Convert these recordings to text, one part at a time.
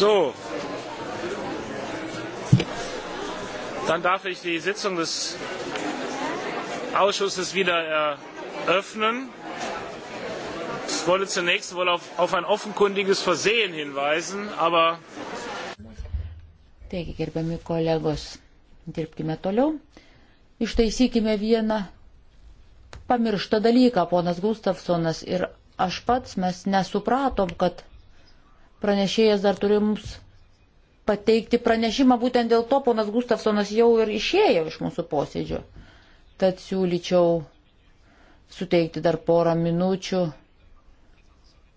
So, dann darf ich die Sitzung des Ausschusses wieder eröffnen. Ich wollte zunächst wohl auf, auf ein offenkundiges Versehen hinweisen, aber. Taigi, gerbiami kolegos, dirbkime toliau. Ištaisykime vieną pamirštą dalyką. Ponas Gustafsonas ir aš pats mes nesupratom, kad pranešėjas dar turi mums pateikti pranešimą, būtent dėl to ponas Gustafsonas jau ir išėjo iš mūsų posėdžio. Tad siūlyčiau suteikti dar porą minučių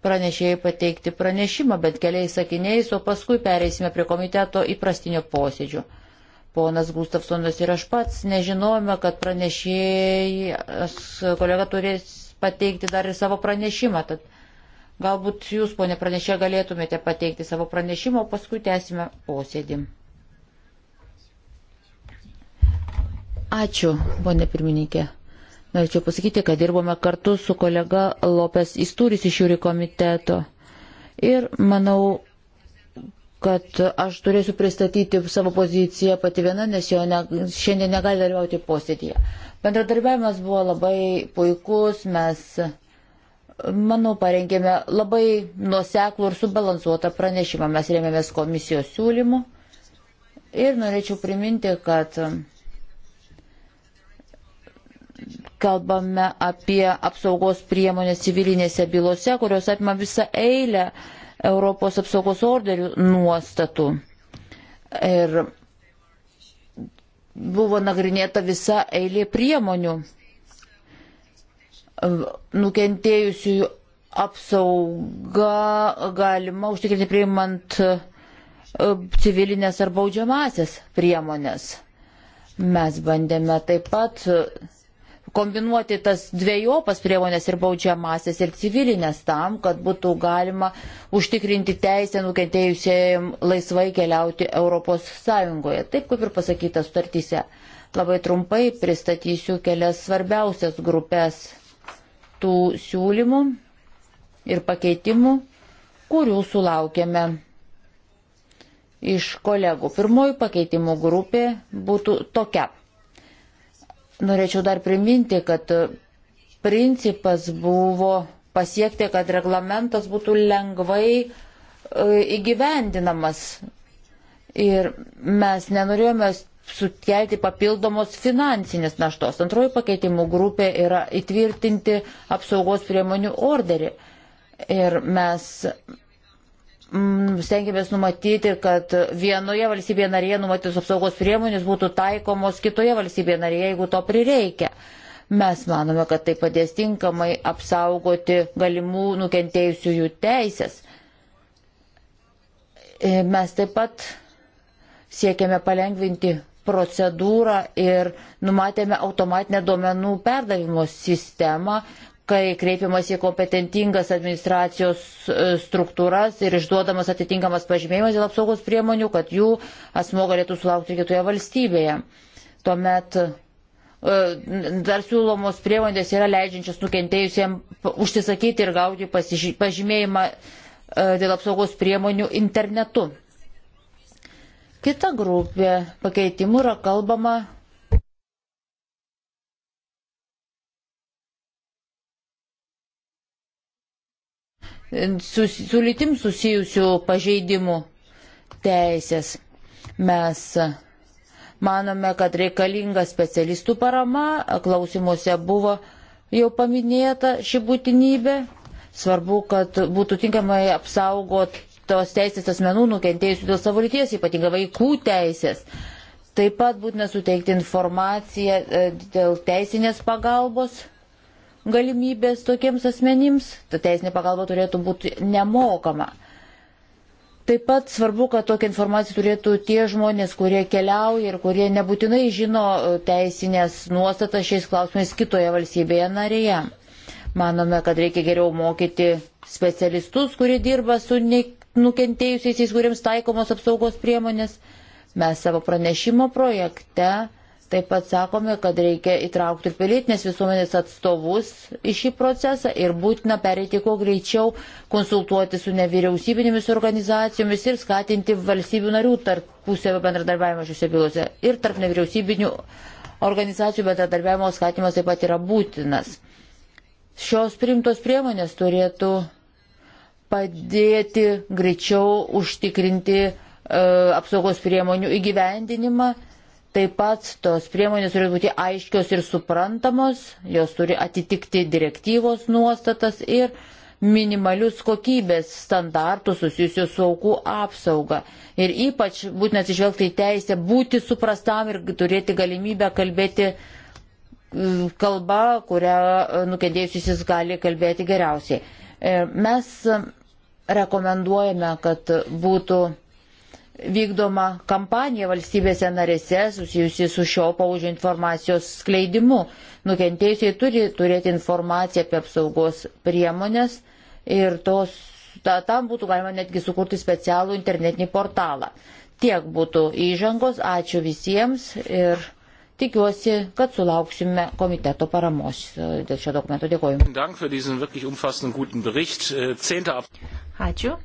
pranešėjai pateikti pranešimą, bet keliais sakiniais, o paskui pereisime prie komiteto įprastinio posėdžio. Ponas Gustafsonas ir aš pats nežinojome, kad pranešėjai, kolega turės pateikti dar ir savo pranešimą, tad Galbūt jūs, ponė pranešė, galėtumėte pateikti savo pranešimą, o paskui tęsime posėdį. Ačiū, ponė pirmininkė. Norėčiau pasakyti, kad dirbome kartu su kolega Lopes Istūris iš jūri komiteto. Ir manau, kad aš turėsiu pristatyti savo poziciją pati viena, nes jo ne, šiandien negali dalyvauti posėdėje. Bendradarbiavimas buvo labai puikus, mes manau, parengėme labai nuoseklų ir subalansuotą pranešimą. Mes rėmėmės komisijos siūlymų ir norėčiau priminti, kad kalbame apie apsaugos priemonės civilinėse bylose, kurios apima visą eilę Europos apsaugos orderių nuostatų. Ir buvo nagrinėta visa eilė priemonių nukentėjusiųjų apsauga galima užtikrinti priimant e, civilinės ar baudžiamasias priemonės. Mes bandėme taip pat e, kombinuoti tas dviejopas priemonės ir baudžiamasias ir civilinės tam, kad būtų galima užtikrinti teisę nukentėjusiem laisvai keliauti ES, taip kaip ir pasakyta sutartyse. Labai trumpai pristatysiu kelias svarbiausias grupės tų siūlymų ir pakeitimų, kurių sulaukėme iš kolegų. Pirmoji pakeitimų grupė būtų tokia. Norėčiau dar priminti, kad principas buvo pasiekti, kad reglamentas būtų lengvai e, įgyvendinamas. Ir mes nenorėjome sukelti papildomos finansinės naštos. Antroji pakeitimų grupė yra įtvirtinti apsaugos priemonių orderį. Ir mes mm, stengiamės numatyti, kad vienoje valstybėje narėje numatytos apsaugos priemonės būtų taikomos kitoje valstybėje narėje, jeigu to prireikia. Mes manome, kad tai padės tinkamai apsaugoti galimų nukentėjusiųjų teisės. E, mes taip pat siekiame palengvinti procedūrą ir numatėme automatinę duomenų perdavimo sistemą, kai kreipiamas į kompetentingas administracijos e, struktūras ir išduodamas atitinkamas pažymėjimas dėl apsaugos priemonių, kad jų asmo galėtų sulaukti kitoje valstybėje. Tuomet e, dar siūlomos priemonės yra leidžiančios nukentėjusiems užsisakyti ir gauti pažymėjimą e, dėl apsaugos priemonių internetu. Kita grupė pakeitimų yra kalbama su, su lytim susijusių pažeidimų teisės. Mes manome, kad reikalinga specialistų parama, klausimuose buvo jau paminėta ši būtinybė. Svarbu, kad būtų tinkamai apsaugot tos teisės asmenų nukentėjusių dėl savo lyties, ypatingai vaikų teisės. Taip pat būtina suteikti informaciją e, dėl teisinės pagalbos galimybės tokiems asmenims. Ta teisinė pagalba turėtų būti nemokama. Taip pat svarbu, kad tokią informaciją turėtų tie žmonės, kurie keliauja ir kurie nebūtinai žino e, teisinės nuostatas šiais klausimais kitoje valstybėje narėje. Manome, kad reikia geriau mokyti specialistus, kurie dirba su ne nukentėjusiais, kuriems taikomos apsaugos priemonės. Mes savo pranešimo projekte taip pat sakome, kad reikia įtraukti ir pilietinės visuomenės atstovus į šį procesą ir būtina pereiti kuo greičiau, konsultuoti su nevyriausybinėmis organizacijomis ir skatinti valstybių narių tarpusėvio bendradarbiavimą šiuose bylose. Ir tarp nevyriausybinių organizacijų bendradarbiavimo skatimas taip pat yra būtinas. Šios primtos priemonės turėtų padėti greičiau užtikrinti e, apsaugos priemonių įgyvendinimą. Taip pat tos priemonės turi būti aiškios ir suprantamos, jos turi atitikti direktyvos nuostatas ir minimalius kokybės standartus susijusius su aukų apsauga. Ir ypač būtina atsižvelgti į teisę būti suprastam ir turėti galimybę kalbėti e, kalba, kurią e, nukentėjusysis gali kalbėti geriausiai. E, mes rekomenduojame, kad būtų vykdoma kampanija valstybėse narėse susijusi su šio paužio informacijos skleidimu. Nukentėjusiai turi turėti informaciją apie apsaugos priemonės ir tos, ta, tam būtų galima netgi sukurti specialų internetinį portalą. Tiek būtų įžangos, ačiū visiems ir Tikiuosi, kad sulauksime komiteto paramos e, dėl šio dokumento. Dėkoju. Äh, Ačiū.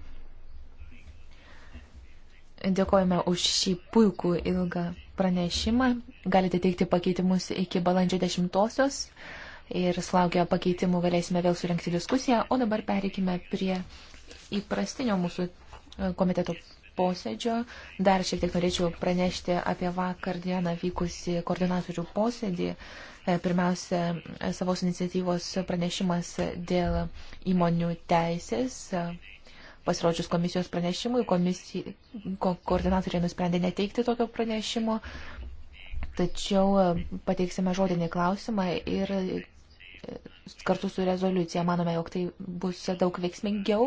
Dėkojame už šį puikų ilgą pranešimą. Galite teikti pakeitimus iki balandžio 10-osios ir slaukia pakeitimų galėsime vėl surinkti diskusiją, o dabar pereikime prie įprastinio mūsų e, komiteto posėdžio. Dar šiek tiek norėčiau pranešti apie vakar dieną vykusi koordinatorių posėdį. E, pirmiausia, e, savos iniciatyvos pranešimas dėl įmonių teisės. E, pasirodžius komisijos pranešimui, komisija, ko, koordinatoriai nusprendė neteikti tokio pranešimo, tačiau pateiksime žodinį klausimą ir kartu su rezoliucija manome, jog tai bus daug veiksmingiau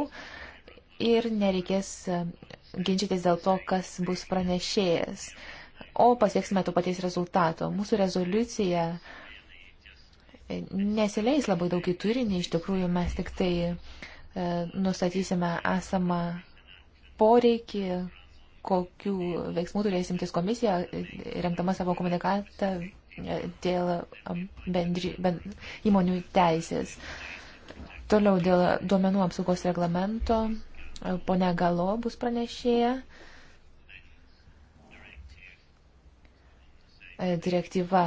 ir nereikės ginčytis dėl to, kas bus pranešėjas, o pasieksime to paties rezultato. Mūsų rezoliucija nesileis labai daug į turinį, iš tikrųjų mes tik tai e, nustatysime esamą poreikį, kokių veiksmų turės imtis komisija, remdama savo komunikatą e, dėl e, bendri, bend, įmonių teisės. Toliau dėl duomenų apsaugos reglamento Pone Galo bus pranešėja. E, direktyva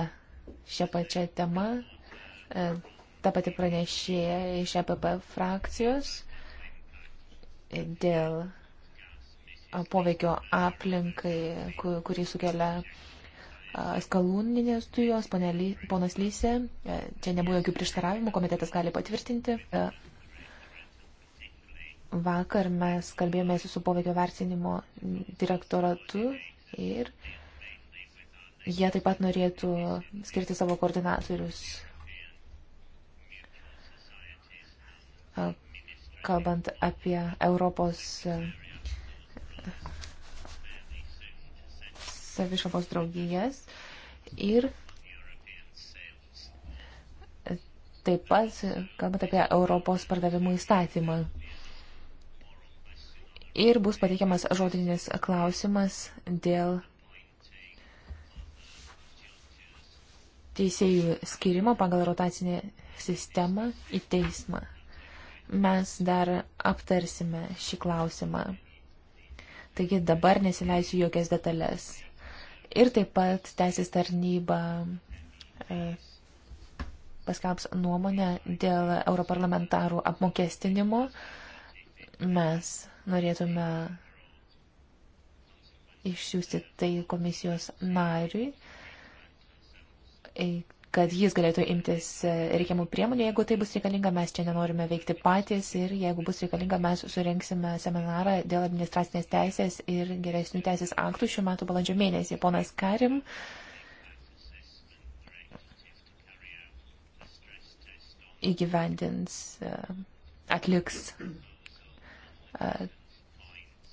šią pačią temą. E, ta pati pranešėja iš EPP frakcijos e, dėl poveikio aplinkai, kurį sukelia skalūninės dujos, ponas Lysė, čia nebuvo jokių prieštaravimų, komitetas gali patvirtinti. Vakar mes kalbėjome su poveikio vertinimo direktoratu ir jie taip pat norėtų skirti savo koordinatorius, kalbant apie Europos e, savišapos draugijas ir taip pat kalbant apie Europos pardavimų įstatymą ir bus pateikiamas žodinis klausimas dėl teisėjų skirimo pagal rotacinį sistemą į teismą. Mes dar aptarsime šį klausimą. Taigi dabar nesileisiu jokias detalės. Ir taip pat teisės tarnyba e, paskelbs nuomonę dėl europarlamentarų apmokestinimo. Mes norėtume išsiųsti tai komisijos nariui, kad jis galėtų imtis e, reikiamų priemonių. Jeigu tai bus reikalinga, mes čia nenorime veikti patys ir jeigu bus reikalinga, mes surinksime seminarą dėl administracinės teisės ir geresnių teisės aktų šių metų balandžio mėnesį. Ponas Karim. įgyvendins, e, atliks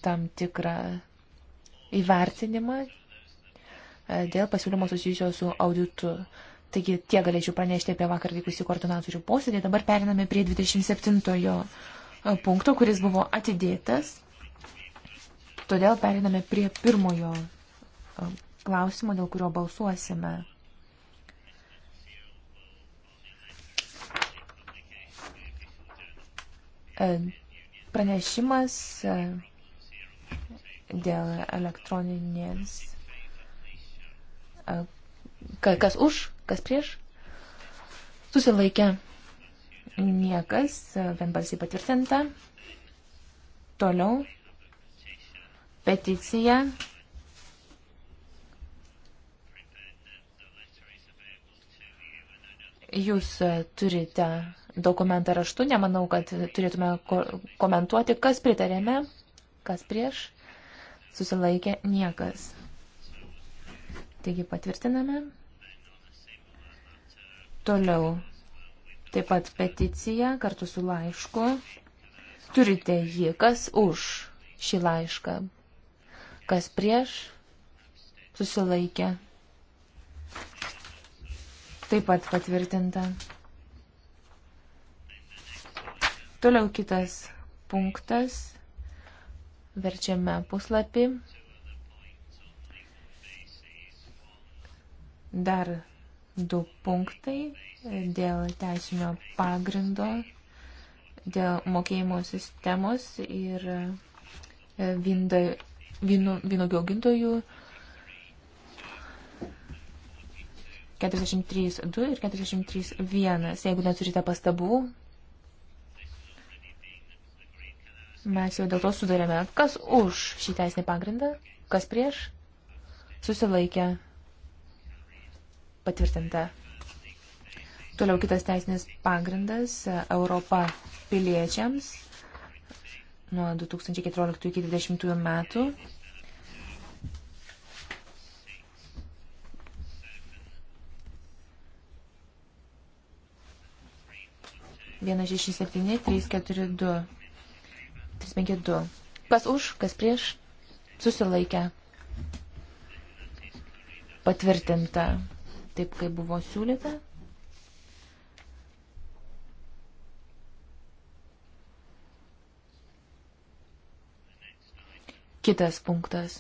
tam tikrą įvertinimą dėl pasiūlymo susijusio su auditu. Taigi tie galėčiau pranešti apie vakar vykusį koordinatorių posėdį. Dabar periname prie 27 punkto, kuris buvo atidėtas. Todėl periname prie pirmojo klausimo, dėl kurio balsuosime. Pranešimas e, dėl elektroninės. E, kas už, kas prieš? Susilaikė niekas, e, vienbalsiai patvirtinta. Toliau peticija. Jūs turite dokumentą raštu. Nemanau, kad turėtume ko komentuoti, kas pritarėme, kas prieš. Susilaikė niekas. Taigi patvirtiname. Toliau. Taip pat peticija kartu su laišku. Turite jį, kas už šį laišką, kas prieš, susilaikė. Taip pat patvirtinta. Toliau kitas punktas. Verčiame puslapį. Dar du punktai dėl teisinio pagrindo, dėl mokėjimo sistemos ir e, vynogių augintojų 43.2 ir 43.1. Jeigu neturite pastabų, Mes jau dėl to sudarėme, kas už šį teisinį pagrindą, kas prieš, susilaikė, patvirtinta. Toliau kitas teisinis pagrindas Europa piliečiams nuo 2014 iki 2020 metų. Vienas šeši septyni, trys keturi du. 352. Kas už, kas prieš, susilaikę. Patvirtinta taip, kaip buvo siūlyta. Kitas punktas.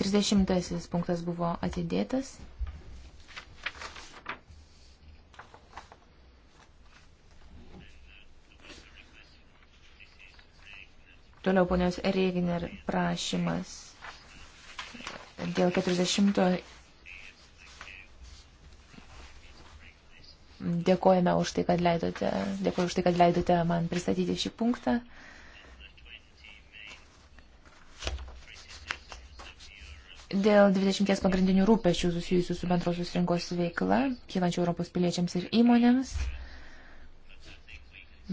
30 punktas buvo atidėtas. Toliau ponios Regner prašymas dėl 40 Dėkojame už tai, kad leidote, dėkoju už tai, kad leidote man pristatyti šį punktą. Dėl 20 pagrindinių rūpešių susijusių su bendrosios rinkos veikla, kylančių Europos piliečiams ir įmonėms.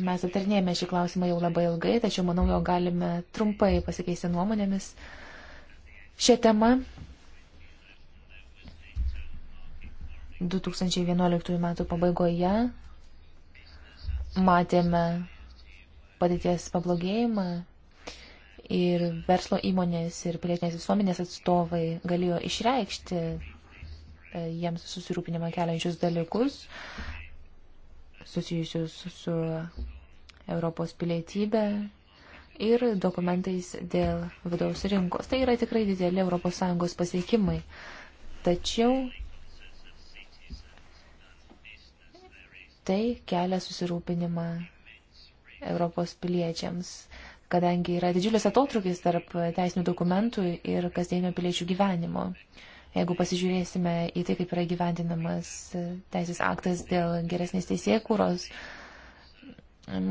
Mes aptarnėjame šį klausimą jau labai ilgai, tačiau manau, jo galime trumpai pasikeisti nuomonėmis šią temą. 2011 m. pabaigoje matėme padėties pablogėjimą ir verslo įmonės ir pilietinės visuomenės atstovai galėjo išreikšti e, jiems susirūpinimą keliančius dalykus susijusius su Europos pilietybė ir dokumentais dėl vidaus rinkos. Tai yra tikrai dideli ES pasiekimai. Tačiau tai kelia susirūpinimą Europos piliečiams kadangi yra didžiulis atotrukis tarp teisinių dokumentų ir kasdienio piliečių gyvenimo. Jeigu pasižiūrėsime į tai, kaip yra gyvendinamas teisės aktas dėl geresnės teisėkūros,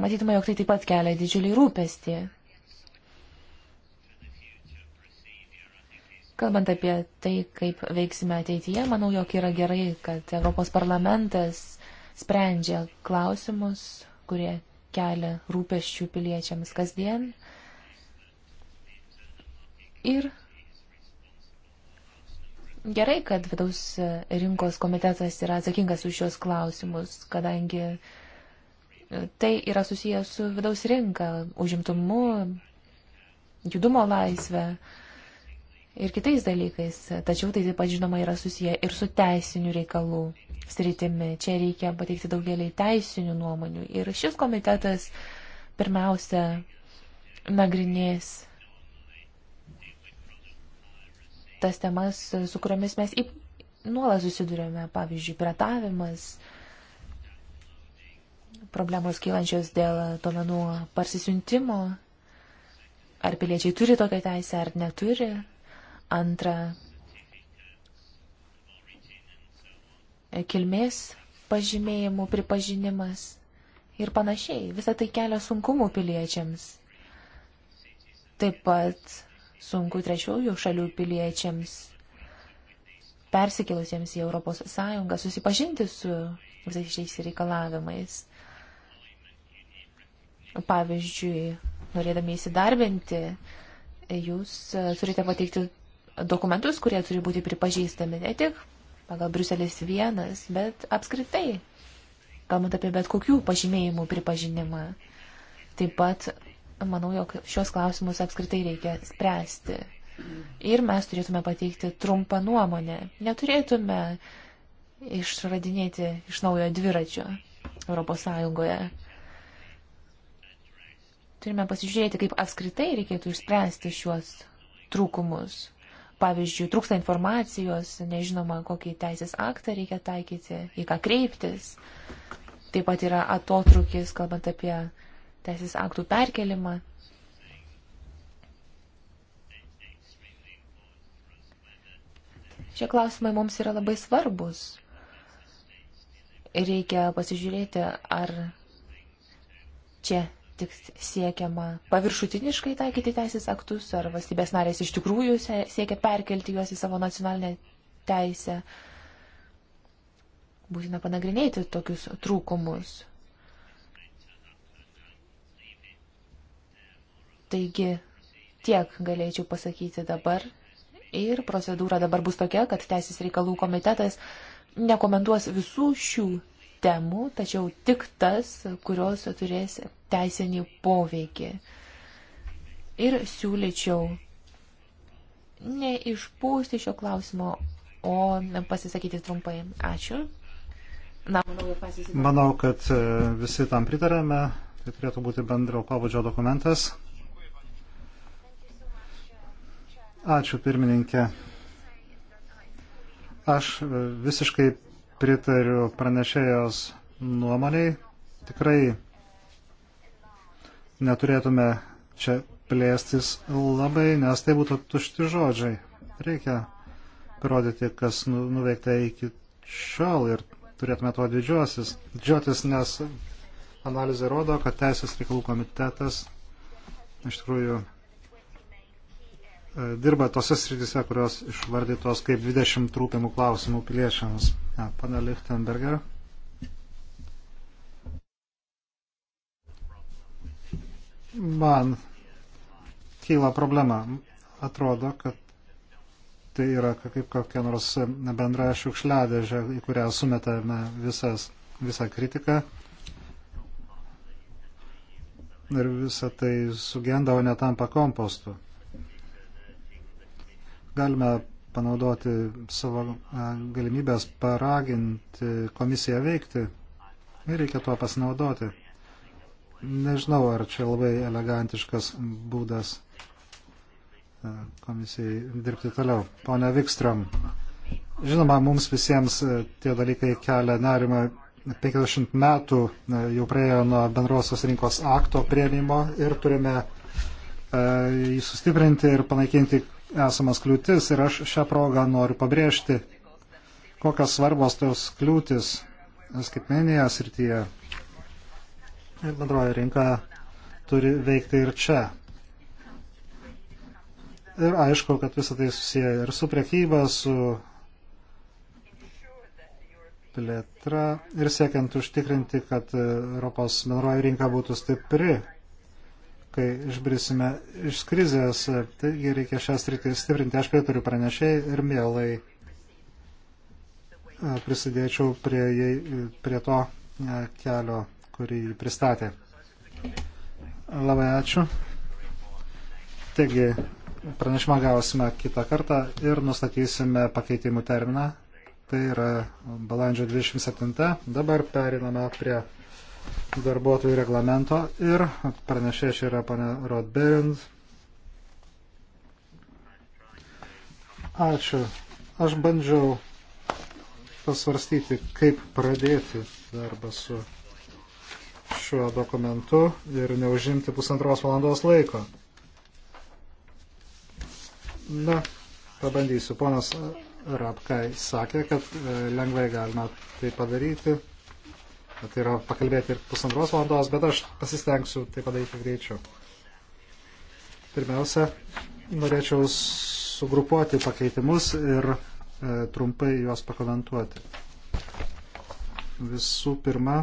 matytume, jog tai taip pat kelia didžiulį rūpestį. Kalbant apie tai, kaip veiksime ateityje, manau, jog yra gerai, kad Europos parlamentas sprendžia klausimus, kurie kelia rūpeščių piliečiams kasdien. Ir gerai, kad vidaus rinkos komitetas yra atsakingas už šios klausimus, kadangi tai yra susijęs su vidaus rinka, užimtumu, judumo laisvę ir kitais dalykais. Tačiau tai taip pat žinoma yra susiję ir su teisiniu reikalu sritimi. Čia reikia pateikti daugelį teisinių nuomonių. Ir šis komitetas pirmiausia nagrinės tas temas, su kuriomis mes į, nuolat susidurėme, pavyzdžiui, piratavimas, problemos kylančios dėl duomenų parsisiuntimo, ar piliečiai turi tokią teisę ar neturi. Antra, kilmės pažymėjimų pripažinimas ir panašiai. Visą tai kelia sunkumų piliečiams. Taip pat sunku trečiųjų šalių piliečiams persikėlusiems į Europos Sąjungą susipažinti su visais šiais reikalavimais. Pavyzdžiui, norėdami įsidarbinti, jūs turite pateikti dokumentus, kurie turi būti pripažįstami ne tik pagal Bruselis vienas, bet apskritai, kalbant apie bet kokių pažymėjimų pripažinimą. Taip pat manau, jog šios klausimus apskritai reikia spręsti. Ir mes turėtume pateikti trumpą nuomonę. Neturėtume išradinėti iš naujo dviračio Europos Sąjungoje turime pasižiūrėti, kaip apskritai reikėtų išspręsti šiuos trūkumus. Pavyzdžiui, trūksta informacijos, nežinoma, kokį teisės aktą reikia taikyti, į ką kreiptis. Taip pat yra atotrukis, kalbant apie teisės aktų perkelimą. Šie klausimai mums yra labai svarbus. Reikia pasižiūrėti, ar čia tik siekiama paviršutiniškai taikyti teisės aktus, ar valstybės narės iš tikrųjų siekia perkelti juos į savo nacionalinę teisę. Būtina panagrinėti tokius trūkumus. Taigi tiek galėčiau pasakyti dabar. Ir procedūra dabar bus tokia, kad Teisės reikalų komitetas nekomentuos visų šių temų, tačiau tik tas, kurios turės teisinį poveikį. Ir siūlyčiau neišpūsti šio klausimo, o pasisakyti trumpai. Ačiū. Na, manau, kad e, visi tam pritarėme. Tai turėtų būti bendro pavadžio dokumentas. Ačiū pirmininkė. Aš e, visiškai pritariu pranešėjos nuomoniai. Tikrai neturėtume čia plėstis labai, nes tai būtų tušti žodžiai. Reikia parodyti, kas nu, nuveikta iki šiol ir turėtume tuo didžiuosis. Didžiuotis, nes analizė rodo, kad Teisės reikalų komitetas iš tikrųjų dirba tose srityse, kurios išvardytos kaip 20 rūpimų klausimų piliečiams. Ja, pana Lichtenberger. Man kyla problema. Atrodo, kad tai yra kaip kokia nors bendra šiukšliadėžė, į kurią sumetame visas, visą kritiką. Ir visa tai sugenda, o netampa kompostu galime panaudoti savo galimybės paraginti komisiją veikti ir reikia tuo pasinaudoti. Nežinau, ar čia labai elegantiškas būdas komisijai dirbti toliau. Pone Vikstrom, žinoma, mums visiems tie dalykai kelia nerimą. 50 metų jau praėjo nuo bendrosios rinkos akto prieimimo ir turime jį sustiprinti ir panaikinti esamas kliūtis ir aš šią progą noriu pabrėžti, kokios svarbos tos kliūtis skaitmenėje srityje. Ir bendroji rinka turi veikti ir čia. Ir aišku, kad visą tai susiję ir su priekyba, su plėtra ir siekiant užtikrinti, kad Europos bendroji rinka būtų stipri kai išbrisime iš krizės, taigi reikia šią sritį stiprinti. Aš pritariu pranešėjai ir mielai e, prisidėčiau prie, e, prie to e, kelio, kurį pristatė. Labai ačiū. Taigi, pranešimą gausime kitą kartą ir nustatysime pakeitimų terminą. Tai yra balandžio 27. Dabar periname prie darbuotojų reglamento ir pranešė čia yra pane Rodberins. Ačiū. Aš bandžiau pasvarstyti, kaip pradėti darbą su šiuo dokumentu ir neužimti pusantros valandos laiko. Na, pabandysiu. Ponas Rapkai sakė, kad e, lengvai galima tai padaryti tai yra pakalbėti ir pusantros valandos, bet aš pasistengsiu tai padaryti greičiau. Pirmiausia, norėčiau sugrupuoti pakeitimus ir e, trumpai juos pakomentuoti. Visų pirma,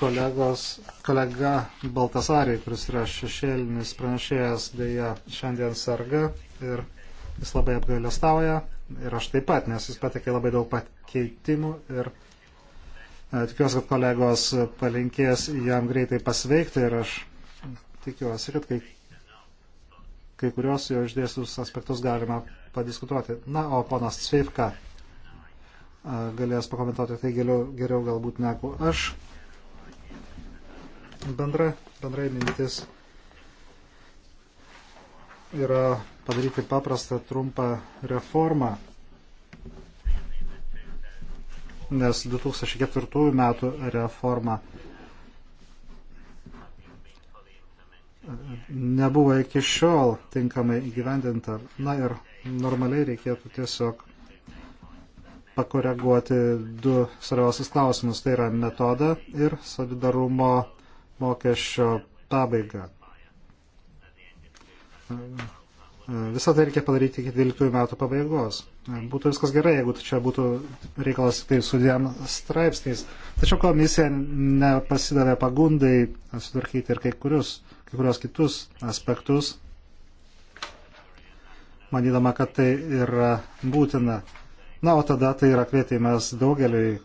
kolegos, kolega Baltasarį, kuris yra šešėlinis pranešėjas, dėja šiandien sarga ir jis labai apgailestauja ir aš taip pat, nes jis patekė labai daug pakeitimų ir e, tikiuosi, kad kolegos palinkės jam greitai pasveikti ir aš tikiuosi, kad kai, kai kurios jo išdėstus aspektus galima padiskutuoti. Na, o ponas Sveivka e, galės pakomentuoti tai geriau, geriau galbūt negu aš. Bendra, bendrai mintis yra padaryti paprastą trumpą reformą, nes 2004 metų reforma nebuvo iki šiol tinkamai įgyvendinta. Na ir normaliai reikėtų tiesiog pakoreguoti du svarbiausius klausimus. Tai yra metodą ir solidarumo mokesčio pabaigą. Visą tai reikia padaryti iki 12 metų pabaigos. Būtų viskas gerai, jeigu čia būtų reikalas tai su dviem straipsniais. Tačiau komisija nepasidavė pagundai sutvarkyti ir kai, kurius, kai kurios kitus aspektus, manydama, kad tai yra būtina. Na, o tada tai yra kvietimas daugeliui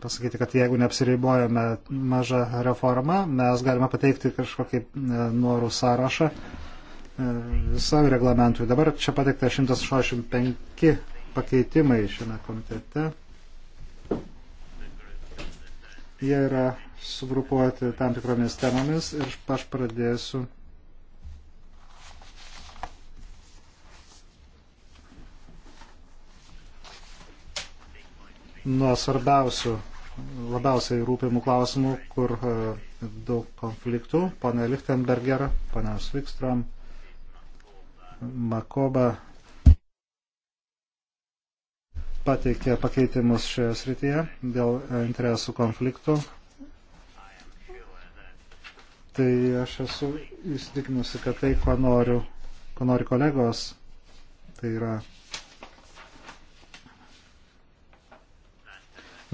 pasakyti, kad jeigu neapsiribojame mažą reformą, mes galime pateikti kažkokį e, norų sąrašą e, savo reglamentui. Dabar čia pateikta 165 pakeitimai šiame komitete. Jie yra sugrupuoti tam tikromis temomis ir aš pradėsiu nuo svarbiausių, labiausiai rūpimų klausimų, kur e, daug konfliktų. Pane Lichtenberger, pane Svikstram, Makoba pateikė pakeitimus šioje srityje dėl interesų konfliktų. Tai aš esu įsitikinusi, kad tai, ko, noriu, ko nori kolegos, tai yra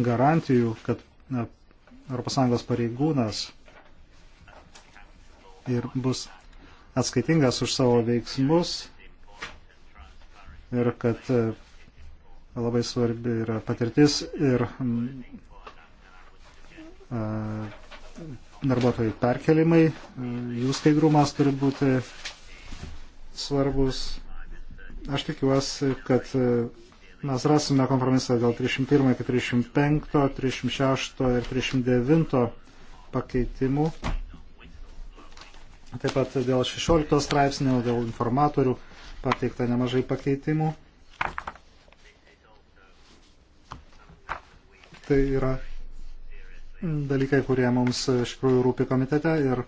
garantijų, kad ES pareigūnas ir bus atskaitingas už savo veiksmus ir kad e, labai svarbi yra patirtis ir e, darbuotojų perkelimai, jų skaidrumas turi būti svarbus. Aš tikiuosi, kad e, mes rasime kompromisą dėl 301, 305, 306 ir 309 pakeitimų. Taip pat dėl 16 straipsnio, dėl informatorių pateikta nemažai pakeitimų. Tai yra dalykai, kurie mums iš tikrųjų rūpi komitete ir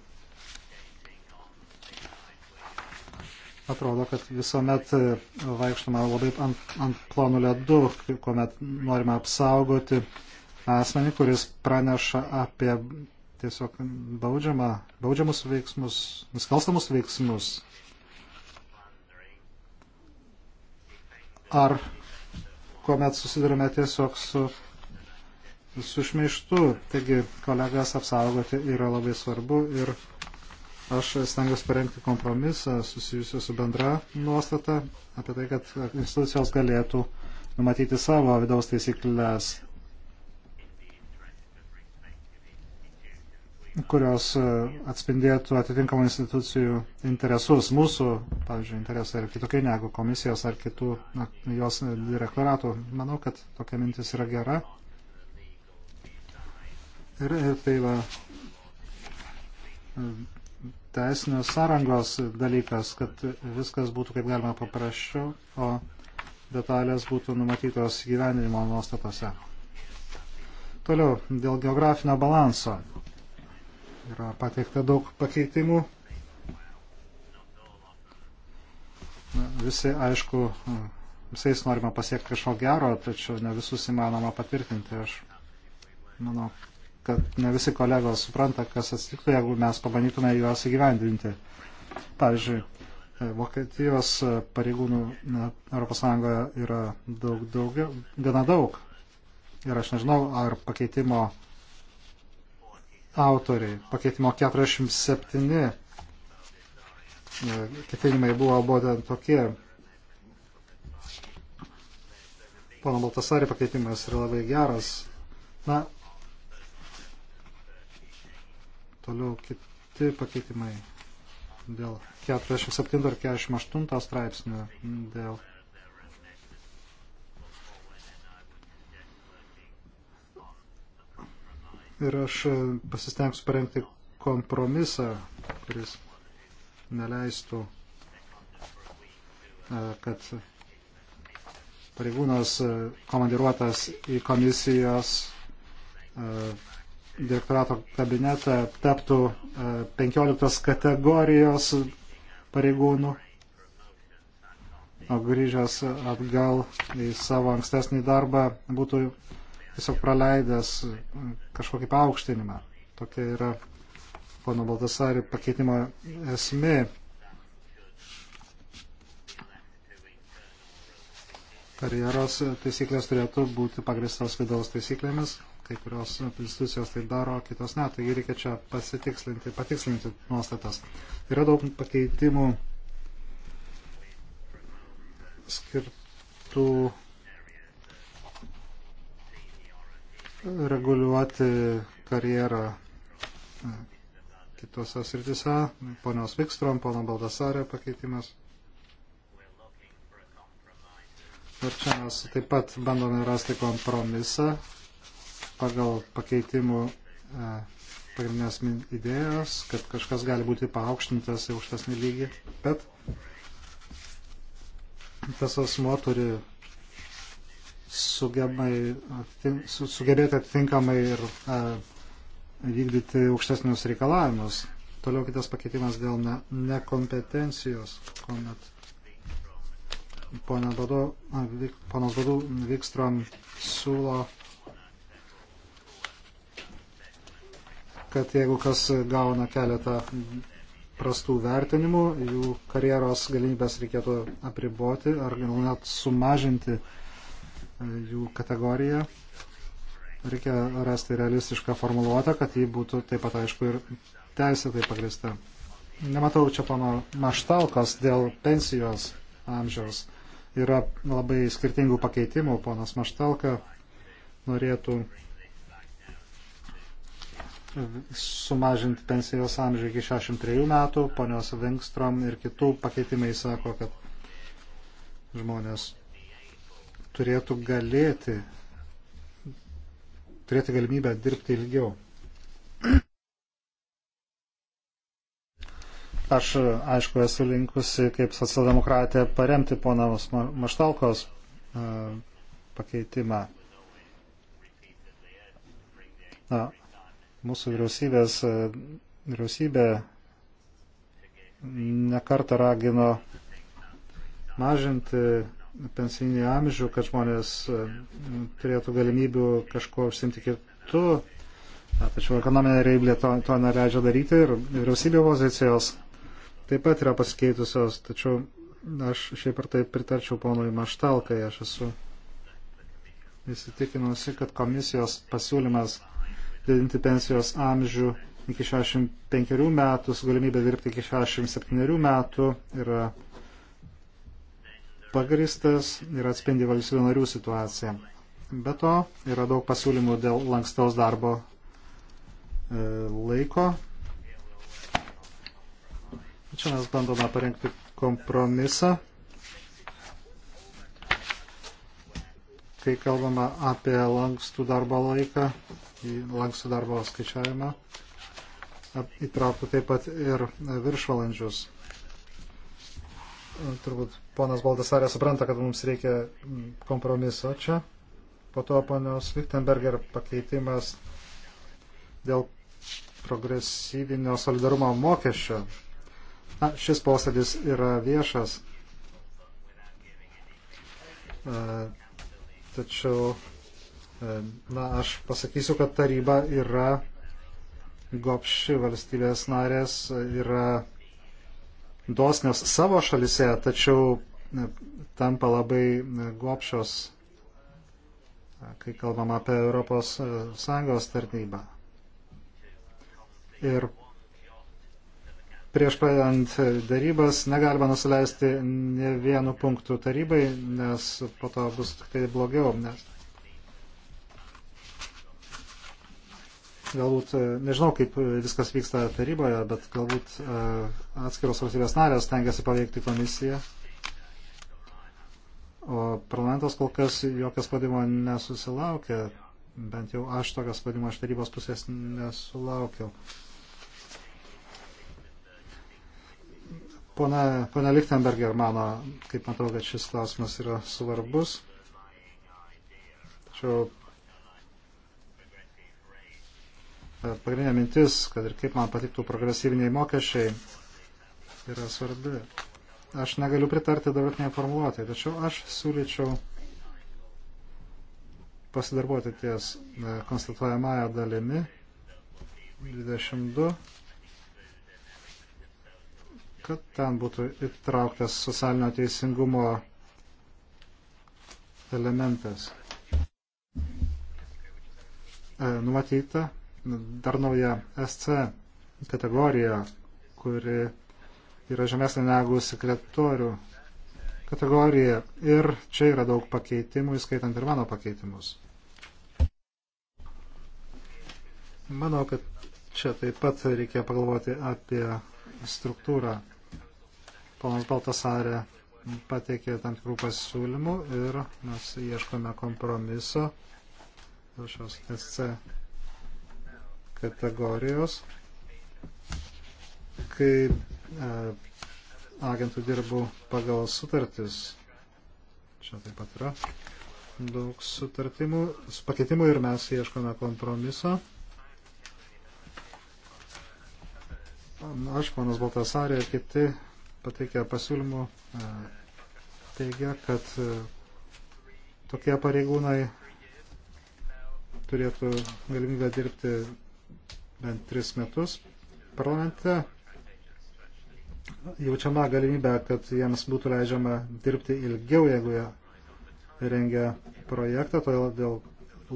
atrodo, kad visuomet e, vaikštama labai ant, ant plonų ledų, kuomet norime apsaugoti asmenį, kuris praneša apie tiesiog baudžiamą, baudžiamus veiksmus, nusikalstamus veiksmus. Ar kuomet susidurime tiesiog su, su šmeištu, taigi kolegas apsaugoti yra labai svarbu ir Aš stengiuosi parengti kompromisą susijusiu su bendra nuostata apie tai, kad institucijos galėtų numatyti savo vidaus taisyklės, kurios e, atspindėtų atitinkamų institucijų interesus, mūsų, pavyzdžiui, interesai yra kitokie negu komisijos ar kitų na, jos direktoratų. Manau, kad tokia mintis yra gera. Ir, ir tai va, teisinės sąrangos dalykas, kad viskas būtų kaip galima paprasčiau, o detalės būtų numatytos gyvenimo nuostatose. Toliau, dėl geografinio balanso yra pateikta daug pakeitimų. Visi, aišku, visais norima pasiekti kažko gero, tačiau ne visus įmanoma patvirtinti. Aš manau, kad ne visi kolegos supranta, kas atsitiktų, jeigu mes pabandytume juos įgyvendinti. Pavyzdžiui, e, Vokietijos e, pareigūnų ES yra daug, daug, gana daug. Ir aš nežinau, ar pakeitimo autoriai, pakeitimo 47 e, ketinimai buvo būtent tokie. Pono Baltasarį pakeitimas yra labai geras. Na, Toliau kiti pakeitimai dėl 47 ar 48 straipsnių dėl ir aš pasistengsiu parengti kompromisą, kuris neleistų, e, kad pareigūnas e, komandiruotas į komisijos e, direktorato kabinetą taptų 15 e, kategorijos pareigūnų, o grįžęs atgal į savo ankstesnį darbą būtų tiesiog praleidęs kažkokį paaukštinimą. Tokia yra pono Baldasari pakeitimo esmė. Karjeros taisyklės turėtų būti pagristos vidaus taisyklėmis kai kurios institucijos tai daro, kitos ne, taigi reikia čia pasitikslinti, patikslinti nuostatas. Yra daug pakeitimų skirtų reguliuoti karjerą kitose sritise, ponios Vikstrom, pono Baldasarė pakeitimas. Ir čia mes taip pat bandome rasti kompromisą, pagal pakeitimų e, pagrindinės idėjos, kad kažkas gali būti paaukštintas į aukštesnį lygį, bet tas asmo turi sugebai, su, sugebėti atitinkamai ir a, e, vykdyti aukštesnius reikalavimus. Toliau kitas pakeitimas dėl ne, nekompetencijos, kuomet ponas Badu Vikstrom siūlo kad jeigu kas gauna keletą prastų vertinimų, jų karjeros galimybės reikėtų apriboti ar gal net sumažinti e, jų kategoriją. Reikia rasti realistišką formuluotę, kad ji būtų taip pat aišku ir teisėtai pagrista. Nematau čia pano maštalkos dėl pensijos amžiaus. Yra labai skirtingų pakeitimų. Ponas maštalka norėtų sumažinti pensijos amžių iki 63 metų. Ponios Vengstrom ir kitų pakeitimai sako, kad žmonės turėtų galėti, turėti galimybę dirbti ilgiau. Aš, aišku, esu linkusi kaip socialdemokratė paremti ponos Maštalkos e, pakeitimą. Na, Mūsų vyriausybės, e, vyriausybė nekartą ragino mažinti pensinį amžių, kad žmonės e, turėtų galimybių kažko užsimti kitų. Tačiau ekonominė reiblė to, to neleidžia daryti ir vyriausybė pozicijos taip pat yra pasikeitusios. Tačiau aš šiaip ar taip pritarčiau ponui Maštalkai, aš esu įsitikinusi, kad komisijos pasiūlymas didinti pensijos amžių iki 65 metų, su galimybė dirbti iki 67 metų yra pagristas ir atspindi valstybių narių situaciją. Be to, yra daug pasiūlymų dėl lankstaus darbo e, laiko. Čia mes bandome parengti kompromisą. Kai kalbama apie lankstų darbo laiką, į lankstų darbo skaičiavimą įtrauktų taip pat ir viršvalandžius. Turbūt ponas Baldasarė supranta, kad mums reikia kompromiso čia. Po to ponios Lichtenberger pakeitimas dėl progresyvinio solidarumo mokesčio. Na, šis posėdis yra viešas. E, tačiau E, na, aš pasakysiu, kad taryba yra gopši valstybės narės, yra dosnios savo šalise, tačiau e, tampa labai e, gopšios, kai kalbam apie Europos Sąjungos tarnybą. Ir prieš pradant darybas negalima nusileisti ne vienu punktu tarybai, nes po to bus tik tai blogiau, nes galbūt, e, nežinau, kaip viskas vyksta taryboje, bet galbūt e, atskiros valstybės narės tengiasi paveikti komisiją. O parlamentas kol kas jokios spaudimo nesusilaukė, bent jau aš tokios spaudimo iš tarybos pusės nesulaukiau. Pone, pone Lichtenberger mano, kaip matau, kad šis klausimas yra svarbus. Tačiau pagrindinė mintis, kad ir kaip man patiktų progresyviniai mokesčiai, yra svarbi. Aš negaliu pritarti dabartiniai formuluotai, tačiau aš siūlyčiau pasidarbuoti ties e, konstatuojamąją dalimi 22, kad ten būtų įtrauktas socialinio teisingumo elementas. E, numatyta, dar naują SC kategoriją, kuri yra žemesnė negu sekretorių kategorija. Ir čia yra daug pakeitimų, įskaitant ir mano pakeitimus. Manau, kad čia taip pat reikia pagalvoti apie struktūrą. Ponas Baltasarė pateikė tam tikrų pasiūlymų ir mes ieškome kompromiso šios SC kategorijos. Kai e, agentų dirbu pagal sutartis, čia taip pat yra daug sutartimų, pakeitimų ir mes ieškome kompromiso. Aš, ponas Baltasarė ir kiti pateikė pasiūlymų, e, teigia, kad e, tokie pareigūnai turėtų galimybę dirbti bent tris metus parlamente jaučiama galimybė, kad jiems būtų leidžiama dirbti ilgiau, jeigu jie rengia projektą, todėl dėl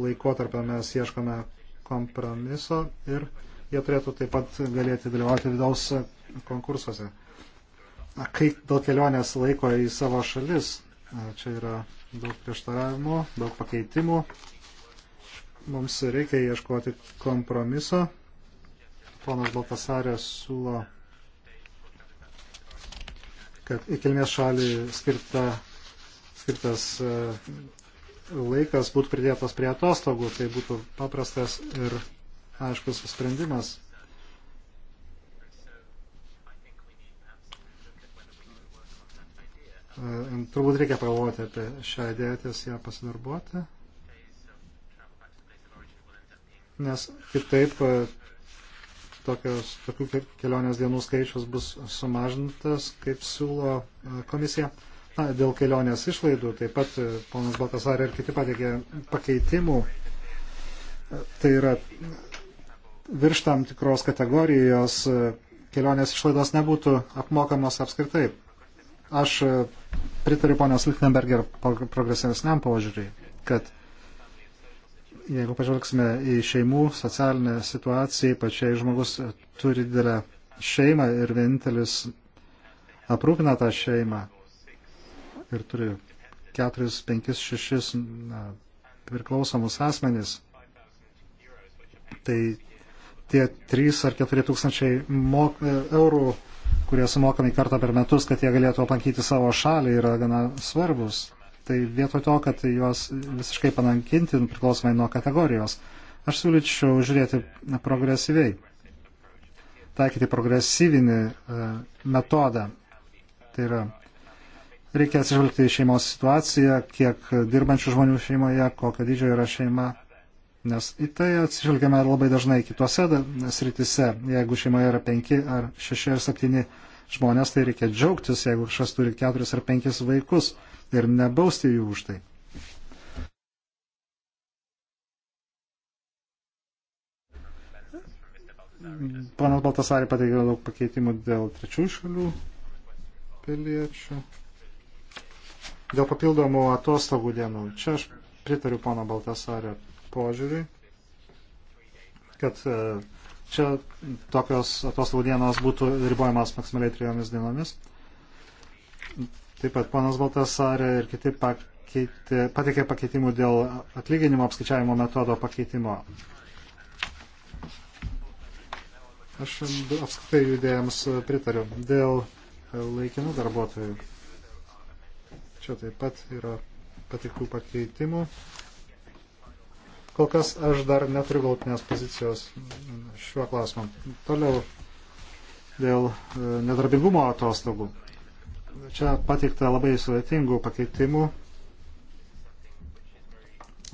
laikotarpio mes ieškome kompromiso ir jie turėtų taip pat galėti dalyvauti vidaus konkursuose. Kai dėl kelionės laiko į savo šalis, čia yra daug prieštaravimų, daug pakeitimų, mums reikia ieškoti kompromiso. Ponas Baltasarė siūlo, kad į kilmės šalį skirta, skirtas e, laikas būtų pridėtas prie atostogų, tai būtų paprastas ir aiškus sprendimas. E, turbūt reikia pagalvoti apie šią idėją, ties ją pasidarbuoti nes kitaip e, tokios, tokių kelionės dienų skaičius bus sumažintas, kaip siūlo e, komisija. Na, dėl kelionės išlaidų taip pat e, ponas Baltasarė ir kiti pateikė pakeitimų. Tai yra virš tam tikros kategorijos kelionės išlaidos nebūtų apmokamos apskritai. Aš pritariu ponios Lichtenberger progresyvesniam požiūriui, kad jeigu pažvelgsime į šeimų socialinę situaciją, ypač jei žmogus turi didelę šeimą ir vienintelis aprūpina tą šeimą ir turi 4, 5, 6 na, priklausomus asmenys, tai tie 3 ar 4 tūkstančiai mok, eurų, kurie sumokami kartą per metus, kad jie galėtų aplankyti savo šalį, yra gana svarbus tai vietoj to, kad juos visiškai panankinti priklausomai nuo kategorijos, aš siūlyčiau žiūrėti progresyviai, taikyti progresyvinį e, metodą. Tai yra, reikia atsižvelgti į šeimos situaciją, kiek dirbančių žmonių šeimoje, kokio dydžio yra šeima. Nes į tai atsižvelgiame labai dažnai kitose sritise. Jeigu šeimoje yra penki ar šeši ar septyni žmonės, tai reikia džiaugtis, jeigu kažkas turi keturis ar penkis vaikus ir nebausti jų už tai. Panas Baltasarį pateikė daug pakeitimų dėl trečiųjų šalių piliečių. Dėl papildomų atostogų dienų. Čia aš pritariu pono Baltasario požiūriui, kad e, čia tokios atostogų dienos būtų ribojamas maksimaliai trijomis dienomis. Taip pat ponas Baltasarė ir kiti pakeitė, patikė pakeitimų dėl atlyginimo apskaičiavimo metodo pakeitimo. Aš apskritai judėjams pritariu dėl laikinų darbuotojų. Čia taip pat yra patiktų pakeitimų. Kol kas aš dar neturiu galtinės pozicijos šiuo klausimu. Toliau dėl e, nedarbingumo atostogų čia pateikta labai sudėtingų pakeitimų.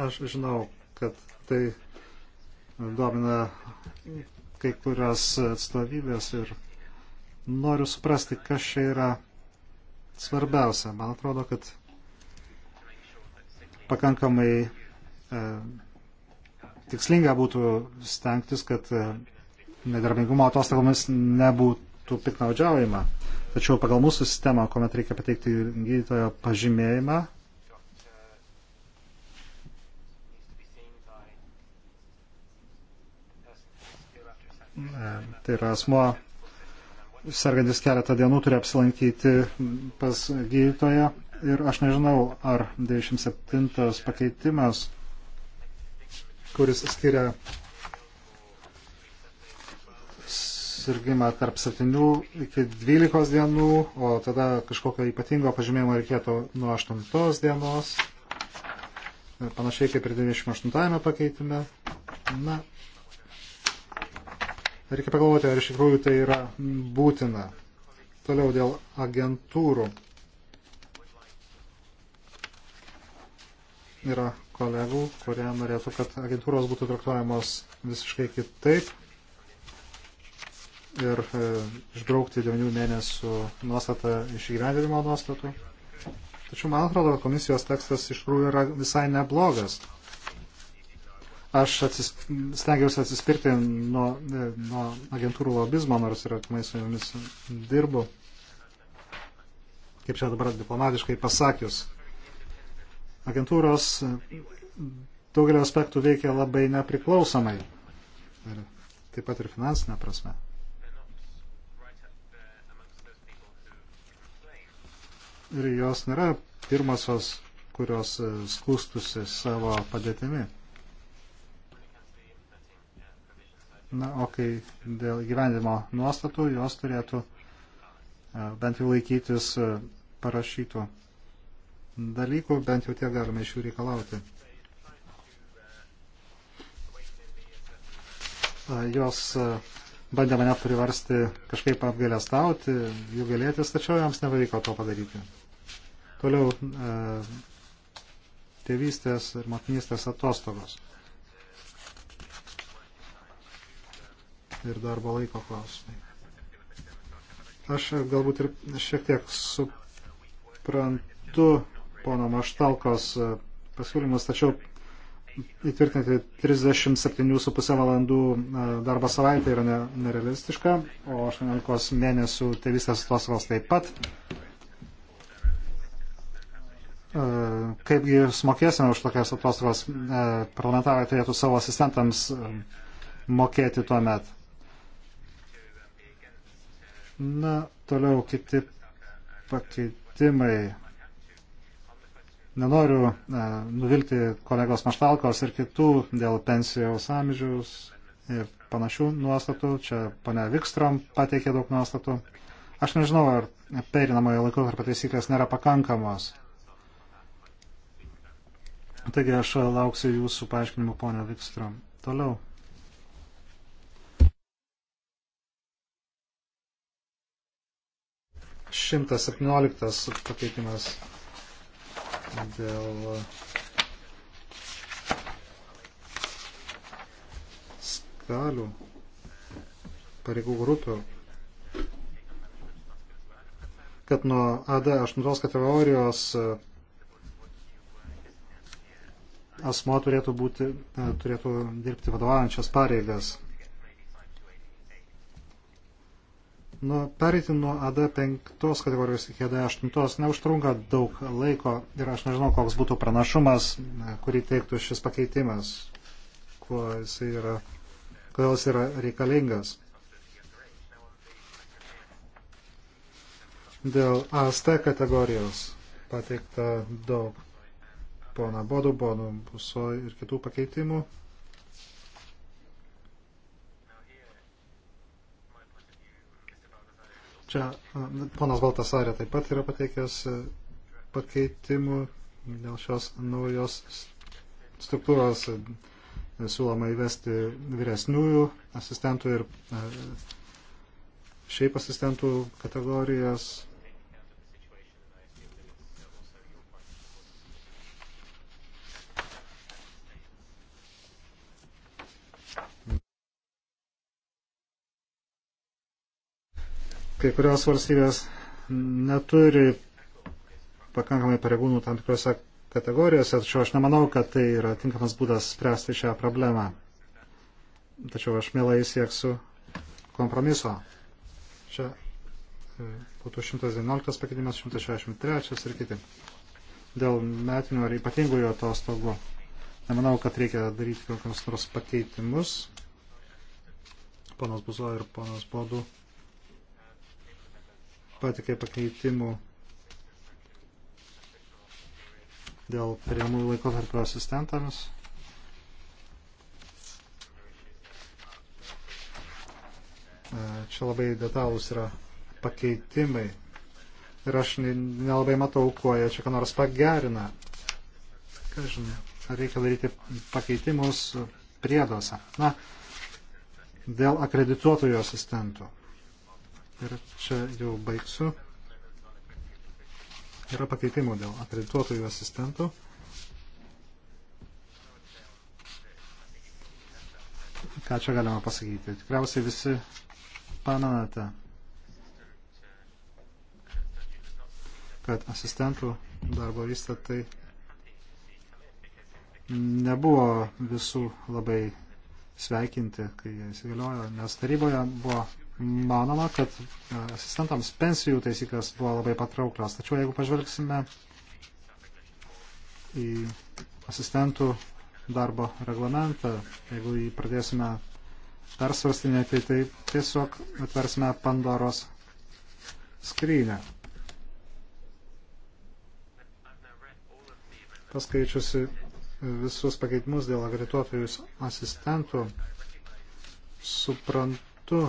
Aš žinau, kad tai domina kai kurios atstovybės ir noriu suprasti, kas čia yra svarbiausia. Man atrodo, kad pakankamai e, tikslinga būtų stengtis, kad e, nedarbingumo atostogomis nebūtų piknaudžiaujama. Tačiau pagal mūsų sistemą, kuomet reikia pateikti gydytojo pažymėjimą, tai yra asmo sergantis keletą dienų turi apsilankyti pas gydytoją ir aš nežinau, ar 97 pakeitimas, kuris skiria susirgymą tarp 7 iki 12 dienų, o tada kažkokio ypatingo pažymėjimo reikėtų nuo 8 dienos, panašiai kaip ir 98 pakeitime. Na, reikia pagalvoti, ar iš tikrųjų tai yra būtina. Toliau dėl agentūrų. Yra kolegų, kurie norėtų, kad agentūros būtų traktuojamos visiškai kitaip ir e, išbraukti 9 mėnesių nuostatą iš įgyvendinimo nuostatų. Tačiau man atrodo, komisijos tekstas iš tikrųjų yra visai neblogas. Aš atsis, stengiausi atsispirti nuo, e, nuo agentūrų lobizmo, nors ir atmai su jomis dirbu. Kaip čia dabar diplomatiškai pasakius. Agentūros daugelio aspektų veikia labai nepriklausomai. Ir taip pat ir finansinė prasme. ir jos nėra pirmasios, kurios e, skūstusi savo padėtimi. Na, o kai dėl gyvendimo nuostatų, jos turėtų e, bent jau laikytis e, parašytų dalykų, bent jau tiek galime iš jų reikalauti. Jos bandė mane priversti kažkaip apgailestauti, jų galėtis, tačiau joms nepavyko to padaryti. Toliau e, tėvystės ir motinystės atostogos. Ir darbo laiko klausimai. Aš galbūt ir šiek tiek suprantu pono Maštalkos e, pasiūlymus, tačiau įtvirtinti 37,5 valandų e, darbo savaitę yra nerealistiška, o 18 mėnesių tėvystės atostogos taip pat. E, kaipgi sumokėsime už tokias atostogas, e, parlamentarai turėtų savo asistentams e, mokėti tuo met. Na, toliau kiti pakeitimai. Nenoriu nuvilti kolegos Maštalkos ir kitų dėl pensijos amžiaus ir panašių nuostatų. Čia ponia Vikstrom pateikė daug nuostatų. Aš nežinau, ar perinamojo laikotarpio taisyklės nėra pakankamos Taigi aš lauksiu jūsų paaiškinimų, ponia Vikstrom. Toliau. Šimtas septynioliktas pakeitimas dėl skalių pareigų grupių, kad nuo AD8 kategorijos asmo turėtų, būti, e, turėtų dirbti vadovaujančias pareigas. Nu, pereiti nuo AD5 kategorijos iki AD8 neužtrunka daug laiko ir aš nežinau, koks būtų pranašumas, e, kurį teiktų šis pakeitimas, kuo jis yra, kodėl jis yra reikalingas. Dėl AST kategorijos pateikta daug pona Bodu, Bonu Buso ir kitų pakeitimų. Čia ponas Baltasarė taip pat yra pateikęs e, pakeitimų dėl šios naujos struktūros e, siūloma įvesti vyresniųjų asistentų ir e, šiaip asistentų kategorijos kai kurios valstybės neturi pakankamai pareigūnų tam tikrose kategorijose, tačiau aš nemanau, kad tai yra tinkamas būdas spręsti šią problemą. Tačiau aš mielai sieksiu kompromiso. Čia e, būtų 119 pakeitimas, 163 ir kiti. Dėl metinių ar ypatingųjų atostogų. Nemanau, kad reikia daryti kokius nors pakeitimus. Ponas Buzo ir ponas Bodu patikė pakeitimų dėl priemųjų laikotarpio asistentams. E, čia labai detalūs yra pakeitimai ir aš nelabai matau, kuo jie čia ką nors pagerina. Ką žinai, reikia daryti pakeitimus prieduose. Na, dėl akredituotojų asistentų. Ir čia jau baigsiu. Yra pakeitimų dėl akredituotojų asistentų. Ką čia galima pasakyti? Tikriausiai visi pamenate, kad asistentų darbo įstatai nebuvo visų labai sveikinti, kai jie įsigaliojo, nes taryboje buvo manoma, kad e, asistentams pensijų taisyklės buvo labai patrauklios. Tačiau jeigu pažvelgsime į asistentų darbo reglamentą, jeigu jį pradėsime persvarstinėti, tai tiesiog atversime Pandoros skrynę. Paskaičiusi visus pakeitimus dėl agrituotojus asistentų, suprantu, suprantu,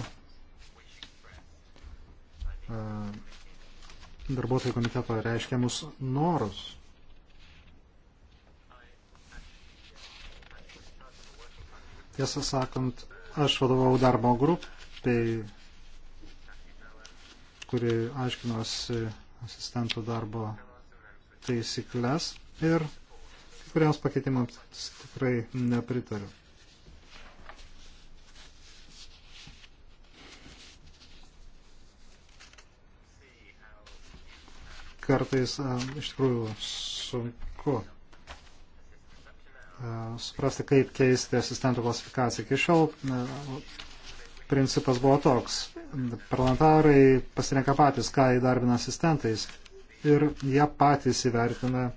darbuotojų komiteto reiškiamus norus. Tiesą sakant, aš vadovau darbo grupiai, kuri aiškinosi asistentų darbo taisyklės ir kuriems pakeitimams tikrai nepritariu. kartais iš tikrųjų sunku suprasti, kaip keisti asistentų klasifikaciją. Iki šiol principas buvo toks. Parlamentarai pasirenka patys, ką įdarbina asistentais ir jie patys įvertina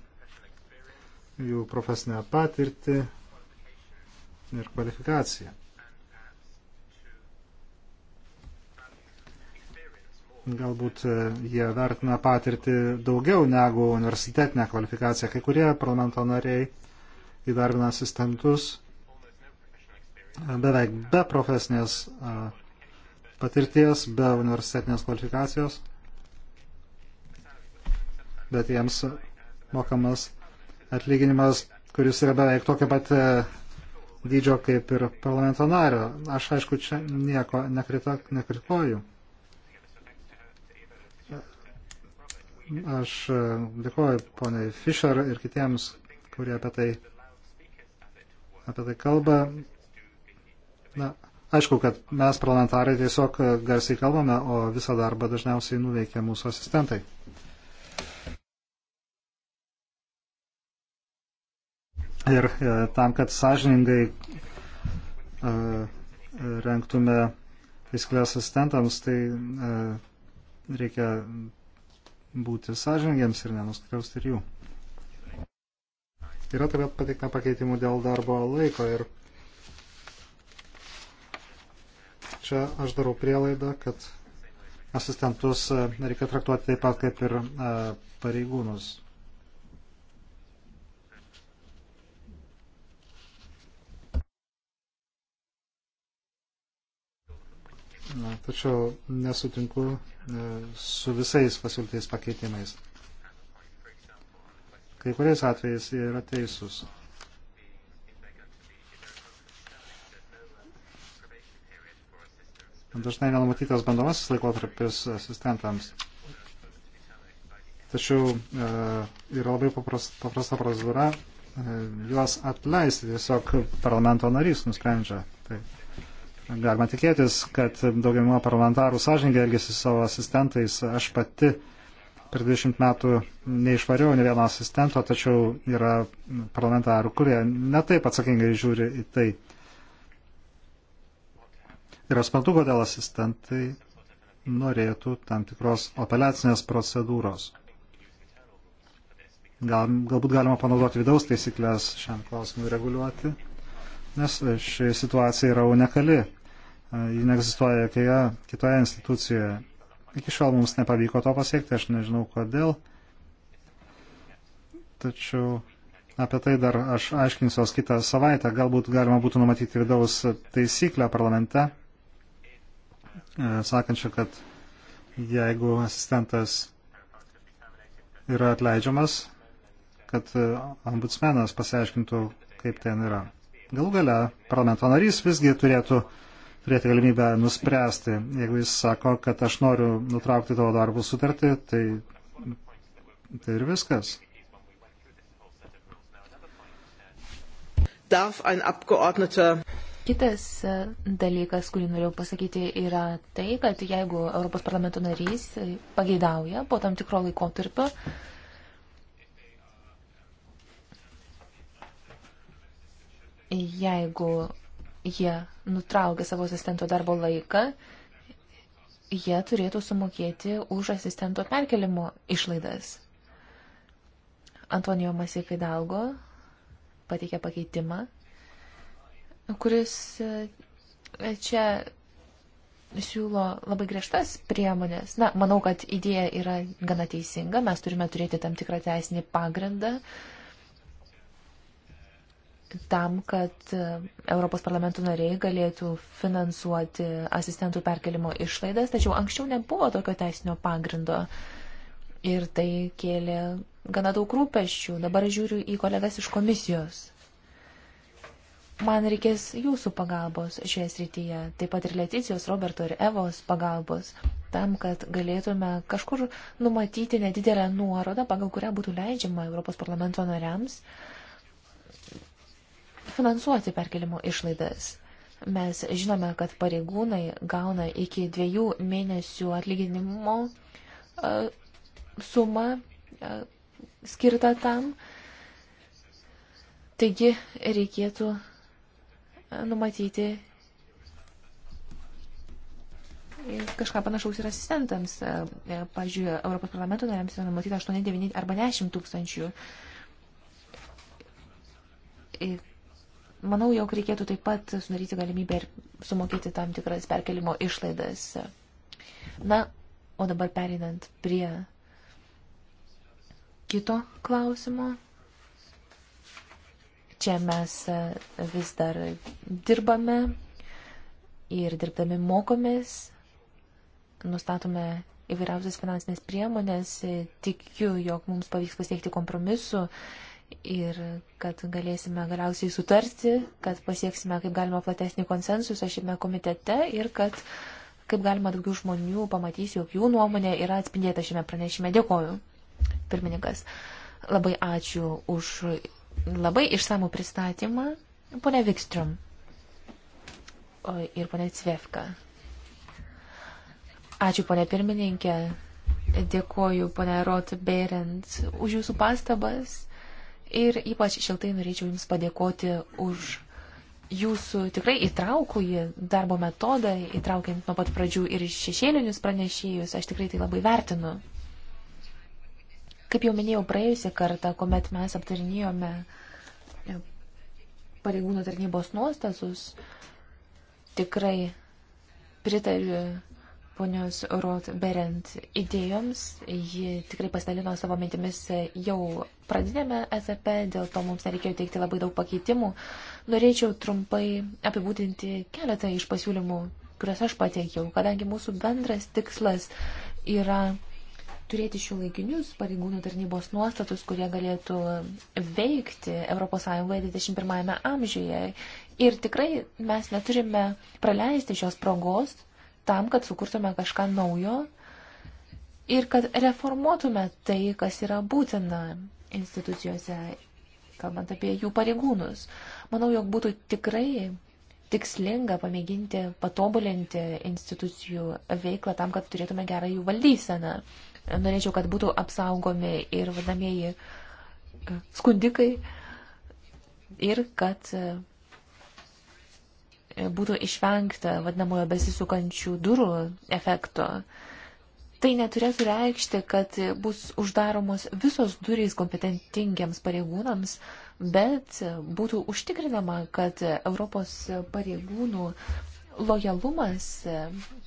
jų profesinę patirtį ir kvalifikaciją. galbūt e, jie vertina patirtį daugiau negu universitetinę kvalifikaciją. Kai kurie parlamento nariai įdarbina asistentus e, beveik be profesinės e, patirties, be universitetinės kvalifikacijos, bet jiems mokamas atlyginimas, kuris yra beveik tokia pat dydžio kaip ir parlamento nario. Aš aišku, čia nieko nekritikuoju. Aš e, dėkoju poniai Fischer ir kitiems, kurie apie tai, apie tai kalba. Na, aišku, kad mes parlamentarai tiesiog e, garsiai kalbame, o visą darbą dažniausiai nuveikia mūsų asistentai. Ir e, tam, kad sąžiningai e, renktume taisyklės asistentams, tai e, reikia būti sąžiningiems ir nenuskriausti ir jų. Yra taip pat pateikta pakeitimų dėl darbo laiko ir čia aš darau prielaidą, kad asistentus reikia traktuoti taip pat kaip ir e, pareigūnus. Na, tačiau nesutinku E, su visais pasiūlytais pakeitimais. Kai kuriais atvejais jie yra teisūs. Dažnai nenumatytas bandomasis laikotarpis asistentams. Tačiau e, yra labai paprasta, paprasta procedūra, e, juos atleisti tiesiog parlamento narys nusprendžia. Taip galima tikėtis, kad daugiamimo parlamentarų sąžininkai elgesi su savo asistentais. Aš pati per 20 metų neišvariau ne vieno asistento, tačiau yra parlamentarų, kurie netaip atsakingai žiūri į tai. Ir aš suprantu, kodėl asistentai norėtų tam tikros apeliacinės procedūros. Gal, galbūt galima panaudoti vidaus taisyklės šiam klausimui reguliuoti, nes ši situacija yra unikali ji neegzistuoja jokioje kitoje institucijoje. Iki šiol mums nepavyko to pasiekti, aš nežinau kodėl. Tačiau apie tai dar aš aiškinsiuos kitą savaitę. Galbūt galima būtų numatyti vidaus taisyklę parlamente, e, sakančią, kad jeigu asistentas yra atleidžiamas, kad e, ombudsmenas pasiaiškintų, kaip ten yra. Galų gale parlamento narys visgi turėtų uh, turėti galimybę nuspręsti. Jeigu jis sako, kad aš noriu nutraukti tavo darbų sutartį, tai, tai ir viskas. Kitas e, dalykas, kurį norėjau pasakyti, yra tai, kad jeigu Europos parlamento narys e, pageidauja po tam tikro laikotarpio, jeigu jie nutraukia savo asistento darbo laiką, jie turėtų sumokėti už asistento perkelimo išlaidas. Antonijo Masė Fidalgo pateikė pakeitimą, kuris e, čia siūlo labai griežtas priemonės. Na, manau, kad idėja yra gana teisinga, mes turime turėti tam tikrą teisinį pagrindą, uh, tam, kad e, Europos parlamento nariai galėtų finansuoti asistentų perkelimo išlaidas, tačiau anksčiau nebuvo tokio teisinio pagrindo. Ir tai kėlė gana daug rūpeščių. Dabar žiūriu į kolegas iš komisijos. Man reikės jūsų pagalbos šioje srityje, taip pat ir Leticijos, Roberto ir Evos pagalbos, tam, kad galėtume kažkur numatyti nedidelę nuorodą, pagal kurią būtų leidžiama Europos parlamento nariams uh, finansuoti perkelimo išlaidas. Mes žinome, kad pareigūnai gauna iki dviejų mėnesių atlyginimo e, sumą e, skirtą tam. Taigi reikėtų e, numatyti kažką panašaus ir asistentams. Pavyzdžiui, Europos parlamento nariams yra numatyta 8, 9 arba 10 tūkstančių. Manau, jog reikėtų taip pat sudaryti galimybę ir sumokėti tam tikras perkelimo išlaidas. Na, o dabar perinant prie kito klausimo. Čia mes e, vis dar dirbame ir dirbdami mokomės, nustatome įvairiausias finansinės priemonės, tikiu, jog mums pavyks pasiekti kompromisu ir kad galėsime galiausiai sutarti, kad pasieksime kaip galima platesnį konsensusą šiame komitete ir kad kaip galima daugiau žmonių pamatys, jog jų nuomonė yra atspindėta šiame pranešime. Dėkoju, pirmininkas. Labai ačiū už labai išsamų pristatymą. Pone Vikstrom ir pone Cvefka. Ačiū, pone pirmininkė. Dėkoju, pone Rot Berend, už jūsų pastabas Ir ypač šiltai norėčiau Jums padėkoti už Jūsų tikrai įtraukųjį darbo metodą, įtraukiant nuo pat pradžių ir šešėlinius pranešėjus, aš tikrai tai labai vertinu. Kaip jau minėjau praėjusią kartą, kuomet mes aptarinėjome pareigūnų tarnybos nuostatus, tikrai pritariu ponios Roth Berent idėjoms. Ji tikrai pasidalino savo mintimis jau pradinėme etape, dėl to mums nereikėjo teikti labai daug pakeitimų. Norėčiau trumpai apibūdinti keletą iš pasiūlymų, kuriuos aš pateikiau, kadangi mūsų bendras tikslas yra turėti šių laikinius pareigūnų tarnybos nuostatus, kurie galėtų veikti ES 21 amžiuje. Ir tikrai mes neturime praleisti šios progos tam, kad sukurtume kažką naujo ir kad reformuotume tai, kas yra būtina institucijose, kalbant apie jų pareigūnus. Manau, jog būtų tikrai tikslinga pamėginti patobulinti institucijų veiklą tam, kad turėtume gerą jų valdyseną. Norėčiau, kad būtų apsaugomi ir vadamieji e, skundikai ir kad e, būtų išvengta vadinamojo besisukančių durų efekto. Tai neturėtų reikšti, kad bus uždaromos visos durys kompetentingiams pareigūnams, bet būtų užtikrinama, kad Europos pareigūnų lojalumas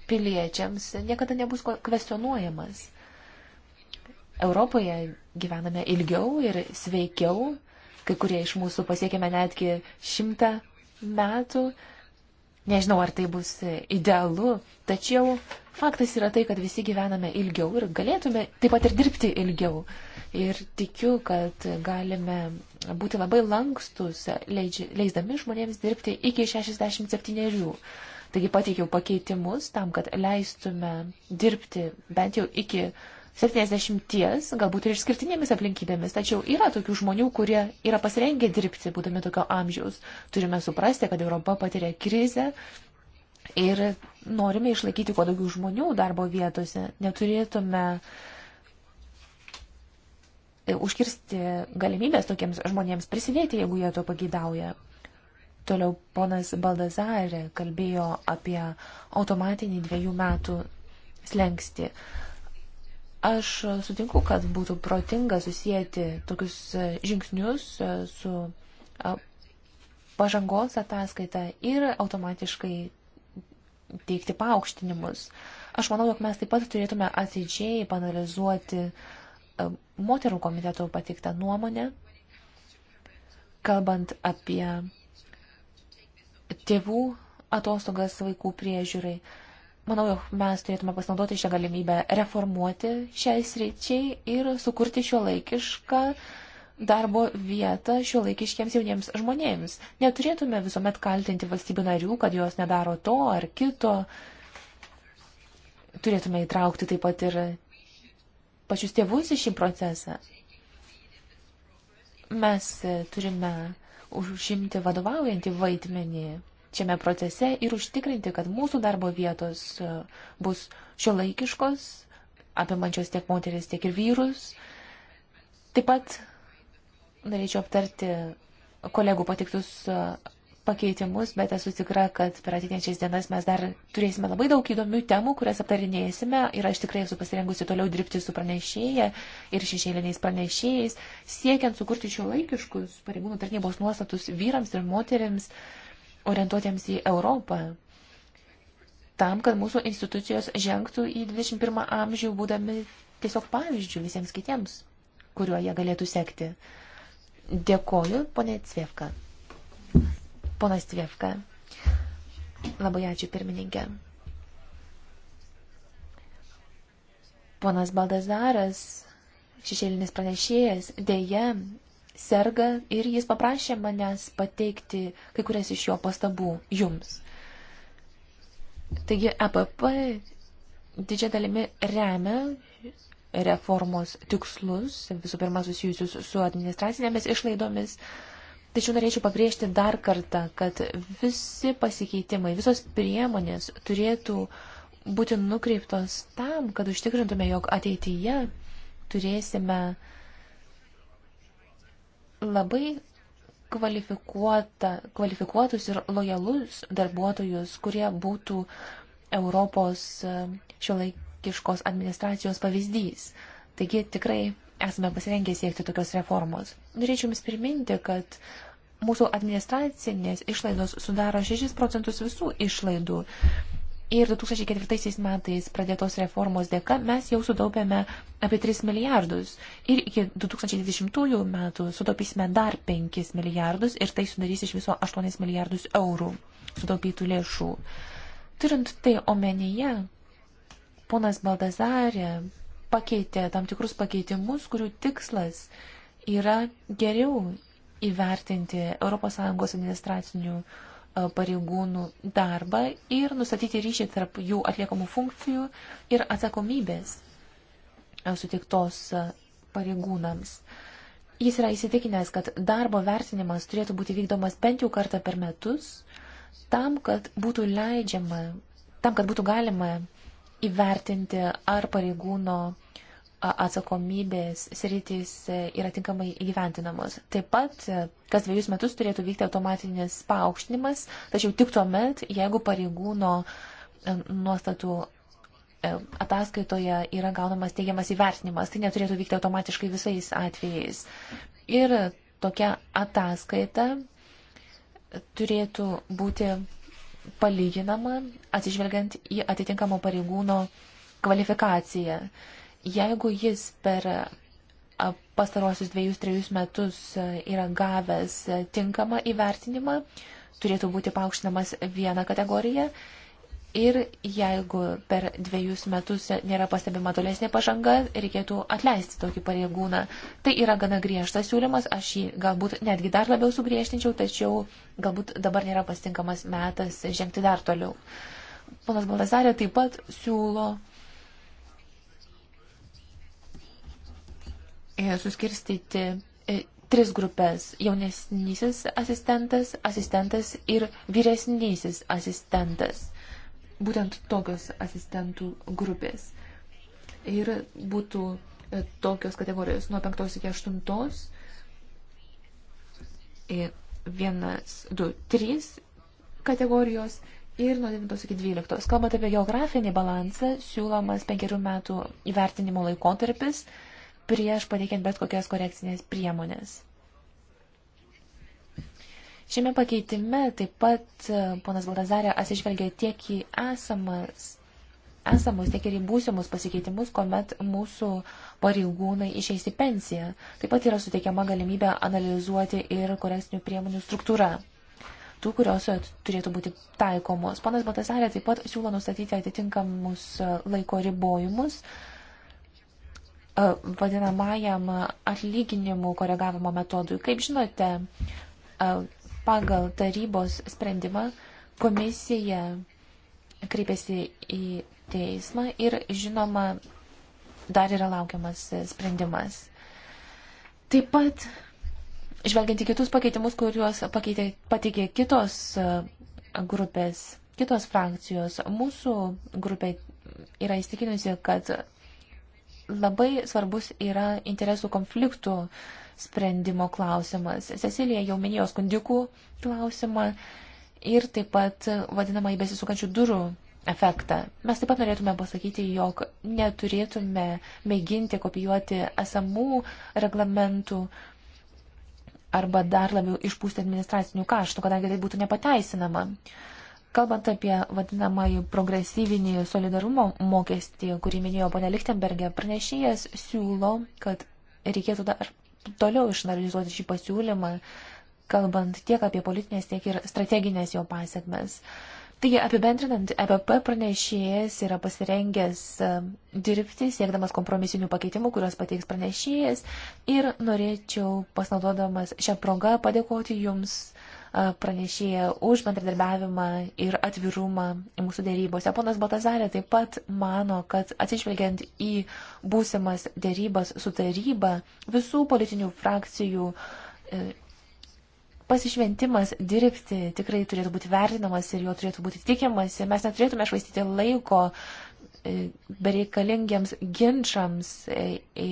piliečiams niekada nebus kvestionuojamas. Europoje gyvename ilgiau ir sveikiau, kai kurie iš mūsų pasiekėme netgi šimtą metų Nežinau, ar tai bus idealu, tačiau faktas yra tai, kad visi gyvename ilgiau ir galėtume taip pat ir dirbti ilgiau. Ir tikiu, kad galime būti labai lankstus, leidži, leisdami žmonėms dirbti iki 67. Taigi pateikiau pakeitimus tam, kad leistume dirbti bent jau iki 70, galbūt ir išskirtinėmis aplinkybėmis, tačiau yra tokių žmonių, kurie yra pasirengę dirbti, būdami tokio amžiaus. Turime suprasti, kad Europa patiria krizę ir norime išlaikyti kuo daugiau žmonių darbo vietose. Neturėtume e, užkirsti galimybės tokiems žmonėms prisidėti, jeigu jie to pagydauja. Toliau ponas Baldazarė kalbėjo apie automatinį dviejų metų slengsti. Uh, Aš sutinku, kad būtų protinga susijęti tokius e, žingsnius e, su pažangos ataskaita ir automatiškai teikti paaukštinimus. Aš manau, jog mes taip pat turėtume atidžiai panalizuoti e, moterų komiteto patiktą nuomonę, kalbant apie tėvų atostogas vaikų priežiūrai. Manau, jog mes turėtume pasinaudoti šią galimybę reformuoti šiai sričiai ir sukurti šio laikišką darbo vietą šio laikiškiams jauniems žmonėms. Neturėtume visuomet kaltinti valstybių narių, kad jos nedaro to ar kito. Turėtume įtraukti taip pat ir pačius tėvus į šį procesą. Mes turime užimti vadovaujantį vaidmenį šiame procese ir užtikrinti, kad mūsų darbo vietos e, bus šiuolaikiškos, apimančios tiek moteris, tiek ir vyrus. Taip pat norėčiau aptarti kolegų patiktus e, pakeitimus, bet esu tikra, kad per ateinančias dienas mes dar turėsime labai daug įdomių temų, kurias aptarinėsime ir aš tikrai esu pasirengusi toliau dirbti su pranešėja ir šešėliniais pranešėjais, siekiant sukurti šio laikiškus pareigūnų tarnybos nuostatus vyrams ir moteriams, orientuotiems į Europą, tam, kad mūsų institucijos žengtų į 21 amžių, būdami tiesiog pavyzdžių visiems kitiems, kuriuo jie galėtų sekti. Dėkoju, ponė Cvėvka. Ponas Cvėvka. Labai ačiū, pirmininkė. Ponas Baldazaras, šešėlinis pranešėjas, dėje serga ir jis paprašė manęs pateikti kai kurias iš jo pastabų jums. Taigi EPP didžia dalimi remia reformos tikslus, visų pirma susijusius su administracinėmis išlaidomis. Tačiau norėčiau pabrėžti dar kartą, kad visi pasikeitimai, visos priemonės turėtų būti nukreiptos tam, kad užtikrintume, jog ateityje turėsime uh, labai kvalifikuotus ir lojalus darbuotojus, kurie būtų Europos e, šiuolaikiškos administracijos pavyzdys. Taigi tikrai esame pasirengę siekti tokios reformos. Norėčiau Jums priminti, kad mūsų administracinės išlaidos sudaro 6 procentus visų išlaidų. Ir 2004 metais pradėtos reformos dėka mes jau sutaupėme apie 3 milijardus. Ir iki 2020 metų sutaupysime dar 5 milijardus ir tai sudarys iš viso 8 milijardus eurų sutaupytų lėšų. Turint tai omenyje, ponas Baldazarė pakeitė tam tikrus pakeitimus, kurių tikslas yra geriau įvertinti ES administracinių pareigūnų darbą ir nustatyti ryšį tarp jų atliekamų funkcijų ir atsakomybės sutiktos pareigūnams. Jis yra įsitikinęs, kad darbo vertinimas turėtų būti vykdomas bent jau kartą per metus, tam, kad būtų leidžiama, tam, kad būtų galima įvertinti, ar pareigūno uh, atsakomybės sritys e, yra tinkamai įgyventinamos. Taip pat e, kas dviejus metus turėtų vykti automatinis paaukštinimas, tačiau tik tuo met, jeigu pareigūno e, nuostatų ataskaitoje yra gaunamas teigiamas įvertinimas, tai neturėtų vykti automatiškai visais atvejais. Ir tokia ataskaita turėtų būti palyginama atsižvelgiant į atitinkamo pareigūno kvalifikaciją. Jeigu jis per pastarosius dviejus, trejus metus yra gavęs tinkamą įvertinimą, turėtų būti paaukštinamas vieną kategoriją. Ir jeigu per dviejus metus nėra pastebima tolesnė pažanga, reikėtų atleisti tokį pareigūną. Tai yra gana griežtas siūlymas, aš jį galbūt netgi dar labiau sugriežtinčiau, tačiau galbūt dabar nėra pastinkamas metas žengti dar toliau. Ponas Baltazarė taip pat siūlo E, suskirstyti e, tris grupės - jaunesnysis asistentas, asistentas ir vyresnysis asistentas. Būtent tokios asistentų grupės. Ir būtų e, tokios kategorijos nuo penktos iki aštuntos. Vienas, du, trys kategorijos ir nuo 9 iki 12. Kalbant apie geografinį balansą, siūlomas penkerių metų įvertinimo laikotarpis prieš pateikiant bet kokias korekcinės priemonės. Šiame pakeitime taip pat e, ponas Baltazarė atsižvelgia tiek į esamas, esamus, tiek ir į būsimus pasikeitimus, kuomet mūsų pareigūnai išeis į pensiją. Taip pat yra suteikiama galimybė analizuoti ir korekcinių priemonių struktūrą tų, kurios turėtų būti taikomos. Panas Batasarė taip pat siūlo nustatyti atitinkamus e, laiko ribojimus, E, vadinamajam atlyginimų koregavimo metodui. Kaip žinote, e, pagal tarybos sprendimą komisija kreipėsi į teismą ir, žinoma, dar yra laukiamas sprendimas. Taip pat, žvelgiant į kitus pakeitimus, kuriuos pakeitė, pateikė kitos e, grupės, kitos frakcijos, mūsų grupė yra įstikinusi, kad Labai svarbus yra interesų konfliktų sprendimo klausimas. Cecilija jau minėjo skundikų klausimą ir taip pat vadinamą įbesisukančių durų efektą. Mes taip pat norėtume pasakyti, jog neturėtume mėginti kopijuoti esamų reglamentų arba dar labiau išpūsti administracinių kaštų, kadangi tai būtų nepateisinama. Uh, Kalbant apie vadinamąjį progresyvinį solidarumo mokestį, kurį minėjo ponia Lichtenbergė, pranešėjas siūlo, kad reikėtų dar toliau išanalizuoti šį pasiūlymą, kalbant tiek apie politinės, tiek ir strateginės jo pasiekmes. Taigi, apibendrinant, EPP pranešėjas yra pasirengęs e, dirbti, siekdamas kompromisinių pakeitimų, kuriuos pateiks pranešėjas. Ir norėčiau, pasinaudodamas šią progą, padėkoti Jums pranešėją už bendradarbiavimą ir atvirumą mūsų dėrybose. Ponas Baltazarė taip pat mano, kad atsižvelgiant į būsimas dėrybas su taryba, visų politinių frakcijų e, pasišventimas dirbti tikrai turėtų būti vertinamas ir jo turėtų būti tikimas. Mes neturėtume švaistyti laiko e, bereikalingiems ginčiams e,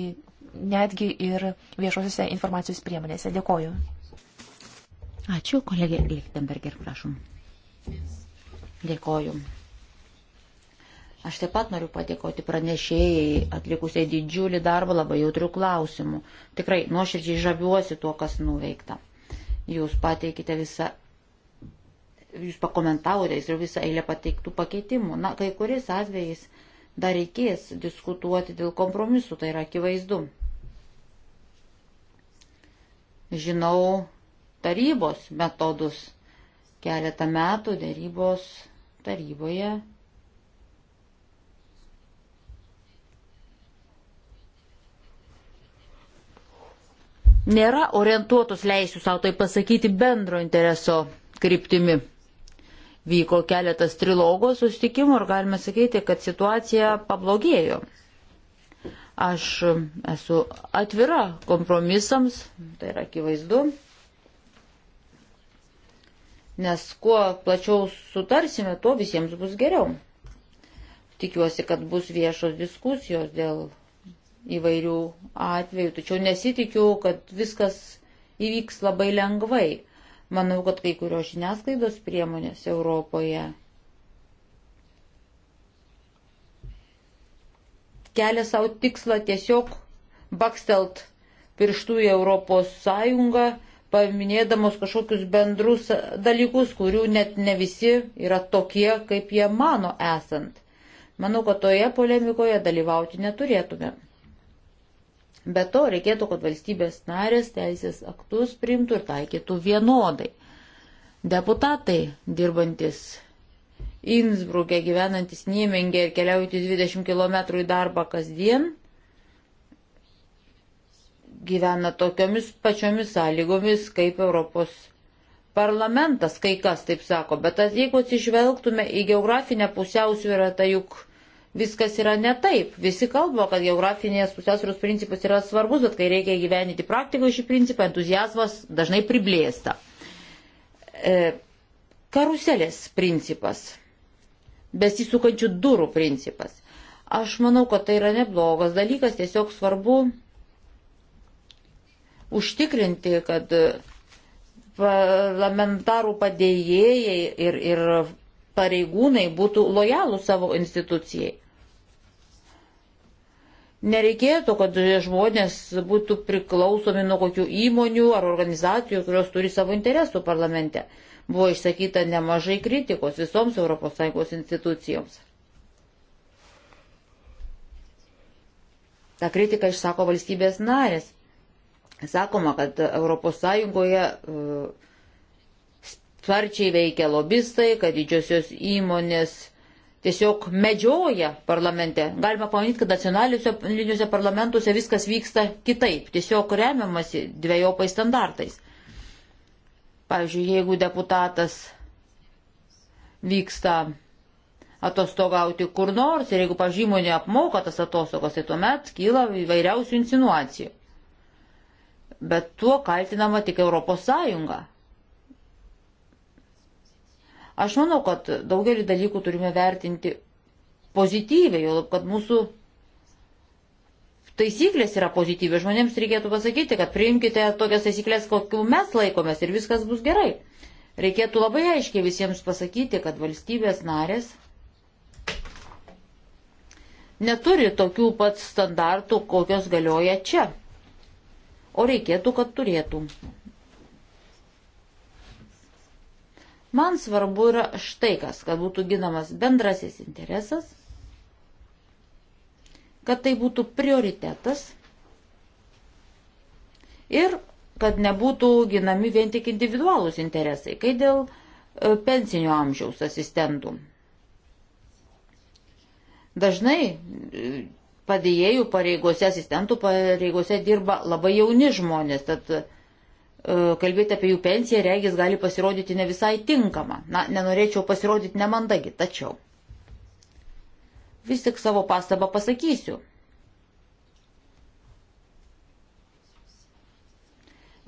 netgi ir viešosiuose informacijos priemonėse. Dėkoju. Ačiū, kolegė Lichtenberger, prašom. Dėkoju. Aš taip pat noriu padėkoti pranešėjai, atlikusiai didžiulį darbą labai jautrių klausimų. Tikrai nuoširdžiai žaviuosi tuo, kas nuveikta. Jūs pateikite visą, jūs pakomentavote ir visą eilę pateiktų pakeitimų. Na, kai kuris atvejais dar reikės diskutuoti dėl kompromisų, tai yra akivaizdu. Žinau, tarybos metodus. Keletą metų dėrybos taryboje nėra orientuotos, leisiu savo tai pasakyti, bendro intereso kryptimi. Vyko keletas trilogo sustikimų ir galime sakyti, kad situacija pablogėjo. Aš esu atvira kompromisams, tai yra akivaizdu nes kuo plačiau sutarsime, tuo visiems bus geriau. Tikiuosi, kad bus viešos diskusijos dėl įvairių atvejų, tačiau nesitikiu, kad viskas įvyks labai lengvai. Manau, kad kai kurios žiniasklaidos priemonės Europoje kelia savo tikslą tiesiog bakstelt pirštų į Europos Sąjungą paminėdamos kažkokius bendrus dalykus, kurių net ne visi yra tokie, kaip jie mano esant. Manau, kad toje polemikoje dalyvauti neturėtume. Be to, reikėtų, kad valstybės narės teisės aktus priimtų ir taikytų vienodai. Deputatai dirbantis Innsbruke, gyvenantis Niemingė ir keliaujantis 20 km į darbą kasdien, gyvena tokiomis pačiomis sąlygomis kaip Europos parlamentas, kai kas taip sako, bet tas, jeigu atsižvelgtume į geografinę pusiausvyrą, tai juk viskas yra ne taip. Visi kalba, kad geografinės pusiausvyros principas yra svarbus, bet kai reikia gyveninti praktikoje šį principą, entuzijazmas dažnai priblėsta. E, karuselės principas, besisukančių durų principas. Aš manau, kad tai yra neblogas dalykas, tiesiog svarbu užtikrinti, kad parlamentarų padėjėjai ir, ir pareigūnai būtų lojalų savo institucijai. Nereikėtų, kad žmonės būtų priklausomi nuo kokių įmonių ar organizacijų, kurios turi savo interesų parlamente. Buvo išsakyta nemažai kritikos visoms ES institucijoms. Ta kritika išsako valstybės narės. Sakoma, kad ES e, sparčiai veikia lobistai, kad didžiosios įmonės tiesiog medžioja parlamente. Galima pamanyti, kad nacionaliniuose parlamentuose viskas vyksta kitaip, tiesiog remiamasi dviejopai standartais. Pavyzdžiui, jeigu deputatas vyksta atostogauti kur nors ir jeigu pažymonė apmoka tas atostogas, tai tuomet kyla įvairiausių insinuacijų bet tuo kaltinama tik Europos Sąjunga. Aš manau, kad daugelį dalykų turime vertinti pozityviai, jau kad mūsų taisyklės yra pozityvios. Žmonėms reikėtų pasakyti, kad priimkite tokias taisyklės, kokių mes laikomės ir viskas bus gerai. Reikėtų labai aiškiai visiems pasakyti, kad valstybės narės neturi tokių pat standartų, kokios galioja čia o reikėtų, kad turėtų. Man svarbu yra štai kas, kad būtų ginamas bendrasis interesas, kad tai būtų prioritetas ir kad nebūtų ginami vien tik individualūs interesai, kai dėl e, pensinio amžiaus asistentų. Dažnai padėjėjų pareigose, asistentų pareigose dirba labai jauni žmonės, tad e, kalbėti apie jų pensiją regis gali pasirodyti ne visai tinkama. Na, nenorėčiau pasirodyti nemandagi, tačiau vis tik savo pastabą pasakysiu.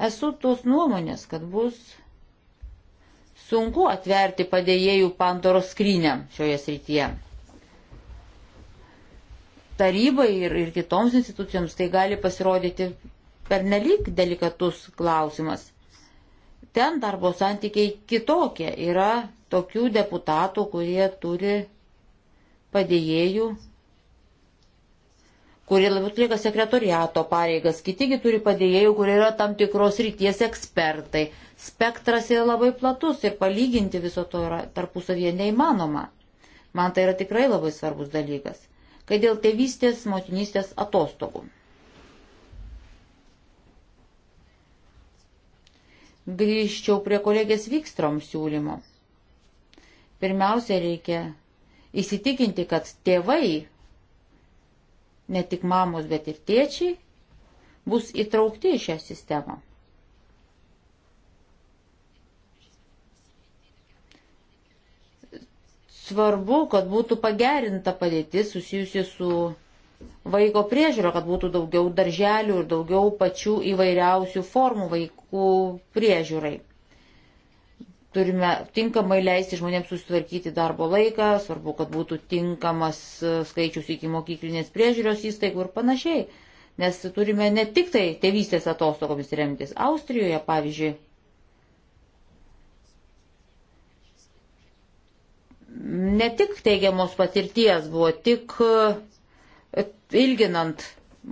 Esu tos nuomonės, kad bus sunku atverti padėjėjų Pandoros skrynę šioje srityje tarybai ir, ir kitoms institucijoms tai gali pasirodyti pernelyg delikatus klausimas. Ten darbo santykiai kitokie. Yra tokių deputatų, kurie turi padėjėjų, kurie labiau atlieka sekretoriato pareigas, kitigi turi padėjėjų, kurie yra tam tikros ryties ekspertai. Spektras yra labai platus ir palyginti viso to yra tarpusavyje neįmanoma. Man tai yra tikrai labai svarbus dalykas kai dėl tėvystės motinystės atostogų. Grįžčiau prie kolegės Vikstrom siūlymo. Pirmiausia, reikia įsitikinti, kad tėvai, ne tik mamos, bet ir tėčiai, bus įtraukti į šią sistemą. svarbu, kad būtų pagerinta padėtis susijusi su vaiko priežiūra, kad būtų daugiau darželių ir daugiau pačių įvairiausių formų vaikų priežiūrai. Turime tinkamai leisti žmonėms susitvarkyti darbo laiką, svarbu, kad būtų tinkamas e, skaičius iki mokyklinės priežiūros įstaigų ir panašiai. Nes turime ne tik tai tėvystės atostogomis remtis. Austrijoje, pavyzdžiui, ne tik teigiamos patirties buvo, tik e, ilginant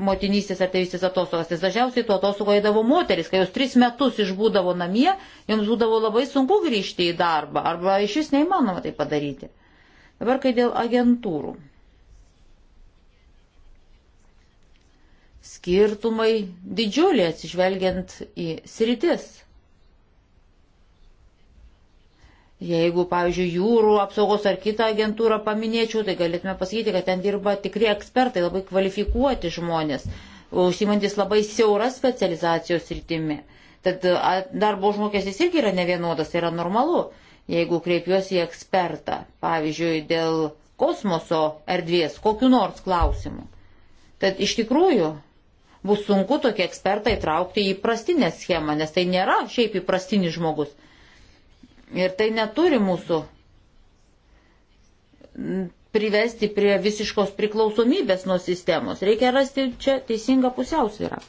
motinystės ar tėvystės atostogas, nes dažniausiai tuo atostogo eidavo moteris, kai jos tris metus išbūdavo namie, joms būdavo labai sunku grįžti į darbą arba iš vis neįmanoma tai padaryti. Dabar kai dėl agentūrų. Skirtumai didžiuliai atsižvelgiant į sritis. Jeigu, pavyzdžiui, jūrų apsaugos ar kitą agentūrą paminėčiau, tai galėtume pasakyti, kad ten dirba tikri ekspertai, labai kvalifikuoti žmonės, užsimantis labai siauras specializacijos rytimi. Tad darbo užmokestis irgi yra nevienodas, tai yra normalu. Jeigu kreipiuosi į ekspertą, pavyzdžiui, dėl kosmoso erdvės, kokiu nors klausimu, tad iš tikrųjų bus sunku tokį ekspertą įtraukti į prastinę schemą, nes tai nėra šiaip įprastinis žmogus Ir tai neturi mūsų privesti prie visiškos priklausomybės nuo sistemos. Reikia rasti čia teisingą pusiausvyrą.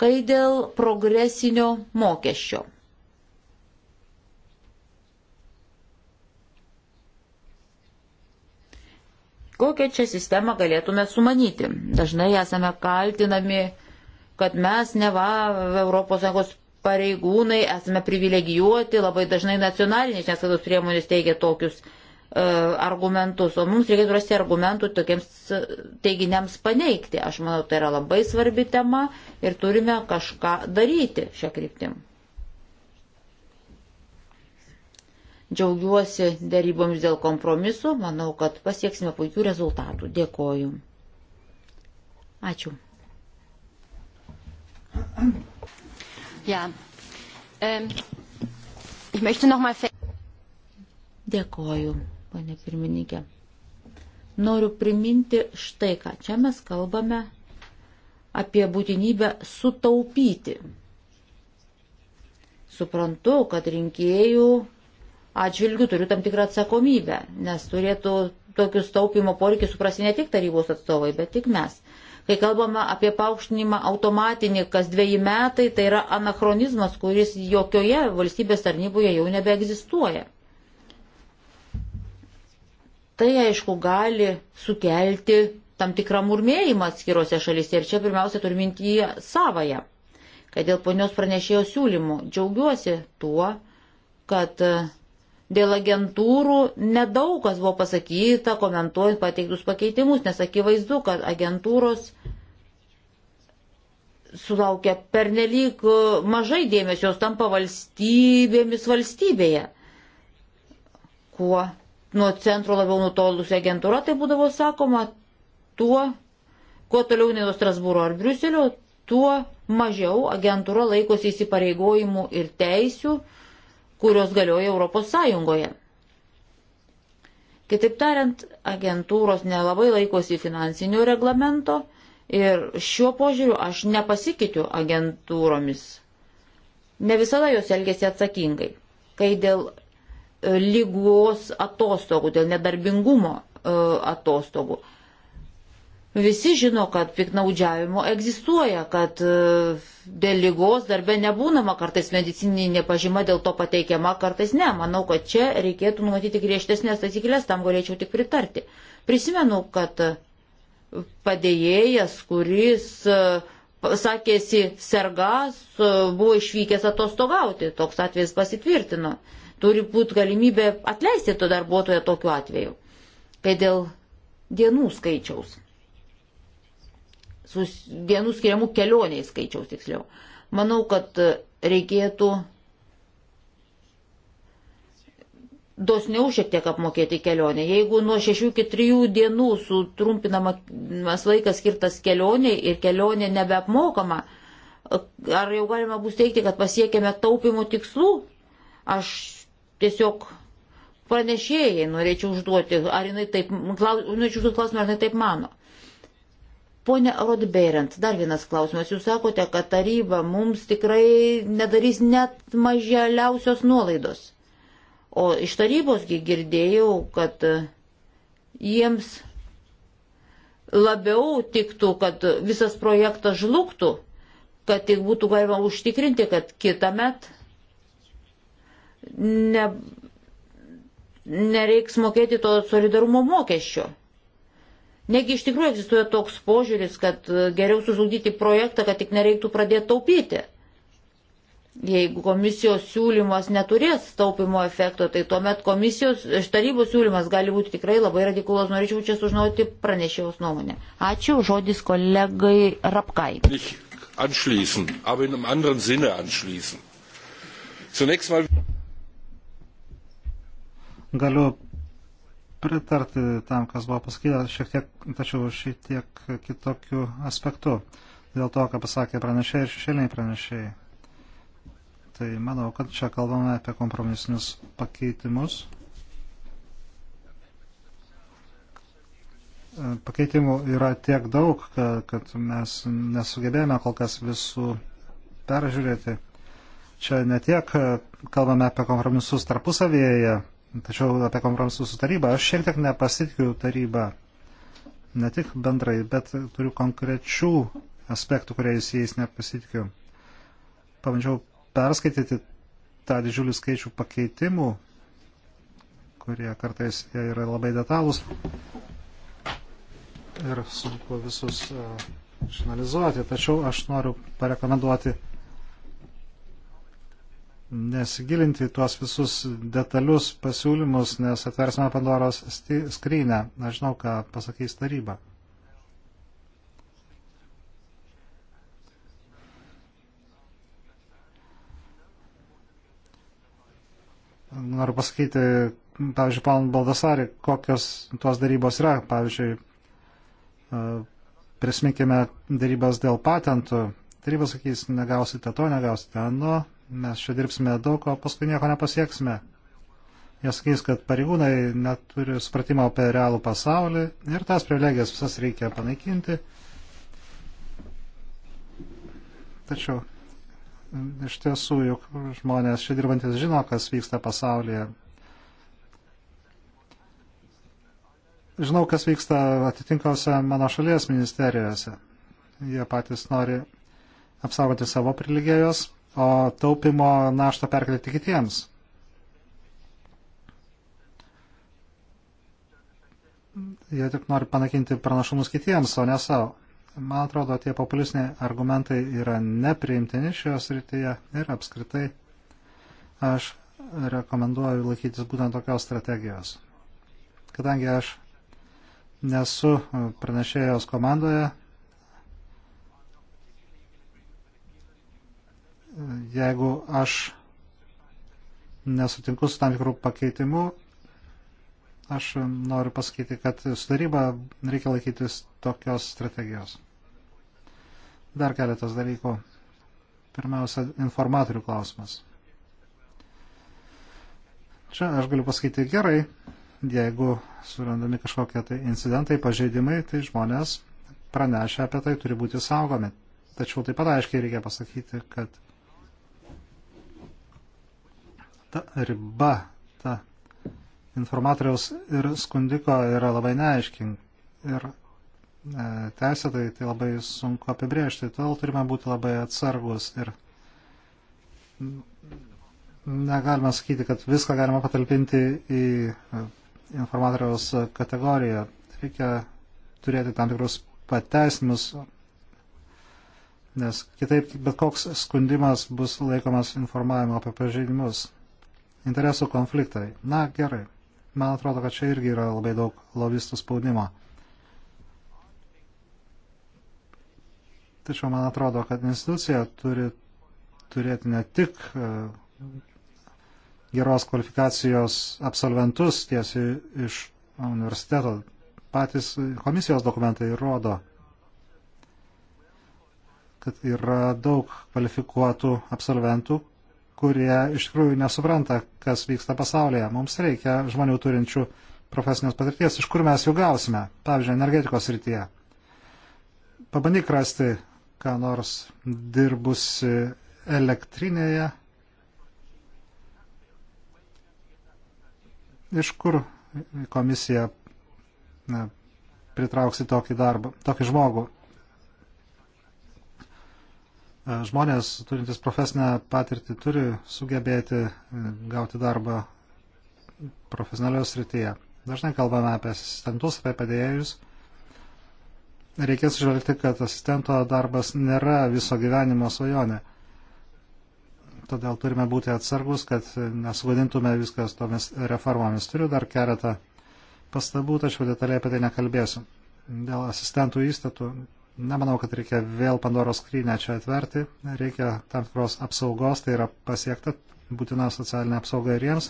Kai dėl progresinio mokesčio. Kokią čia sistemą galėtume sumanyti? Dažnai esame kaltinami kad mes neva ES pareigūnai esame privilegijuoti, labai dažnai nacionalinės žiniasklaidos priemonės teigia tokius e, argumentus, o mums reikėtų rasti argumentų tokiems e, teiginiams paneigti. Aš manau, tai yra labai svarbi tema ir turime kažką daryti šią kryptim. Džiaugiuosi dėrybomis dėl kompromisu, manau, kad pasieksime puikių rezultatų. Dėkoju. Ačiū. Ja. Ähm, ich möchte noch mal Dėkoju, ponė pirmininkė. Noriu priminti štai ką. Čia mes kalbame apie būtinybę sutaupyti. Suprantu, kad rinkėjų atžvilgių turiu tam tikrą atsakomybę, nes turėtų tokius taupimo poreikius suprasti ne tik tarybos atstovai, bet tik mes. Kai kalbama apie paaukštinimą automatinį kas dviejį metai, tai yra anachronizmas, kuris jokioje valstybės tarnyboje jau nebeegzistuoja. Tai aišku gali sukelti tam tikrą murmėjimą atskirose šalyse ir čia pirmiausia turiu mintyje savoje, kad dėl ponios pranešėjo siūlymų džiaugiuosi tuo, kad uh, Dėl agentūrų nedaug kas buvo pasakyta, komentuojant pateiktus pakeitimus, nes akivaizdu, kad agentūros sulaukia pernelyg mažai dėmesio, jos tampa valstybėmis valstybėje. Kuo nuo centro labiau nutolusi agentūra, tai būdavo sakoma, tuo, kuo toliau nei nuo Strasbūro ar Briuselio, tuo mažiau agentūra laikosi įsipareigojimų ir teisių kurios galioja Europos Sąjungoje. Kitaip tariant, agentūros nelabai laikosi finansinio reglamento ir šiuo požiūriu aš nepasikitiu agentūromis. Ne visada jos elgesi atsakingai. Kai dėl e, lygos atostogų, dėl nedarbingumo e, atostogų. Visi žino, kad piknaudžiavimo egzistuoja, kad e, dėl lygos darbe nebūnama kartais medicininė pažyma, dėl to pateikiama kartais ne. Manau, kad čia reikėtų numatyti griežtesnės taisyklės, tam galėčiau tik pritarti. Prisimenu, kad e, padėjėjas, kuris e, sakėsi sergas, buvo išvykęs atostogauti, toks atvejis pasitvirtino. Turi būti galimybė atleisti to darbuotojo tokiu atveju, kai dėl dienų skaičiaus sus, dienų skiriamų kelioniai skaičiaus tiksliau. Manau, kad reikėtų dosniau šiek tiek apmokėti kelionę. Jeigu nuo 6 iki 3 dienų sutrumpinamas laikas skirtas kelioniai ir kelionė nebeapmokama, ar jau galima bus teikti, kad pasiekėme taupimo tikslų? Aš tiesiog pranešėjai norėčiau užduoti, ar jinai taip, norėčiau užduoti klausimą, ar jinai taip mano. Pone Rodbeirant, dar vienas klausimas. Jūs sakote, kad taryba mums tikrai nedarys net maželiausios nuolaidos. O iš tarybosgi girdėjau, kad e, jiems labiau tiktų, kad visas projektas žlugtų, kad tik būtų galima užtikrinti, kad kitą met ne, nereiks mokėti to solidarumo mokesčio. Negi iš tikrųjų egzistuoja toks požiūris, kad e, geriau sužlugdyti projektą, kad tik nereiktų pradėti taupyti. Jeigu komisijos siūlymas neturės taupimo efekto, tai tuomet komisijos tarybos siūlymas gali būti tikrai labai radikulos. Norėčiau čia sužinoti pranešėjos nuomonę. Ačiū, žodis kolegai Rapkai. Anschließen, aber in einem anderen Sinne anschließen. Zunächst mal. Galiu pritarti tam, kas buvo pasakyta, šiek tiek, tačiau šiek tiek kitokiu aspektu. Dėl to, ką pasakė pranešėjai ir šešėliniai pranešėjai. Tai manau, kad čia kalbame apie kompromisinius pakeitimus. Pakeitimų yra tiek daug, kad, kad mes nesugebėjome kol kas visų peržiūrėti. Čia ne tiek kalbame apie kompromisus tarpusavėje Tačiau apie kompromisus su taryba. Aš šiek tiek nepasitikiu tarybą. Ne tik bendrai, bet turiu konkrečių aspektų, kuriais jais nepasitikiu. Pabandžiau perskaityti tą didžiulį skaičių pakeitimų, kurie kartais yra labai detalūs. Ir sunku visus e, išanalizuoti. Tačiau aš noriu parekomenduoti nesigilinti tuos visus detalius pasiūlymus, nes atversime Pandoros skrynę. Nežinau, ką pasakys taryba. Noriu pasakyti, pavyzdžiui, pan Baldasari, kokios tuos darybos yra. Pavyzdžiui, e, prisiminkime darybas dėl patentų. Taryba sakys, negausite to, negausite ano. Nu, mes čia dirbsime daug, o paskui nieko nepasieksime. Jie sakys, kad pareigūnai neturi supratimo apie realų pasaulį ir tas privilegijas visas reikia panaikinti. Tačiau iš tiesų juk žmonės čia dirbantis žino, kas vyksta pasaulyje. Žinau, kas vyksta atitinkaose mano šalies ministerijose. Jie patys nori apsaugoti savo priligėjos o taupimo naštą perkelti kitiems. Jie tik nori panakinti pranašumus kitiems, o ne savo. Man atrodo, tie populistiniai argumentai yra nepriimtini šioje srityje ir apskritai aš rekomenduoju laikytis būtent tokios strategijos. Kadangi aš nesu pranešėjos komandoje, jeigu aš nesutinku su tam tikrų pakeitimu, aš noriu pasakyti, kad su taryba reikia laikytis tokios strategijos. Dar keletas dalykų. Pirmiausia, informatorių klausimas. Čia aš galiu pasakyti gerai, jeigu surandami kažkokie tai incidentai, pažeidimai, tai žmonės pranešę apie tai turi būti saugomi. Tačiau taip pat aiškiai reikia pasakyti, kad ta riba, ta informatoriaus ir skundiko yra labai neaiškin. Ir e, teisėtai tai labai sunku apibriežti, todėl turime būti labai atsargus ir negalime sakyti, kad viską galima patalpinti į e, informatoriaus kategoriją. Reikia turėti tam tikrus pateisinimus, nes kitaip bet koks skundimas bus laikomas informavimo apie pažeidimus interesų konfliktai. Na gerai, man atrodo, kad čia irgi yra labai daug lobistų spaudimo. Tačiau man atrodo, kad institucija turi turėti ne tik e, geros kvalifikacijos absolventus tiesiai iš universiteto. Patys komisijos dokumentai rodo, kad yra daug kvalifikuotų absolventų, kurie iš tikrųjų nesupranta, kas vyksta pasaulyje. Mums reikia žmonių turinčių profesinės patirties, iš kur mes jų gausime, pavyzdžiui, energetikos rytyje. Pabandyk rasti, ką nors dirbusi elektrinėje, iš kur komisija na, pritrauksi tokį darbą, tokį žmogų. E, žmonės turintis profesinę patirtį turi sugebėti e, gauti darbą profesionalios srityje. Dažnai kalbame apie asistentus, apie padėjėjus. Reikės žvelgti, kad asistento darbas nėra viso gyvenimo svajonė. Todėl turime būti atsargus, kad nesugadintume viskas tomis reformomis. Turiu dar keletą pastabų, tačiau detaliai apie tai nekalbėsiu. Dėl asistentų įstatų Nemanau, kad reikia vėl Pandoros skrynę čia atverti. Reikia tam tikros apsaugos, tai yra pasiekta būtina socialinė apsauga ir jiems.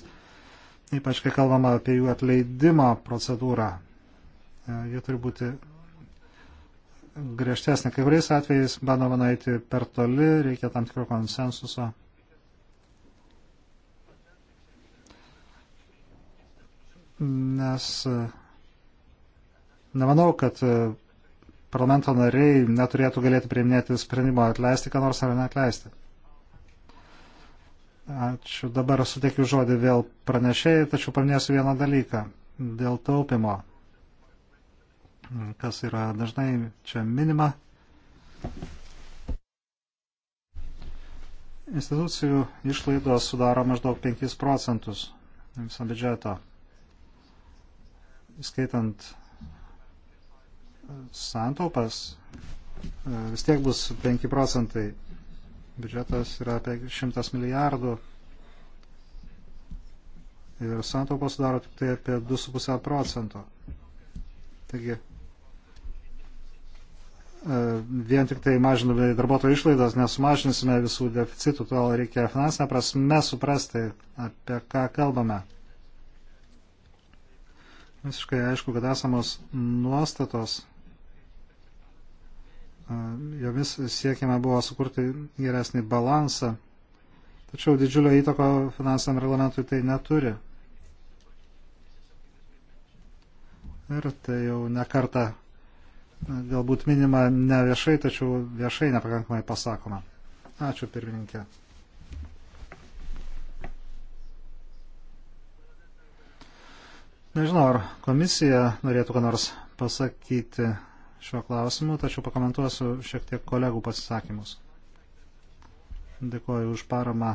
Ypač, kai kalbama apie jų atleidimo procedūrą. E, jie turi būti griežtesnė. Kai kuriais atvejais bandoma nueiti per toli, reikia tam tikro konsensuso. Nes e, nemanau, kad e, parlamento nariai neturėtų galėti priiminėti sprendimo atleisti, ką nors ar neatleisti. Ačiū. Dabar suteikiu žodį vėl pranešėjai, tačiau paminėsiu vieną dalyką dėl taupimo, kas yra dažnai čia minima. Institucijų išlaidos sudaro maždaug 5 procentus viso biudžeto, įskaitant santaupas, e, vis tiek bus 5 procentai. Biudžetas yra apie 100 milijardų. Ir santaupos sudaro tik tai apie 2,5 procento. Taigi, e, vien tik tai mažinami darbuotojų išlaidas, nesumažinsime visų deficitų, todėl reikia finansinę prasme suprasti, apie ką kalbame. Visiškai aišku, kad esamos nuostatos jomis siekiama buvo sukurti geresnį balansą, tačiau didžiulio įtako finansiniam reglamentui tai neturi. Ir tai jau nekarta galbūt minima ne viešai, tačiau viešai nepakankamai pasakoma. Ačiū pirmininkė. Nežinau, ar komisija norėtų ką nors pasakyti šiuo klausimu, tačiau pakomentuosiu šiek tiek kolegų pasisakymus. Dėkuoju už paramą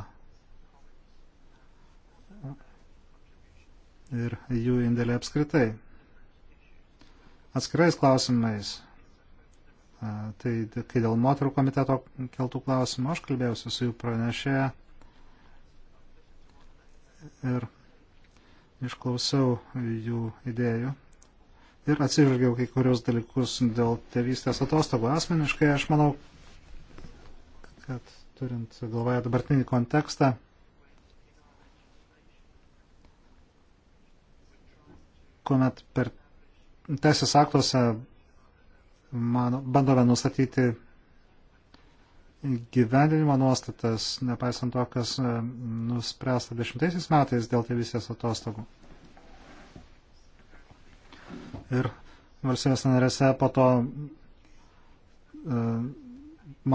ir jų indėlį apskritai. Atskirais klausimais, tai kai dėl moterų komiteto keltų klausimų, aš kalbėjausi su jų pranešėja ir išklausiau jų idėjų ir atsižvelgiau kai kurios dalykus dėl tėvystės atostogų. Asmeniškai aš manau, kad turint galvoje dabartinį kontekstą, kuomet per teisės aktuose man, bandome nustatyti gyvendinimo nuostatas, nepaisant to, kas e, nuspręsta dešimtaisiais metais dėl tėvystės atostogų ir valstybės narėse po to e,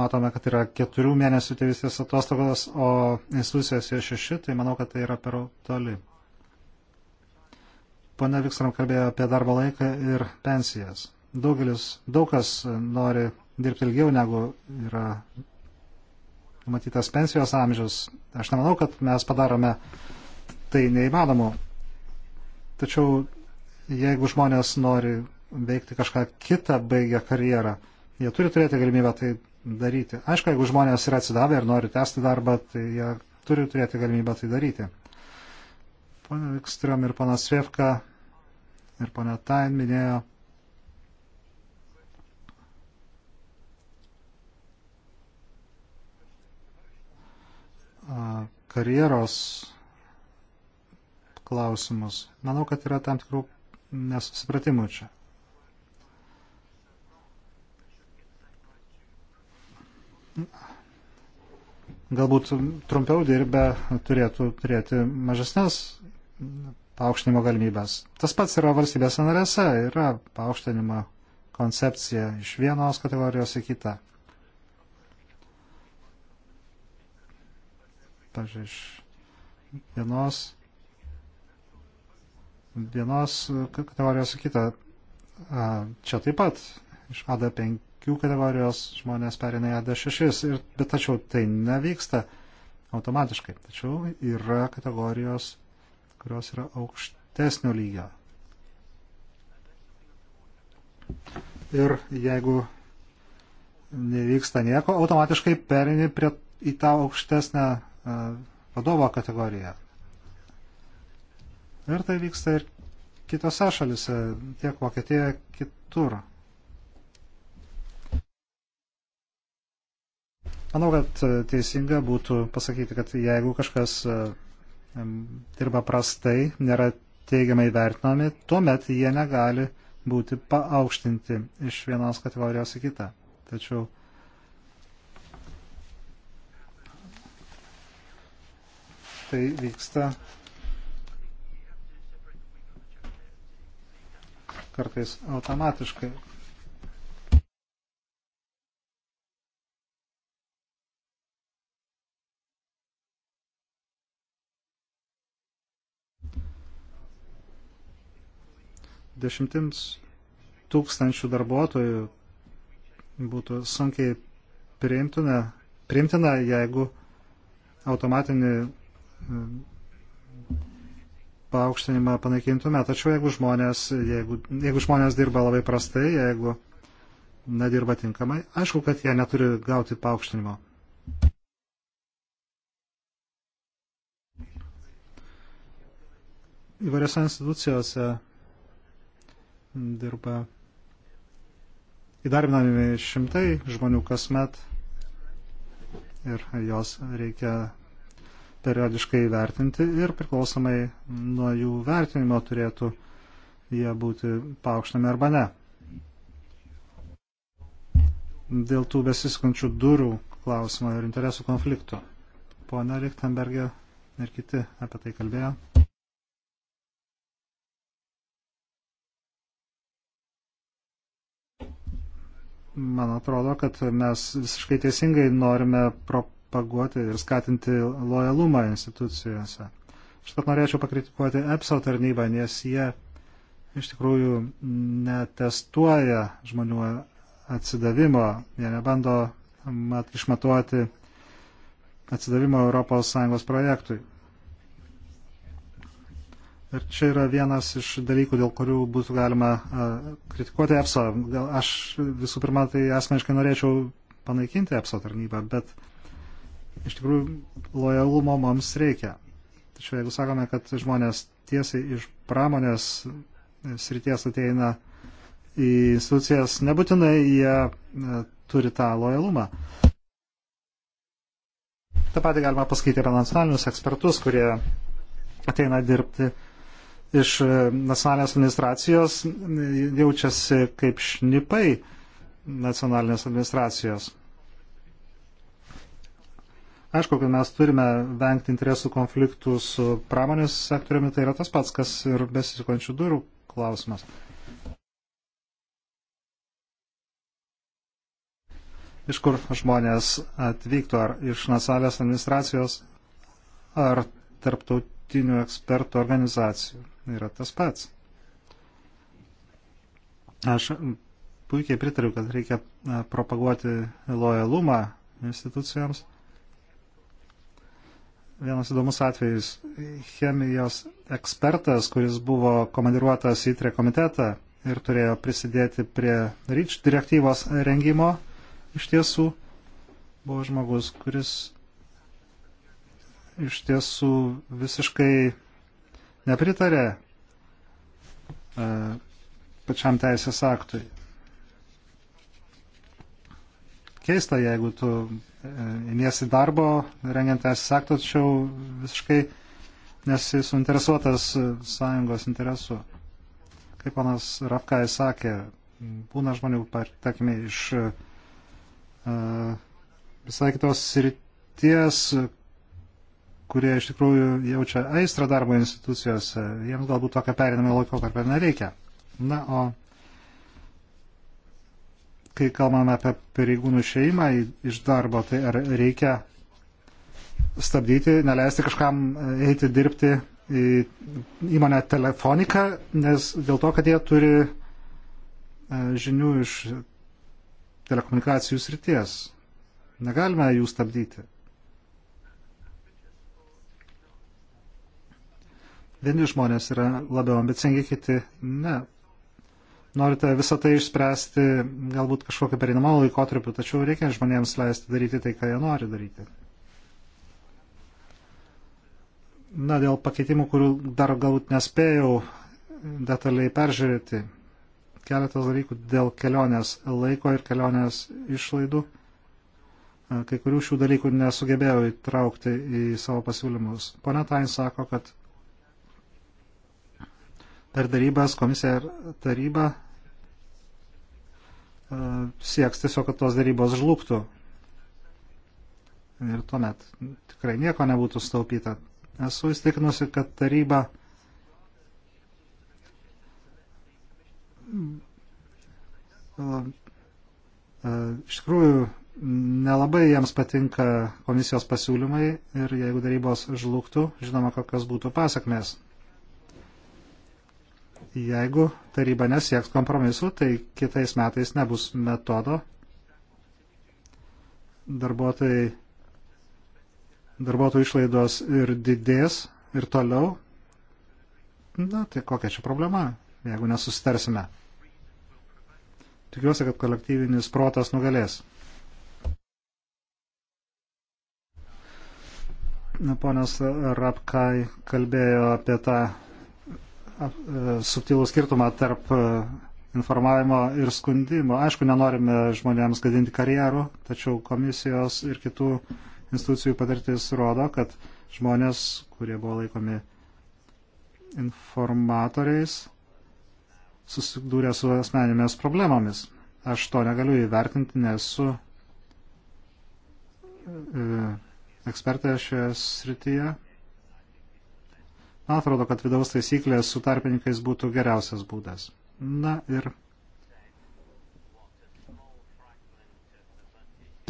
matome, kad yra keturių mėnesių tėvystės atostogos, o institucijos yra šeši, tai manau, kad tai yra per toli. Pone Vikstram kalbėjo apie darbo laiką ir pensijas. Daugelis, daug kas nori dirbti ilgiau negu yra matytas pensijos amžius. Aš nemanau, kad mes padarome tai neįmanomu. Tačiau jeigu žmonės nori veikti kažką kitą, baigia karjerą, jie turi turėti galimybę tai daryti. Aišku, jeigu žmonės yra atsidavę ir nori tęsti darbą, tai jie turi turėti galimybę tai daryti. Pana Vikstrom ir pana Svevka ir pana Tain minėjo. karjeros klausimus. Manau, kad yra tam tikrų nesusipratimų čia. Galbūt trumpiau dirbę turėtų turėti mažesnės paaukštinimo galimybės. Tas pats yra valstybės narėse, yra paaukštinimo koncepcija iš vienos kategorijos į kitą. Pavyzdžiui, iš vienos vienos kategorijos į kitą. Čia taip pat iš AD5 kategorijos žmonės perina į AD6, ir, bet tačiau tai nevyksta automatiškai. Tačiau yra kategorijos, kurios yra aukštesnio lygio. Ir jeigu nevyksta nieko, automatiškai perini prie, į tą aukštesnę vadovo kategoriją. Ir tai vyksta ir kitose šalise, tiek Vokietijoje, kitur. Manau, kad e, teisinga būtų pasakyti, kad jeigu kažkas e, dirba prastai, nėra teigiamai vertinami, tuomet jie negali būti paaukštinti iš vienos kategorijos į kitą. Tačiau tai vyksta kartais automatiškai. Dešimtims tūkstančių darbuotojų būtų sunkiai priimtina, priimtina jeigu automatinį paaukštinimą panaikintume. Tačiau jeigu žmonės, jeigu, jeigu žmonės dirba labai prastai, jeigu nedirba tinkamai, aišku, kad jie neturi gauti paaukštinimo. Įvairiose institucijose dirba įdarbinami šimtai žmonių kasmet ir jos reikia periodiškai vertinti ir priklausomai nuo jų vertinimo turėtų jie būti paaukštami arba ne. Dėl tų besiskančių durų klausimo ir interesų konflikto. Pone Lichtenbergė ir kiti apie tai kalbėjo. man atrodo, kad mes visiškai teisingai norime pro, propaguoti ir skatinti lojalumą institucijose. Aš pat norėčiau pakritikuoti EPSO tarnybą, nes jie iš tikrųjų netestuoja žmonių atsidavimo, jie nebando mat, išmatuoti atsidavimo ES projektui. Ir čia yra vienas iš dalykų, dėl kurių būtų galima a, kritikuoti EPSO. Gal aš visų pirma, tai asmeniškai norėčiau panaikinti EPSO tarnybą, bet iš tikrųjų lojalumo mums reikia. Tačiau jeigu sakome, kad žmonės tiesiai iš pramonės srities ateina į institucijas, nebūtinai jie e, turi tą lojalumą. Ta patį galima pasakyti apie nacionalinius ekspertus, kurie ateina dirbti iš e, nacionalinės administracijos, jaučiasi kaip šnipai nacionalinės administracijos. Aišku, kad mes turime vengti interesų konfliktų su pramonės sektoriumi, tai yra tas pats, kas ir besisukančių durų klausimas. Iš kur žmonės atvyktų, ar iš nasalės administracijos, ar tarptautinių ekspertų organizacijų. Yra tas pats. Aš puikiai pritariu, kad reikia propaguoti lojalumą institucijoms vienas įdomus atvejis. Chemijos ekspertas, kuris buvo komandiruotas į tre komitetą ir turėjo prisidėti prie REACH direktyvos rengimo, iš tiesų buvo žmogus, kuris iš tiesų visiškai nepritarė e, pačiam teisės aktui. Keista, jeigu tu imiesi e, darbo, rengiant teisės aktą, tačiau visiškai nesi suinteresuotas sąjungos interesu. Kaip panas Rafkai sakė, būna žmonių, tarkime, iš uh, visai kitos srities, kurie iš tikrųjų jaučia aistrą darbo institucijose, jiems galbūt tokio perinamą laikotarpį nereikia. Na, o kai kalbame apie pareigūnų šeimą iš darbo, tai ar reikia stabdyti, neleisti kažkam e, eiti dirbti į įmonę telefoniką, nes dėl to, kad jie turi e, žinių iš telekomunikacijų srities. Negalime jų stabdyti. Vieni žmonės yra labiau ambicingi, kiti ne norite visą tai išspręsti galbūt kažkokiu pereinamą laikotarpiu, tačiau reikia žmonėms leisti daryti tai, ką jie nori daryti. Na, dėl pakeitimų, kurių dar galbūt nespėjau detaliai peržiūrėti, keletas dalykų dėl kelionės laiko ir kelionės išlaidų. Kai kurių šių dalykų nesugebėjau įtraukti į savo pasiūlymus. Pone Tain sako, kad per darybas komisija ir taryba e, sieks tiesiog, kad tos darybos žlugtų. Ir tuomet tikrai nieko nebūtų staupyta. Esu įstikinusi, kad taryba e, iš tikrųjų nelabai jiems patinka komisijos pasiūlymai ir jeigu darybos žlugtų, žinoma, kokios būtų pasakmės jeigu taryba nesieks kompromisu, tai kitais metais nebus metodo. Darbuotojai, darbuotojų išlaidos ir didės ir toliau. Na, tai kokia čia problema, jeigu nesusitarsime. Tikiuosi, kad kolektyvinis protas nugalės. Ponas Rapkai kalbėjo apie tą E, subtilų skirtumą tarp e, informavimo ir skundimo. Aišku, nenorime žmonėms gadinti karjerų, tačiau komisijos ir kitų institucijų patirtis rodo, kad žmonės, kurie buvo laikomi informatoriais, susidūrė su asmeninėmis problemomis. Aš to negaliu įvertinti, nesu e, ekspertė šioje srityje. Man atrodo, kad vidaus taisyklės su tarpininkais būtų geriausias būdas. Na ir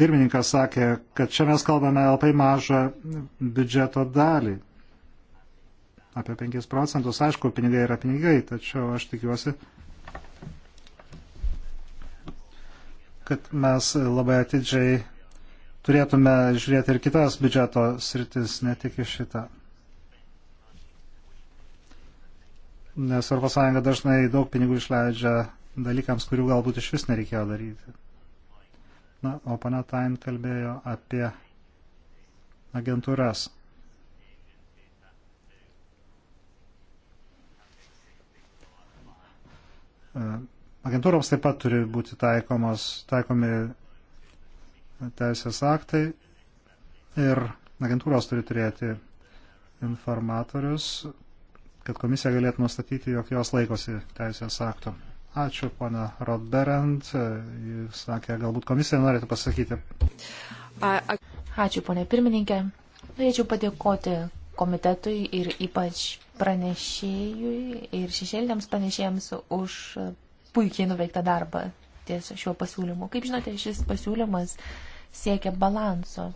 pirmininkas sakė, kad čia mes kalbame labai mažą biudžeto dalį. Apie 5 procentus, aišku, pinigai yra pinigai, tačiau aš tikiuosi, kad mes labai atidžiai turėtume žiūrėti ir kitas biudžeto sritis, ne tik į šitą. nes ES dažnai daug pinigų išleidžia dalykams, kurių galbūt iš vis nereikėjo daryti. Na, o pana Tain kalbėjo apie agentūras. E, agentūroms taip pat turi būti taikomos, taikomi teisės aktai ir agentūros turi turėti informatorius, kad komisija galėtų nustatyti, jog jos laikosi teisės akto. Ačiū, pana Rodberend. Jis sakė, galbūt komisija norėtų pasakyti. Ačiū, ponė pirmininkė. Norėčiau padėkoti komitetui ir ypač pranešėjui ir šešėlėms pranešėjams už puikiai nuveiktą darbą ties šiuo pasiūlymu. Kaip žinote, šis pasiūlymas siekia balanso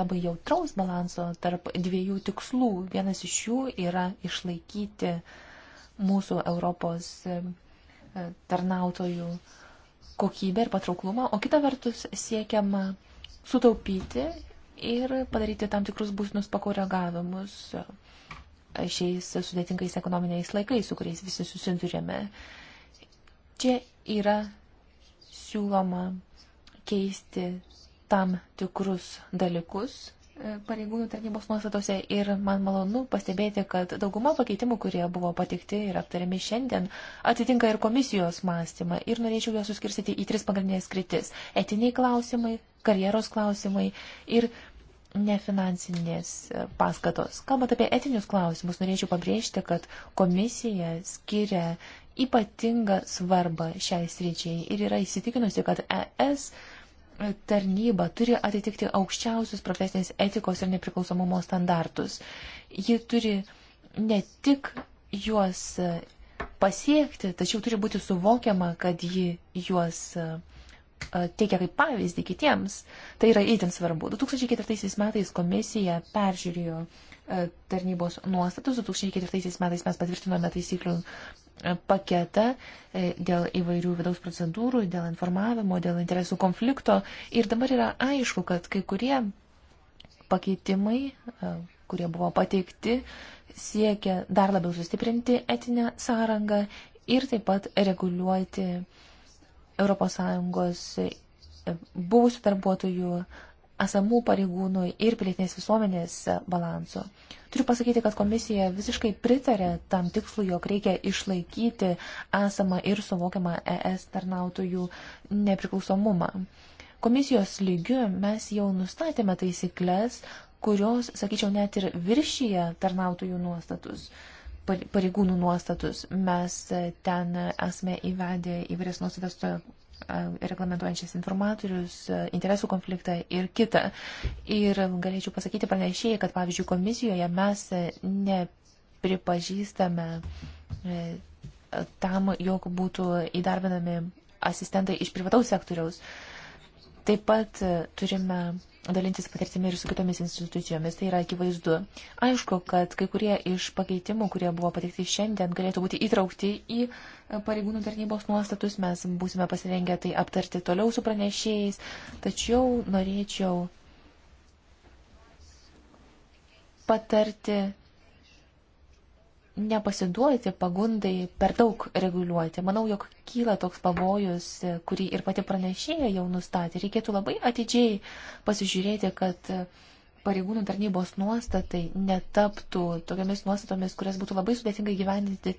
labai jautraus balanso tarp dviejų tikslų. Vienas iš jų yra išlaikyti mūsų Europos e, e, tarnautojų kokybę ir patrauklumą, o kita vertus siekiama sutaupyti ir padaryti tam tikrus būsinus pakoregavimus šiais sudėtingais ekonominiais laikais, su kuriais visi susidurėme. Čia yra siūloma keisti tam tikrus dalykus e, pareigūnų tarnybos nuostatose ir man malonu pastebėti, kad dauguma pakeitimų, kurie buvo patikti ir aptariami šiandien, atitinka ir komisijos mąstymą ir norėčiau juos suskirstyti į tris pagrindinės kritis - etiniai klausimai, karjeros klausimai ir nefinansinės e, paskatos. Kalbant apie etinius klausimus, norėčiau pabrėžti, kad komisija skiria ypatingą svarbą šiai sričiai ir yra įsitikinusi, kad ES tarnyba turi atitikti aukščiausius profesinės etikos ir nepriklausomumo standartus. Ji turi ne tik juos e, pasiekti, tačiau turi būti suvokiama, kad ji juos e, e, teikia kaip pavyzdį kitiems. Tai yra itin svarbu. 2004 metais komisija peržiūrėjo tarnybos nuostatus. 2004 metais mes patvirtinome taisyklių paketą e, dėl įvairių vidaus procedūrų, dėl informavimo, dėl interesų konflikto. Ir dabar yra aišku, kad kai kurie pakeitimai, e, kurie buvo pateikti, siekia dar labiau sustiprinti etinę sąrangą ir taip pat reguliuoti ES e, buvusių darbuotojų esamų pareigūnų ir pilietinės visuomenės balanso. Turiu pasakyti, kad komisija visiškai pritarė tam tikslui, jog reikia išlaikyti esamą ir suvokiamą ES tarnautojų nepriklausomumą. Komisijos lygiu mes jau nustatėme taisyklės, kurios, sakyčiau, net ir viršyje tarnautojų nuostatus pareigūnų nuostatus. Mes ten esame įvedę įvairias nuostatas reglamentuojančias informatorius, interesų konfliktą ir kitą. Ir galėčiau pasakyti pranešėjai, kad pavyzdžiui komisijoje mes nepripažįstame e, tam, jog būtų įdarbinami asistentai iš privataus sektoriaus. Taip pat turime dalintis patirtimi ir su kitomis institucijomis. Tai yra akivaizdu. Aišku, kad kai kurie iš pakeitimų, kurie buvo pateikti šiandien, galėtų būti įtraukti į pareigūnų tarnybos nuostatus. Mes būsime pasirengę tai aptarti toliau su pranešėjais. Tačiau norėčiau patarti nepasiduoti pagundai per daug reguliuoti. Manau, jog kyla toks pavojus, kurį ir pati pranešėja jau nustatė. Reikėtų labai atidžiai pasižiūrėti, kad pareigūnų tarnybos nuostatai netaptų tokiamis nuostatomis, kurias būtų labai sudėtinga gyvendinti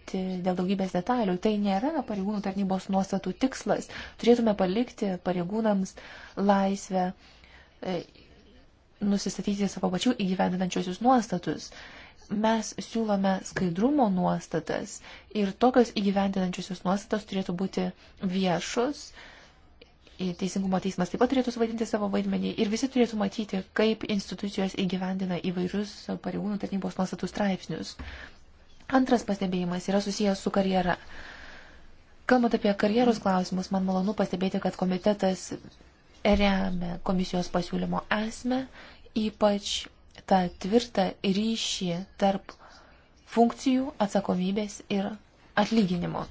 dėl daugybės detalių. Tai nėra pareigūnų tarnybos nuostatų tikslas. Turėtume palikti pareigūnams laisvę e, nusistatyti savo pačių įgyvendinančiosius nuostatus. Uh, mes siūlome skaidrumo nuostatas ir tokios įgyvendinančiosios nuostatos turėtų būti viešus. Teisingumo teismas taip pat turėtų suvaidinti savo vaidmenį ir visi turėtų matyti, kaip institucijos įgyvendina įvairius pareigūnų tarnybos nuostatų straipsnius. Antras pastebėjimas yra susijęs su karjera. Kalbant apie karjeros klausimus, man malonu pastebėti, kad komitetas remia komisijos pasiūlymo esmę, ypač tą tvirtą ryšį tarp funkcijų, atsakomybės ir atlyginimo.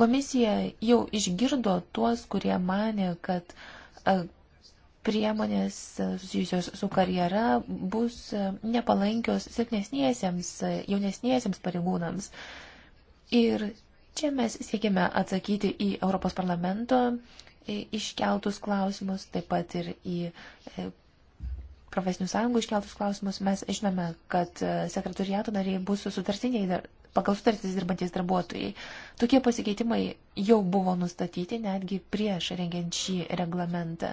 Komisija jau išgirdo tuos, kurie mane, kad e, priemonės susijusios su karjera bus e, nepalankios silpnesniesiems, e, jaunesniesiems pareigūnams. Ir čia mes siekime atsakyti į Europos parlamento iškeltus klausimus, taip pat ir į profesinių sąjungų iškeltus klausimus. Mes žinome, kad e, sekretariato nariai bus sutartiniai pagal sutartis dirbantys darbuotojai. Tokie pasikeitimai jau buvo nustatyti netgi prieš rengiant šį reglamentą.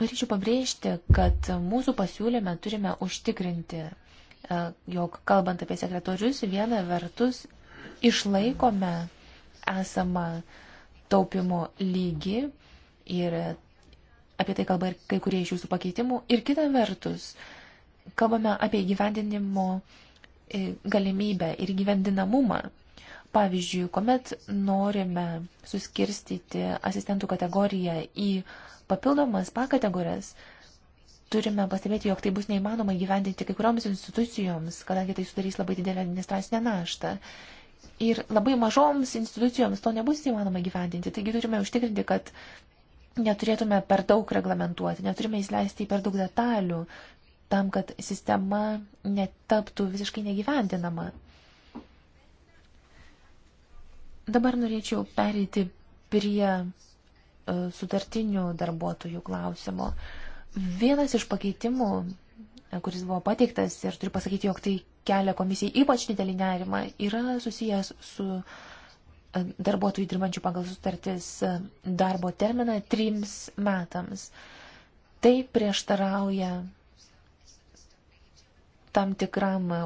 Norėčiau pabrėžti, kad mūsų pasiūlyme turime užtikrinti, e, jog kalbant apie sekretorius, viena vertus išlaikome esamą taupimo lygį ir apie tai kalba ir kai kurie iš jūsų pakeitimų. Ir kita vertus, kalbame apie gyvendinimo e, galimybę ir gyvendinamumą. Pavyzdžiui, kuomet norime suskirstyti asistentų kategoriją į papildomas pakategorijas, turime pastebėti, jog tai bus neįmanoma gyvendinti kai kurioms institucijoms, kadangi tai sudarys labai didelę administracinę naštą. Ir labai mažoms institucijoms to nebus įmanoma gyvendinti. Taigi turime užtikrinti, kad neturėtume per daug reglamentuoti, neturime įsileisti į per daug detalių, tam, kad sistema netaptų visiškai negyvendinama. Dabar norėčiau pereiti prie e, sutartinių darbuotojų klausimo. Vienas iš pakeitimų, e, kuris buvo pateiktas ir turiu pasakyti, jog tai kelia komisijai ypač didelį nerimą, yra susijęs su uh, darbuotojų dirbančių pagal sutartis e, darbo terminą trims metams. Tai prieštarauja tam tikram e,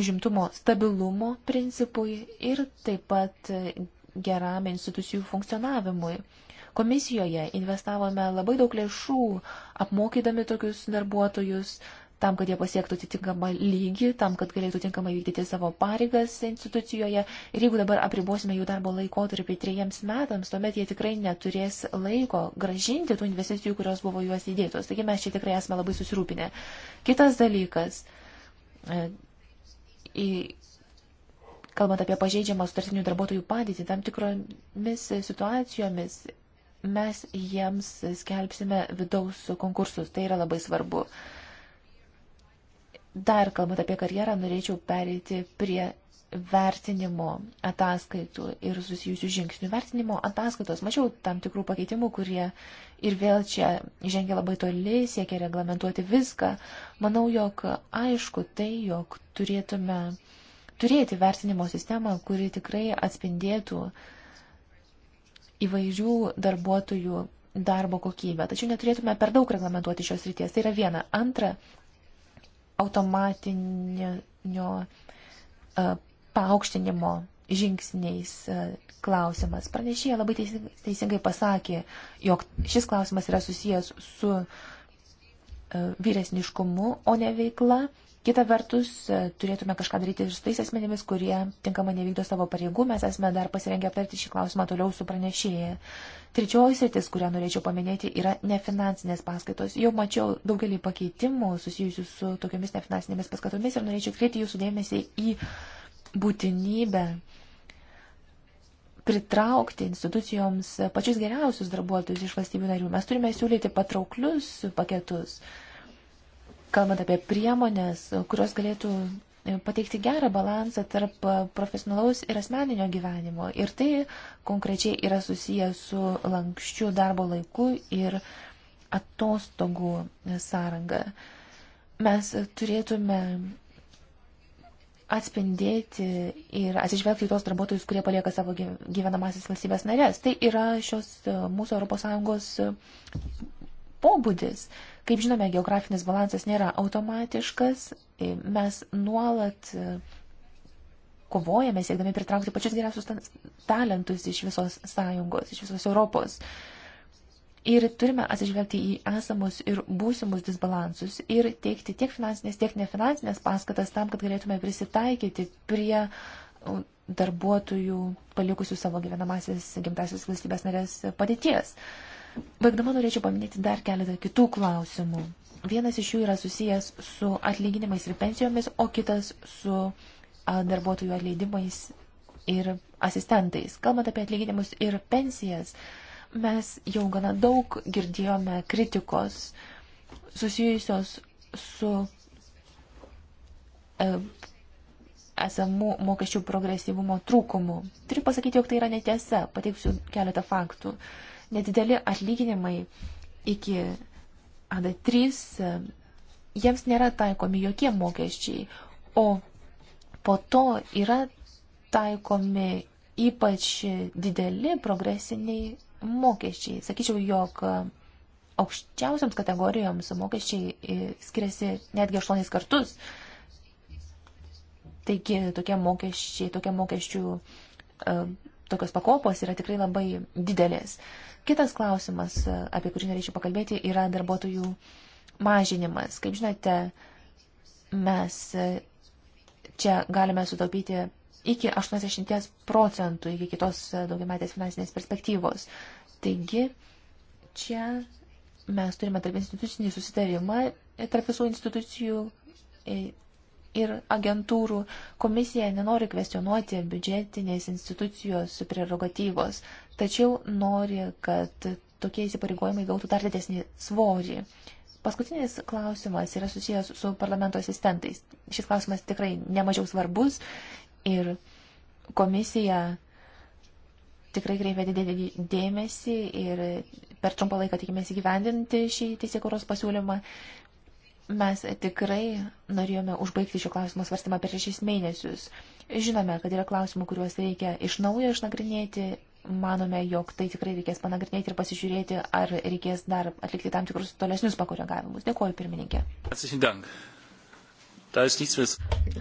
užimtumo stabilumo principui ir taip pat e, geram institucijų funkcionavimui. Komisijoje investavome labai daug lėšų, apmokydami tokius darbuotojus, tam, kad jie pasiektų atitinkamą lygį, tam, kad galėtų tinkamai vykdyti savo pareigas institucijoje. Ir jeigu dabar apribosime jų darbo laikotarpį trejiems metams, tuomet jie tikrai neturės laiko gražinti tų investicijų, kurios buvo juos įdėtos. Taigi mes čia tikrai esame labai susirūpinę. Kitas dalykas. E, į, kalbant apie pažeidžiamą sutartinių darbuotojų padėtį, tam tikromis situacijomis mes jiems skelbsime vidaus konkursus. Tai yra labai svarbu. Uh, Dar kalbant apie karjerą, norėčiau pereiti prie vertinimo ataskaitų ir susijusių žingsnių. Vertinimo ataskaitos, mačiau tam tikrų pakeitimų, kurie ir vėl čia žengia labai toli, siekia reglamentuoti viską. Manau, jog aišku tai, jog turėtume turėti vertinimo sistemą, kuri tikrai atspindėtų įvairių darbuotojų darbo kokybę. Tačiau neturėtume per daug reglamentuoti šios ryties. Tai yra viena. Antra, automatinio e, paaukštinimo žingsniais e, klausimas. Pranešėja labai teisingai pasakė, jog šis klausimas yra susijęs su e, vyresniškumu, o ne veikla. Kita vertus, e, turėtume kažką daryti ir su tais asmenimis, kurie tinkamai nevykdo savo pareigų. Mes esame dar pasirengę aptarti šį klausimą toliau su pranešėja. Trečioji sritis, kurią norėčiau paminėti, yra nefinansinės paskaitos. Jau mačiau daugelį pakeitimų susijusių su tokiamis nefinansinėmis paskatomis ir norėčiau kreipti jūsų dėmesį į būtinybę pritraukti institucijoms pačius geriausius darbuotojus iš valstybių narių. Mes turime siūlyti patrauklius paketus. Uh, kalbant apie priemonės, kurios galėtų e, pateikti gerą balansą tarp e, profesionalaus ir asmeninio gyvenimo. Ir tai konkrečiai yra susiję su lankščiu darbo laiku ir atostogų sąranga. Mes turėtume atspindėti ir atsižvelgti į tos darbuotojus, kurie palieka savo gyvenamasis valstybės narės. Tai yra šios e, mūsų ES pobūdis. Uh, Kaip žinome, geografinis balansas nėra automatiškas, mes nuolat e, kovojame, siekdami pritraukti pačius geriausius talentus iš visos sąjungos, iš visos Europos. Ir turime atsižvelgti į esamus ir būsimus disbalansus ir teikti tiek finansinės, tiek nefinansinės paskatas tam, kad galėtume prisitaikyti prie darbuotojų palikusių savo gyvenamasis gimtasis valstybės narės padėties. Uh, Baigdama norėčiau paminėti dar keletą kitų klausimų. Vienas iš jų yra susijęs su atlyginimais ir pensijomis, o kitas su darbuotojų atleidimais ir asistentais. Kalbant apie atlyginimus ir pensijas, mes jau gana daug girdėjome kritikos susijusios su e, esamų mokesčių progresyvumo trūkumu. Turiu pasakyti, jog tai yra netiesa. Pateiksiu keletą faktų. E, nedideli atlyginimai iki AD3, jiems nėra taikomi jokie mokesčiai, o po to yra taikomi ypač dideli progresiniai mokesčiai. Sakyčiau, jog aukščiausiams kategorijoms mokesčiai skiriasi netgi aštuonis kartus. Taigi tokie mokesčiai, tokia mokesčių tokios pakopos yra tikrai labai didelės. Kitas klausimas, e, apie kurį norėčiau pakalbėti, yra darbuotojų mažinimas. Kaip žinote, mes e, čia galime sutaupyti iki 80 procentų iki kitos e, daugiametės finansinės perspektyvos. Taigi, čia mes turime tarp institucinį susitarimą tarp visų institucijų ir agentūrų. Komisija nenori kvestionuoti biudžetinės institucijos prerogatyvos, tačiau nori, kad tokie įsipareigojimai gautų dar didesnį svorį. Paskutinis klausimas yra susijęs su parlamento asistentais. Šis klausimas tikrai nemažiau svarbus ir komisija tikrai kreipia didelį dėmesį ir per trumpą laiką tikimės įgyvendinti šį teisėkuros pasiūlymą. Mes tikrai norėjome užbaigti šio klausimo svarstymą per šešis mėnesius. Žinome, kad yra klausimų, kuriuos reikia iš naujo išnagrinėti. Manome, jog tai tikrai reikės panagrinėti ir pasižiūrėti, ar reikės dar atlikti tam tikrus tolesnius pakoregavimus. Dėkuoju, pirmininkė.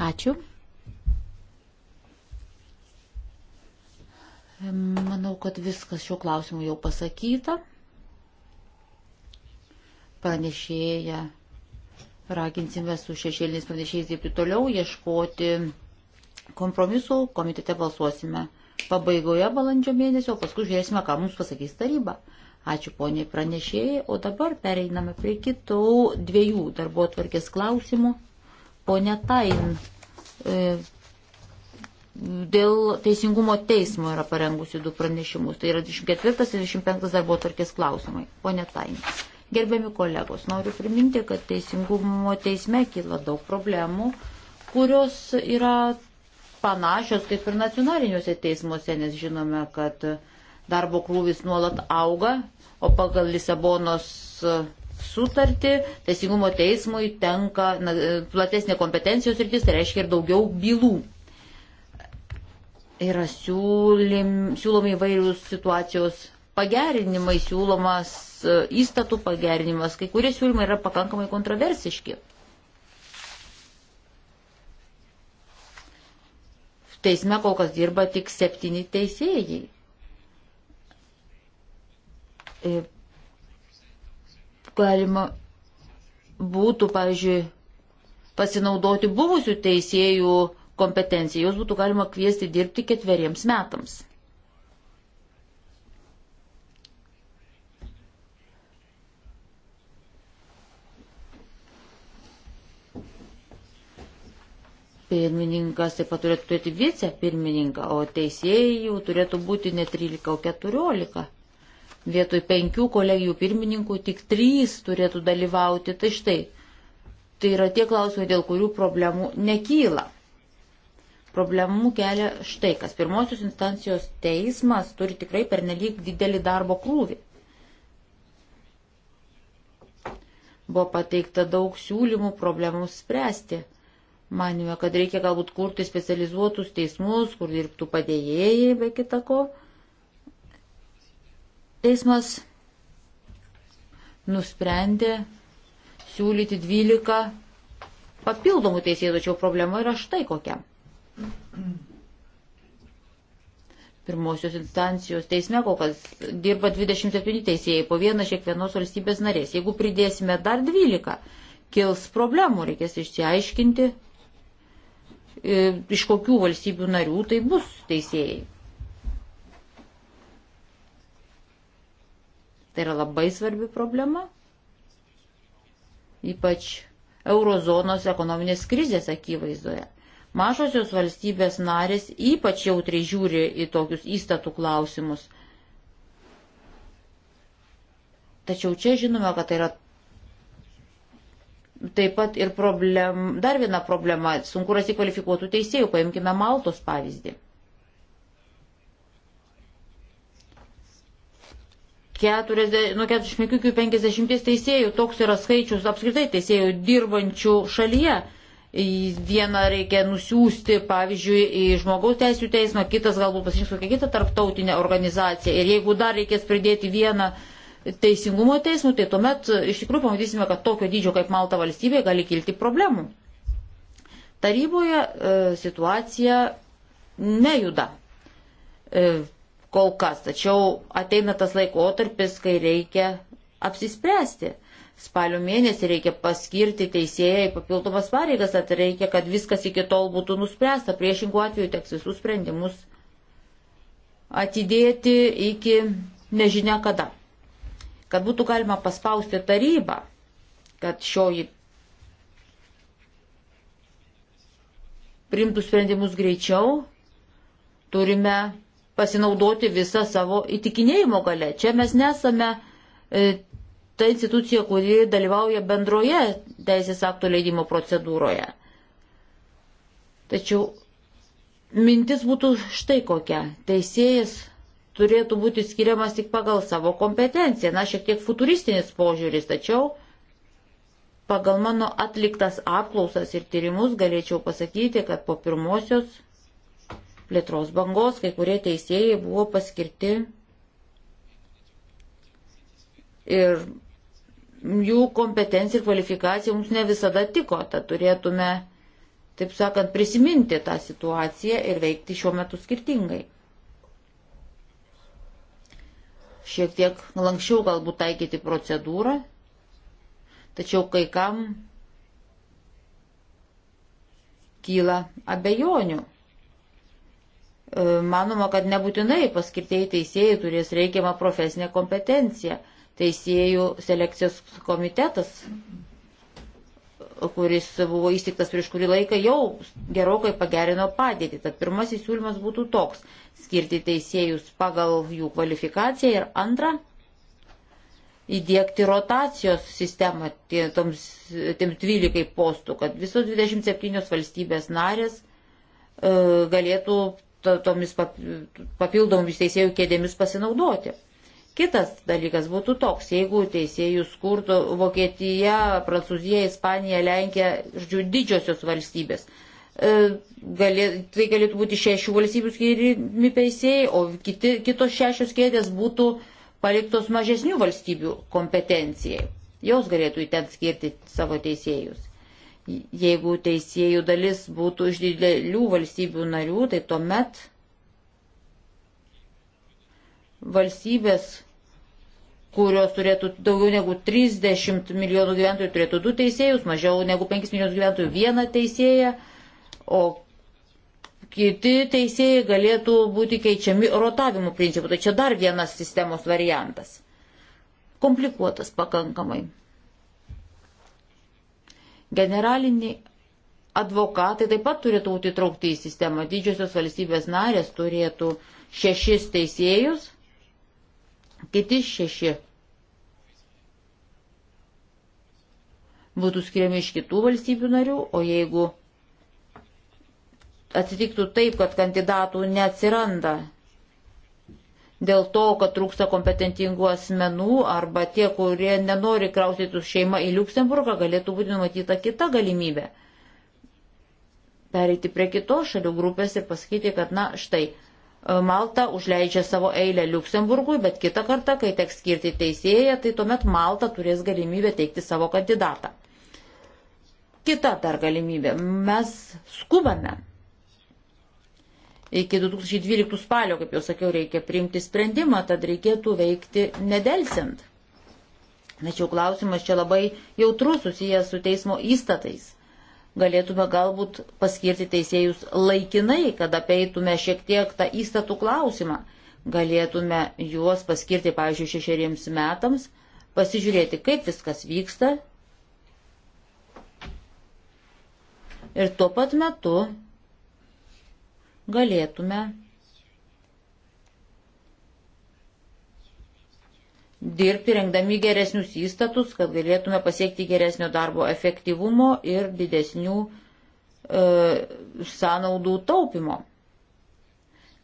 Ačiū. Manau, kad viskas šiuo klausimu jau pasakyta. Pranešėja Raginsime su šešėliniais panašiais dirbti toliau, ieškoti kompromisų, komitete balsuosime pabaigoje balandžio mėnesio, o paskui žiūrėsime, ką mums pasakys taryba. Ačiū poniai pranešėjai, o dabar pereiname prie kitų dviejų darbo atvarkės klausimų. Pone Tain, e, dėl teisingumo teismo yra parengusi du pranešimus. Tai yra 24 ir 25 darbo atvarkės klausimai. Pone Tain. Gerbiami kolegos, noriu priminti, kad teisingumo teisme kyla daug problemų, kurios yra panašios kaip ir nacionaliniuose teismuose, nes žinome, kad darbo krūvis nuolat auga, o pagal Lisabonos sutartį teisingumo teismui tenka na, platesnė kompetencijos rytis, tai reiškia ir daugiau bylų. Yra siūlim, siūlomi įvairius situacijos pagerinimai siūlomas, e, įstatų pagerinimas, kai kurie siūlymai yra pakankamai kontroversiški. Teisme kol kas dirba tik septyni teisėjai. E, galima būtų, pavyzdžiui, pasinaudoti buvusių teisėjų kompetenciją. Jos būtų galima kviesti dirbti ketveriems metams. pirmininkas taip pat turėtų turėti vice pirmininką, o teisėjų turėtų būti ne 13, o 14. Vietoj penkių kolegijų pirmininkų tik trys turėtų dalyvauti. Tai štai, tai yra tie klausimai, dėl kurių problemų nekyla. Problemų kelia štai, kas pirmosios instancijos teismas turi tikrai pernelyg didelį darbo krūvį. Buvo pateikta daug siūlymų problemams spręsti Manime, kad reikia galbūt kurti specializuotus teismus, kur dirbtų padėjėjai, be kita ko. Teismas nusprendė siūlyti 12 papildomų teisėjų, tačiau problema yra štai kokia. Pirmosios instancijos teisme kol kas dirba 27 teisėjai, po vieną iš kiekvienos valstybės narės. Jeigu pridėsime dar 12, kils problemų, reikės išsiaiškinti, E, iš kokių valstybių narių tai bus teisėjai. Tai yra labai svarbi problema, ypač eurozonos ekonominės krizės akivaizdoje. Mažosios valstybės narės ypač jautriai žiūri į tokius įstatų klausimus. Tačiau čia žinome, kad tai yra taip pat ir problem, dar viena problema - sunku rasti kvalifikuotų teisėjų. Paimkime Maltos pavyzdį. 40, nuo 45 iki 50 teisėjų toks yra skaičius apskritai teisėjų dirbančių šalyje. Vieną reikia nusiųsti, pavyzdžiui, į žmogaus teisų teismą, kitas galbūt pasirinks kokią kitą tarptautinę organizaciją. Ir jeigu dar reikės pridėti vieną uh, teisingumo teismų, tai tuomet e, iš tikrųjų pamatysime, kad tokio dydžio kaip Malta valstybė gali kilti problemų. Taryboje e, situacija nejuda e, kol kas, tačiau ateina tas laikotarpis, kai reikia apsispręsti. Spalio mėnesį reikia paskirti teisėjai papildomas pareigas, tad reikia, kad viskas iki tol būtų nuspręsta. Priešingų atveju teks visus sprendimus atidėti iki nežinia kada kad būtų galima paspausti tarybą, kad šioji priimtų sprendimus greičiau, turime pasinaudoti visą savo įtikinėjimo galę. Čia mes nesame e, ta institucija, kuri dalyvauja bendroje teisės aktų leidimo procedūroje. Tačiau mintis būtų štai kokia. Teisėjas turėtų būti skiriamas tik pagal savo kompetenciją. Na, šiek tiek futuristinis požiūris, tačiau pagal mano atliktas apklausas ir tyrimus galėčiau pasakyti, kad po pirmosios plėtros bangos kai kurie teisėjai buvo paskirti ir jų kompetencija ir kvalifikacija mums ne visada tiko, tad turėtume, taip sakant, prisiminti tą situaciją ir veikti šiuo metu skirtingai. šiek tiek lankščiau galbūt taikyti procedūrą, tačiau kai kam kyla abejonių. E, manoma, kad nebūtinai paskirtieji teisėjai turės reikiamą profesinę kompetenciją. Teisėjų selekcijos komitetas kuris buvo įstiktas prieš kurį laiką, jau gerokai pagerino padėtį. Tad pirmasis siūlymas būtų toks - skirti teisėjus pagal jų kvalifikaciją ir antra - įdėkti rotacijos sistemą tiems 12 postų, kad visos 27 valstybės narės e, galėtų tomis papildomomis teisėjų kėdėmis pasinaudoti. Kitas dalykas būtų toks, jeigu teisėjų skurtų Vokietija, Prancūzija, Ispanija, Lenkija, žodžiu, didžiosios valstybės. E, galė, tai galėtų būti šešių valstybių skiriami teisėjai, o kiti, kitos šešios kėdės būtų paliktos mažesnių valstybių kompetencijai. Jos galėtų į ten skirti savo teisėjus. Jeigu teisėjų dalis būtų iš didelių valstybių narių, tai tuomet valstybės kurios turėtų daugiau negu 30 milijonų gyventojų, turėtų du teisėjus, mažiau negu 5 milijonus gyventojų vieną teisėją, o kiti teisėjai galėtų būti keičiami rotavimo principu. Tai čia dar vienas sistemos variantas. Komplikuotas pakankamai. Generaliniai advokatai taip pat turėtų būti traukti į sistemą. Didžiosios valstybės narės turėtų šešis teisėjus, kiti šeši būtų skiriami iš kitų valstybių narių, o jeigu atsitiktų taip, kad kandidatų neatsiranda dėl to, kad trūksta kompetentingų asmenų arba tie, kurie nenori kraustytų šeimą į Luksemburgą, galėtų būti numatyta kita galimybė. Pereiti prie kitos šalių grupės ir pasakyti, kad na štai, Malta užleidžia savo eilę Luksemburgui, bet kitą kartą, kai teks skirti teisėją, tai tuomet Malta turės galimybę teikti savo kandidatą. Kita dar galimybė. Mes skubame. Iki 2012 spalio, kaip jau sakiau, reikia priimti sprendimą, tad reikėtų veikti nedelsiant. Tačiau klausimas čia labai jautrus susijęs su teismo įstatais. Galėtume galbūt paskirti teisėjus laikinai, kad apeitume šiek tiek tą įstatų klausimą. Galėtume juos paskirti, pavyzdžiui, šešeriems metams, pasižiūrėti, kaip viskas vyksta, ir tuo pat metu galėtume dirbti rengdami geresnius įstatus, kad galėtume pasiekti geresnio darbo efektyvumo ir didesnių e, sąnaudų taupimo.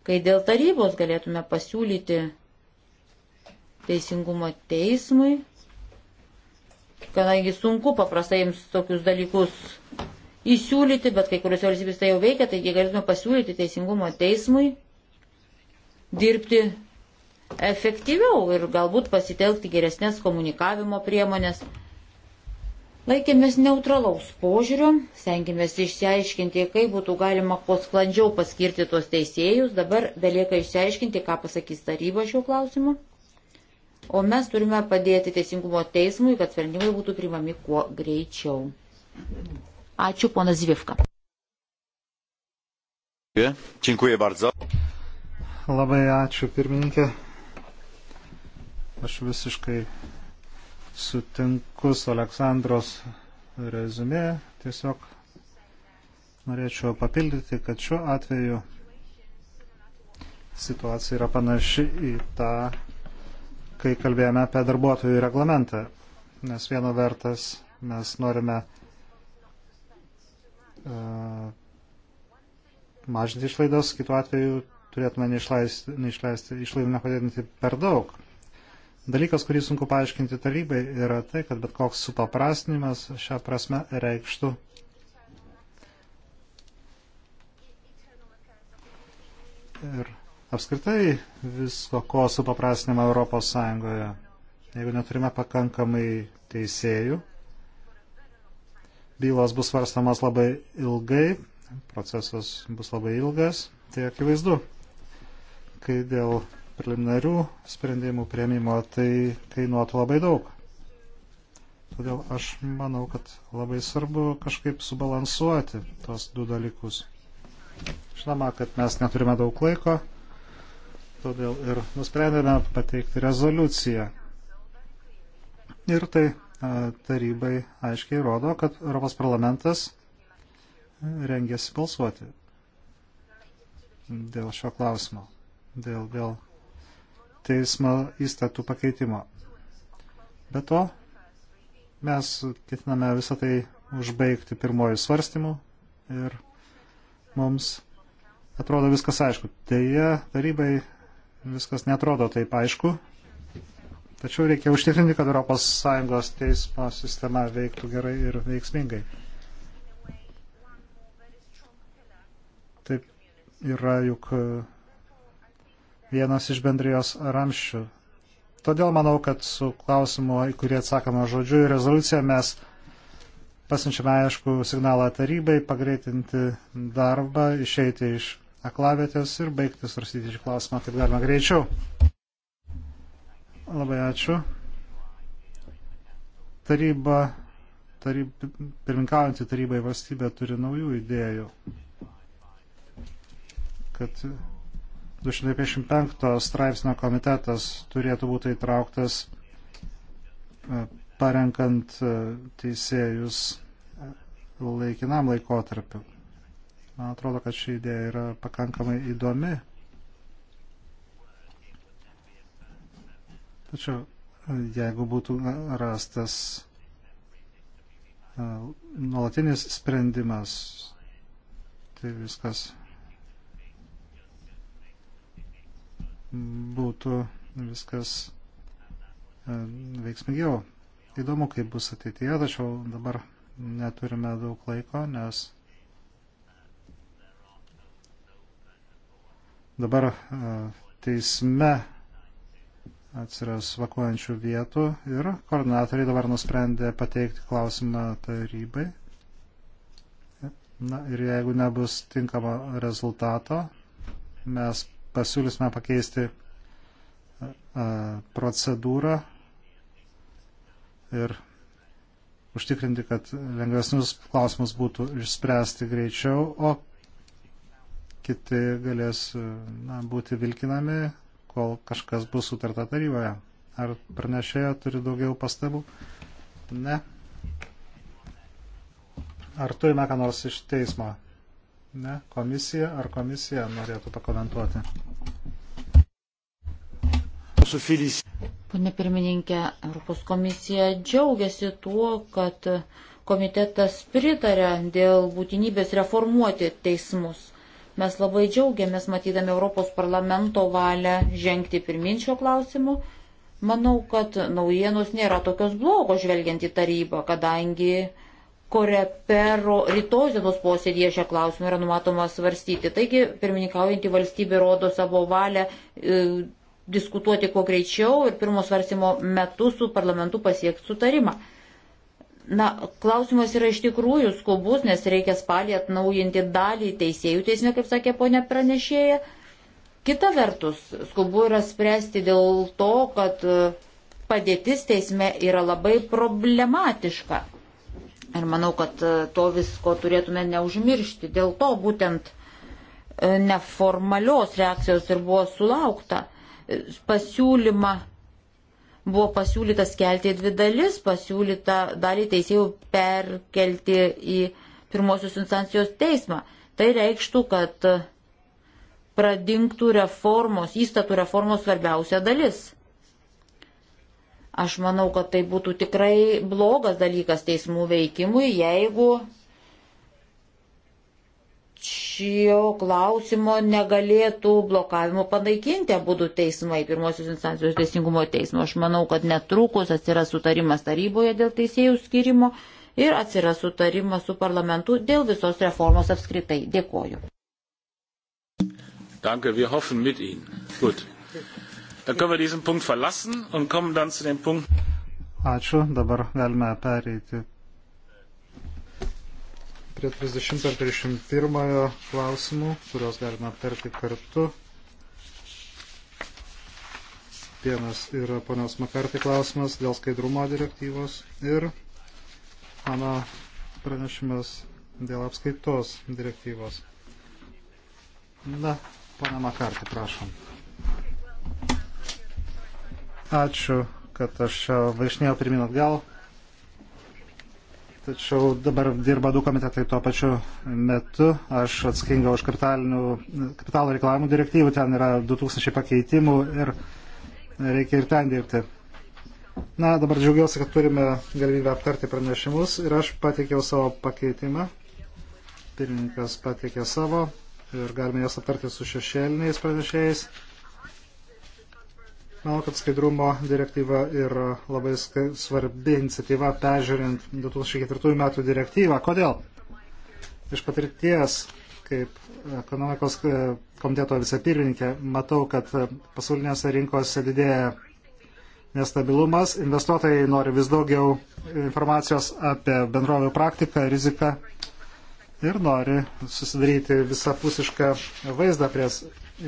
Kai dėl tarybos galėtume pasiūlyti teisingumo teismui, kadangi sunku paprastai jums tokius dalykus įsiūlyti, bet kai kuriuose valstybės tai jau veikia, taigi galėtume pasiūlyti teisingumo teismui dirbti efektyviau ir galbūt pasitelkti geresnės komunikavimo priemonės. Laikėmės neutralaus požiūrio, stengiamės išsiaiškinti, kaip būtų galima kuo sklandžiau paskirti tuos teisėjus, dabar belieka išsiaiškinti, ką pasakys taryba šiuo klausimu. O mes turime padėti Teisingumo teismui, kad sprendimai būtų primami kuo greičiau. Ačiū, ponas Zvivka. Dziękuję bardzo. Labai ačiū, pirmininkė. Aš visiškai sutinku su Aleksandros rezumė. Tiesiog norėčiau papildyti, kad šiuo atveju situacija yra panaši į tą, kai kalbėjome apie darbuotojų reglamentą. Nes viena vertas mes norime E, mažinti išlaidas, kitu atveju turėtume neišleisti, neišleisti išlaidų nepadėdinti per daug. Dalykas, kurį sunku paaiškinti tarybai, yra tai, kad bet koks supaprastinimas šią prasme reikštų ir apskritai visko, ko supaprastinama Europos Sąjungoje. Jeigu neturime pakankamai teisėjų, bylos bus svarstamas labai ilgai, procesas bus labai ilgas, tai akivaizdu, kai dėl preliminarių sprendimų prieimimo tai kainuotų labai daug. Todėl aš manau, kad labai svarbu kažkaip subalansuoti tos du dalykus. Žinoma, kad mes neturime daug laiko, todėl ir nusprendėme pateikti rezoliuciją. Ir tai tarybai aiškiai rodo, kad Europos parlamentas rengėsi balsuoti dėl šio klausimo, dėl, dėl teismo įstatų pakeitimo. Be to, mes ketiname visą tai užbaigti pirmojų svarstymų ir mums atrodo viskas aišku. Deja, tarybai viskas netrodo taip aišku, Tačiau reikia užtikrinti, kad ES teismo sistema veiktų gerai ir veiksmingai. Taip yra juk e, vienas iš bendrijos ramščių. Todėl manau, kad su klausimu, į kurį atsakoma žodžiu ir rezoliucija, mes pasiunčiame aišku signalą tarybai, pagreitinti darbą, išeiti iš aklavėtės ir baigti svarstyti šį klausimą kaip galima greičiau. Labai ačiū. Taryba, taryb, pirminkaujantį tarybai valstybę turi naujų idėjų, kad 255 straipsnio komitetas turėtų būti įtrauktas e, parenkant e, teisėjus e, laikinam laikotarpiu. Man atrodo, kad ši idėja yra pakankamai įdomi Tačiau e, jeigu būtų rastas e, nuolatinis sprendimas, tai viskas būtų viskas e, veiksmingiau. Įdomu, kaip bus ateityje, tačiau dabar neturime daug laiko, nes dabar teisme atsiras vakuojančių vietų ir koordinatoriai dabar nusprendė pateikti klausimą tarybai. Na ir jeigu nebus tinkamo rezultato, mes pasiūlysime pakeisti procedūrą ir užtikrinti, kad lengvesnius klausimus būtų išspręsti greičiau, o kiti galės na, būti vilkinami kol kažkas bus sutarta taryboje. Ar pranešėja turi daugiau pastabų? Ne. Ar turime ką nors iš teismo? Ne. Komisija ar komisija norėtų pakomentuoti? Pane pirmininkė, Europos komisija džiaugiasi tuo, kad komitetas pritarė dėl būtinybės reformuoti teismus. Mes labai džiaugiamės matydami Europos parlamento valią žengti pirmin šio klausimu. Manau, kad naujienos nėra tokios blogos žvelgiant į tarybą, kadangi korepero rytoj dienos posėdėje šią klausimą yra numatoma svarstyti. Taigi, pirmininkaujantį valstybę rodo savo valią e, diskutuoti kuo greičiau ir pirmo svarstymo metu su parlamentu pasiekti sutarimą. Na, klausimas yra iš tikrųjų skubus, nes reikia spalį atnaujinti dalį teisėjų teisme, kaip sakė ponė pranešėja. Kita vertus, skubu yra spręsti dėl to, kad e, padėtis teisme yra labai problematiška. Ir manau, kad e, to visko turėtume neužmiršti. Dėl to būtent e, neformalios reakcijos ir buvo sulaukta pasiūlyma buvo pasiūlytas kelti į dvi dalis, pasiūlyta dalį teisėjų perkelti į pirmosios instancijos teismą. Tai reikštų, kad pradingtų reformos, įstatų reformos svarbiausia dalis. Aš manau, kad tai būtų tikrai blogas dalykas teismų veikimui, jeigu šio klausimo negalėtų blokavimo panaikinti abudu teismai, pirmosios instancijos teisingumo teismo. Aš manau, kad netrukus atsiras sutarimas taryboje dėl teisėjų skirimo ir atsiras sutarimas su parlamentu dėl visos reformos apskritai. Dėkoju. Danke, wir hoffen mit Ihnen. Gut. Dann können wir diesen Punkt verlassen und kommen dann zu dem Punkt. Ačiū, dabar galime pereiti prie 30 ir 31 klausimų, kuriuos galime aptarti kartu. Vienas yra ponios Makartį klausimas dėl skaidrumo direktyvos ir mano pranešimas dėl apskaitos direktyvos. Na, pana Makartį, prašom. Ačiū, kad aš važinėjau pirmin atgal. Tačiau dabar dirba du komitetai tuo pačiu metu. Aš atsakinga už kapitalo reikalavimų direktyvų, ten yra 2000 pakeitimų ir reikia ir ten dirbti. Na, dabar džiaugiuosi, kad turime galimybę aptarti pranešimus ir aš pateikiau savo pakeitimą. Pirmininkas pateikė savo ir galime jas aptarti su šešėliniais pranešėjais. Manau, kad skaidrumo direktyva yra labai svarbi iniciatyva peržiūrint 2004 metų direktyvą. Kodėl? Iš patirties, kaip ekonomikos e, komiteto vicepirmininkė, matau, kad pasaulinėse rinkose didėja nestabilumas, investuotojai nori vis daugiau informacijos apie bendrovių praktiką, riziką ir nori susidaryti visapusišką vaizdą prieš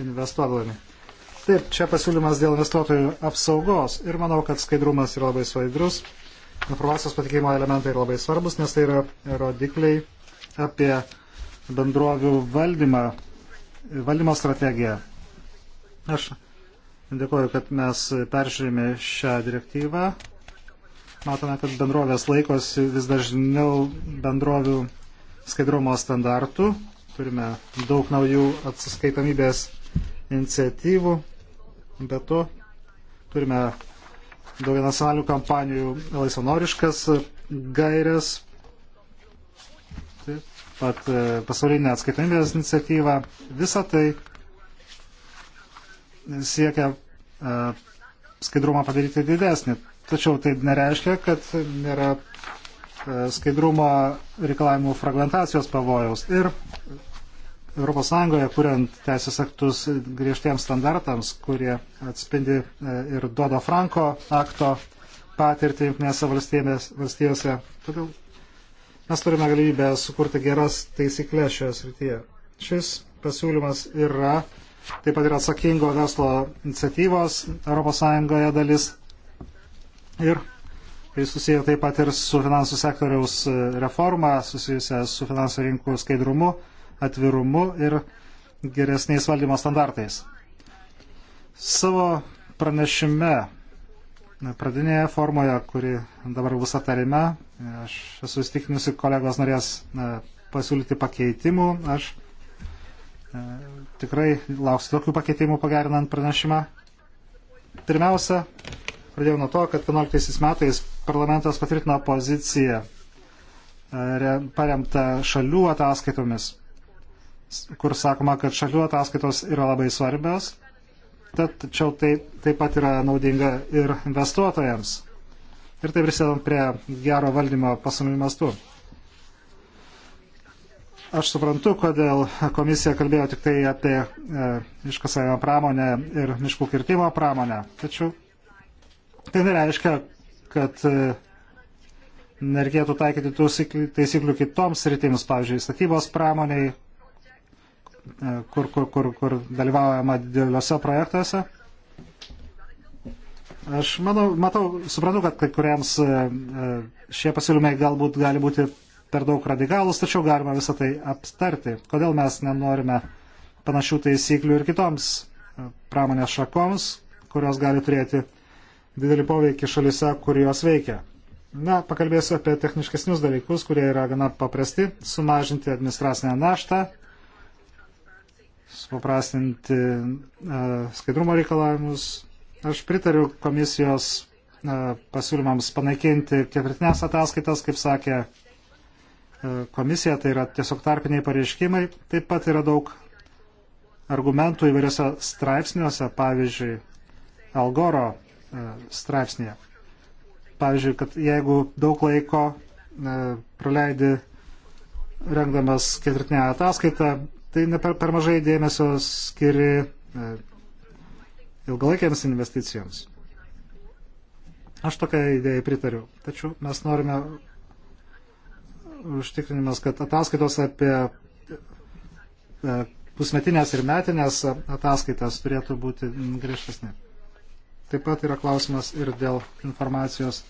investuodami. Taip, čia pasiūlymas dėl investuotojų apsaugos ir manau, kad skaidrumas yra labai svaidrus. Informacijos patikimo elementai yra labai svarbus, nes tai yra rodikliai apie bendrovių valdymą, valdymo strategiją. Aš dėkoju, kad mes peržiūrėjome šią direktyvą. Matome, kad bendrovės laikosi vis dažniau bendrovių skaidrumo standartų. Turime daug naujų atsiskaitomybės iniciatyvų Be to, turime daugia nacionalinių kampanijų laisvanoriškas gairias, taip pat e, pasaulinė atskaitomybės iniciatyva. Visa tai siekia e, skaidrumą padaryti didesnį. Tačiau tai nereiškia, kad nėra e, skaidrumo reikalavimų fragmentacijos pavojaus. Ir Europos Sąjungoje, kuriant teisės aktus griežtiems standartams, kurie atspindi e, ir Dodo Franko akto patirtį Junktinėse valstijose. Todėl mes turime galimybę sukurti geras taisyklės šioje srityje. Šis pasiūlymas yra taip pat yra atsakingo verslo iniciatyvos Europos Sąjungoje dalis ir tai susiję taip pat ir su finansų sektoriaus e, reforma, susijusia su finansų rinkų skaidrumu atvirumu ir geresniais valdymo standartais. Savo pranešime, pradinėje formoje, kuri dabar bus aptarime, aš esu įstikinusi, kolegos norės e, pasiūlyti pakeitimų, aš e, tikrai lauksiu tokių pakeitimų pagerinant pranešimą. Pirmiausia, pradėjau nuo to, kad 11 metais parlamentas patvirtino poziciją e, paremtą šalių ataskaitomis kur sakoma, kad šalių ataskaitos yra labai svarbios, tačiau tai taip pat yra naudinga ir investuotojams. Ir tai prisidedam prie gero valdymo pasaulio mastu. Aš suprantu, kodėl komisija kalbėjo tik tai apie e, iškasavimo pramonę ir miškų kirtimo pramonę. Tačiau tai nereiškia, kad e, nereikėtų taikyti tų taisyklių kitoms sritims, pavyzdžiui, statybos pramoniai, E, kur, kur, kur, kur dalyvaujama dideliuose projektuose. Aš manau, matau, suprantu, kad kai kuriems e, e, šie pasiūlymai galbūt gali būti per daug radikalus, tačiau galima visą tai aptarti. Kodėl mes nenorime panašių taisyklių ir kitoms pramonės šakoms, kurios gali turėti didelį poveikį šalise, kur jos veikia. Na, pakalbėsiu apie techniškesnius dalykus, kurie yra gana paprasti - sumažinti administracinę naštą, suprastinti e, skaidrumo reikalavimus. Aš pritariu komisijos e, pasiūlymams panaikinti ketvirtinės ataskaitas, kaip sakė e, komisija, tai yra tiesiog tarpiniai pareiškimai. Taip pat yra daug argumentų įvairiose straipsniuose, pavyzdžiui, Algoro straipsnėje. Pavyzdžiui, kad jeigu daug laiko praleidi rengdamas ketvirtinę ataskaitą, tai ne per, per mažai dėmesio skiri e, ilgalaikiams investicijoms. Aš tokią idėją pritariu. Tačiau mes norime užtikrinimas, kad ataskaitos apie e, pusmetinės ir metinės ataskaitas turėtų būti griežtesnė. Taip pat yra klausimas ir dėl informacijos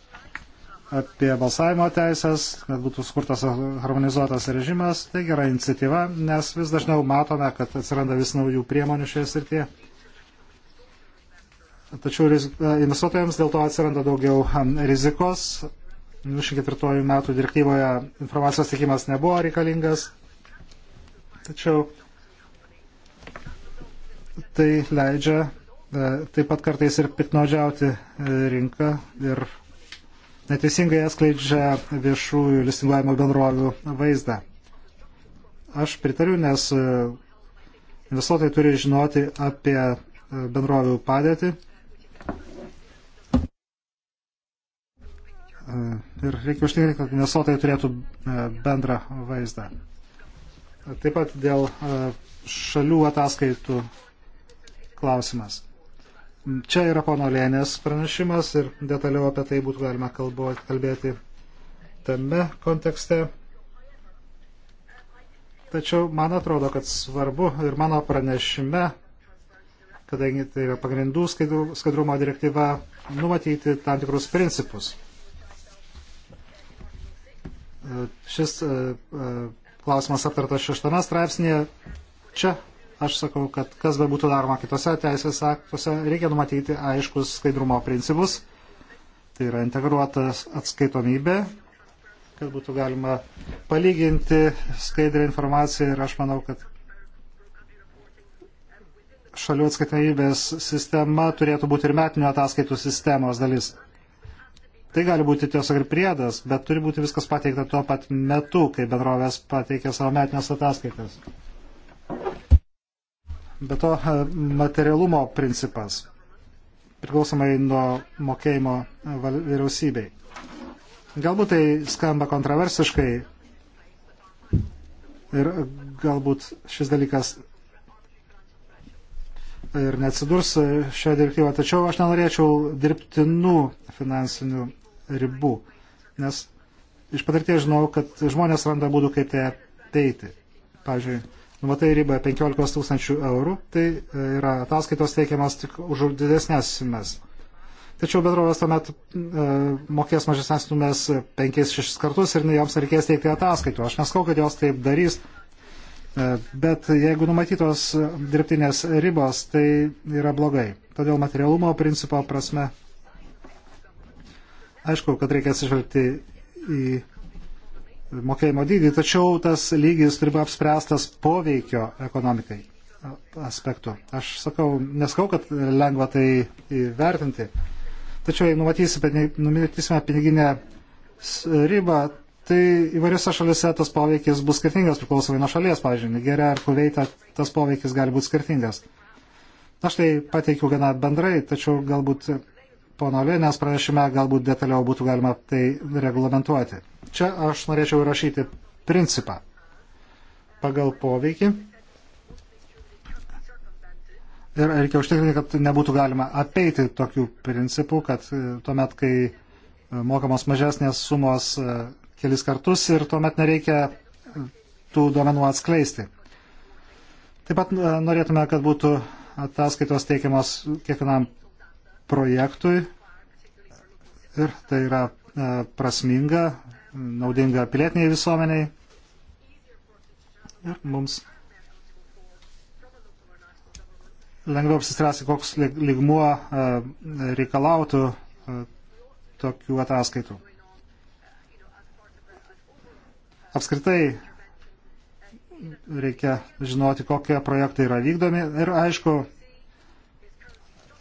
apie balsavimo teisės, kad būtų skurtas harmonizuotas režimas. Tai gera iniciatyva, nes vis dažniau matome, kad atsiranda vis naujų priemonių šioje srityje. Tačiau e, investuotojams dėl to atsiranda daugiau rizikos. 24 metų direktyvoje informacijos teikimas nebuvo reikalingas. Tačiau tai leidžia e, taip pat kartais ir piknaudžiauti e, rinką ir neteisingai atskleidžia viešųjų listinguojimo bendrovių vaizdą. Aš pritariu, nes e, investuotojai turi žinoti apie e, bendrovių padėtį. E, ir reikia užtikrinti, kad investuotojai turėtų bendrą vaizdą. Taip pat dėl šalių ataskaitų klausimas. Čia yra pono Lėnės pranešimas ir detaliau apie tai būtų galima kalbuot, kalbėti tame kontekste. Tačiau man atrodo, kad svarbu ir mano pranešime, kadangi tai yra pagrindų skaidrumo direktyva, numatyti tam tikrus principus. Šis e, e, klausimas aptartas šeštame straipsnėje. Čia Aš sakau, kad kas be būtų daroma kitose teisės aktuose, reikia numatyti aiškus skaidrumo principus. Tai yra integruotas atskaitomybė, kad būtų galima palyginti skaidrę informaciją ir aš manau, kad šalių atskaitomybės sistema turėtų būti ir metinio ataskaitų sistemos dalis. Tai gali būti tiesiog ir priedas, bet turi būti viskas pateikta tuo pat metu, kai bendrovės pateikia savo metinės ataskaitas. Be to, e, materialumo principas priklausomai nuo mokėjimo e, vyriausybei. Galbūt tai skamba kontroversiškai ir galbūt šis dalykas ir neatsidurs e, šio direktyvo, tačiau aš nenorėčiau dirbtinų finansinių ribų, nes iš patirties žinau, kad žmonės randa būdų, kaip tai apeiti. Pavyzdžiui, numatai ribą 15 tūkstančių eurų, tai e, yra ataskaitos teikiamas tik už didesnės sumes. Tačiau bendrovės tuomet e, mokės mažesnės sumes 5-6 kartus ir joms reikės teikti ataskaitų. Aš neskau, kad jos taip darys, e, bet jeigu numatytos dirbtinės ribos, tai yra blogai. Todėl materialumo principo prasme, aišku, kad reikia atsižvelgti į mokėjimo dydį, tačiau tas lygis turi būti apspręstas poveikio ekonomikai aspektu. Aš sakau, neskau, kad lengva tai įvertinti. Tačiau jei numatysime piniginę ribą, tai įvairiose šalise tas poveikis bus skirtingas priklausomai nuo šalies, pavyzdžiui, Nigerija ar Kuveita, tas poveikis gali būti skirtingas. Aš tai pateikiau gana bendrai, tačiau galbūt pono Lėnės pranešime galbūt detaliau būtų galima tai reglamentuoti. Čia aš norėčiau rašyti principą pagal poveikį. Ir reikia užtikrinti, kad nebūtų galima apeiti tokių principų, kad e, tuomet, kai e, mokamos mažesnės sumos e, kelis kartus ir tuomet nereikia tų duomenų atskleisti. Taip pat norėtume, kad būtų ataskaitos teikiamos kiekvienam projektui ir tai yra e, prasminga, naudinga pilietiniai visuomeniai. Ir mums lengviau apsispręsti, koks ligmuo e, reikalautų e, tokių ataskaitų. Apskritai reikia žinoti, kokie projektai yra vykdomi ir aišku,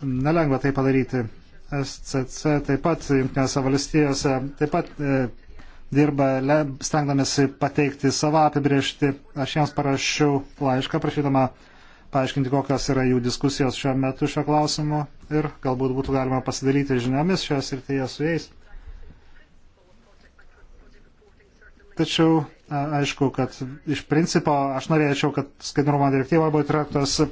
nelengva tai padaryti. SCC taip pat Junktinėse valstijose taip pat e, dirba, stengdamėsi pateikti savo apibriežti. Aš jiems parašiau laišką, prašydama paaiškinti, kokios yra jų diskusijos šiuo metu šio klausimu ir galbūt būtų galima pasidalyti žiniomis šios ir tai su jais. Tačiau aišku, kad iš principo aš norėčiau, kad skaidrumo direktyva būtų traktas e,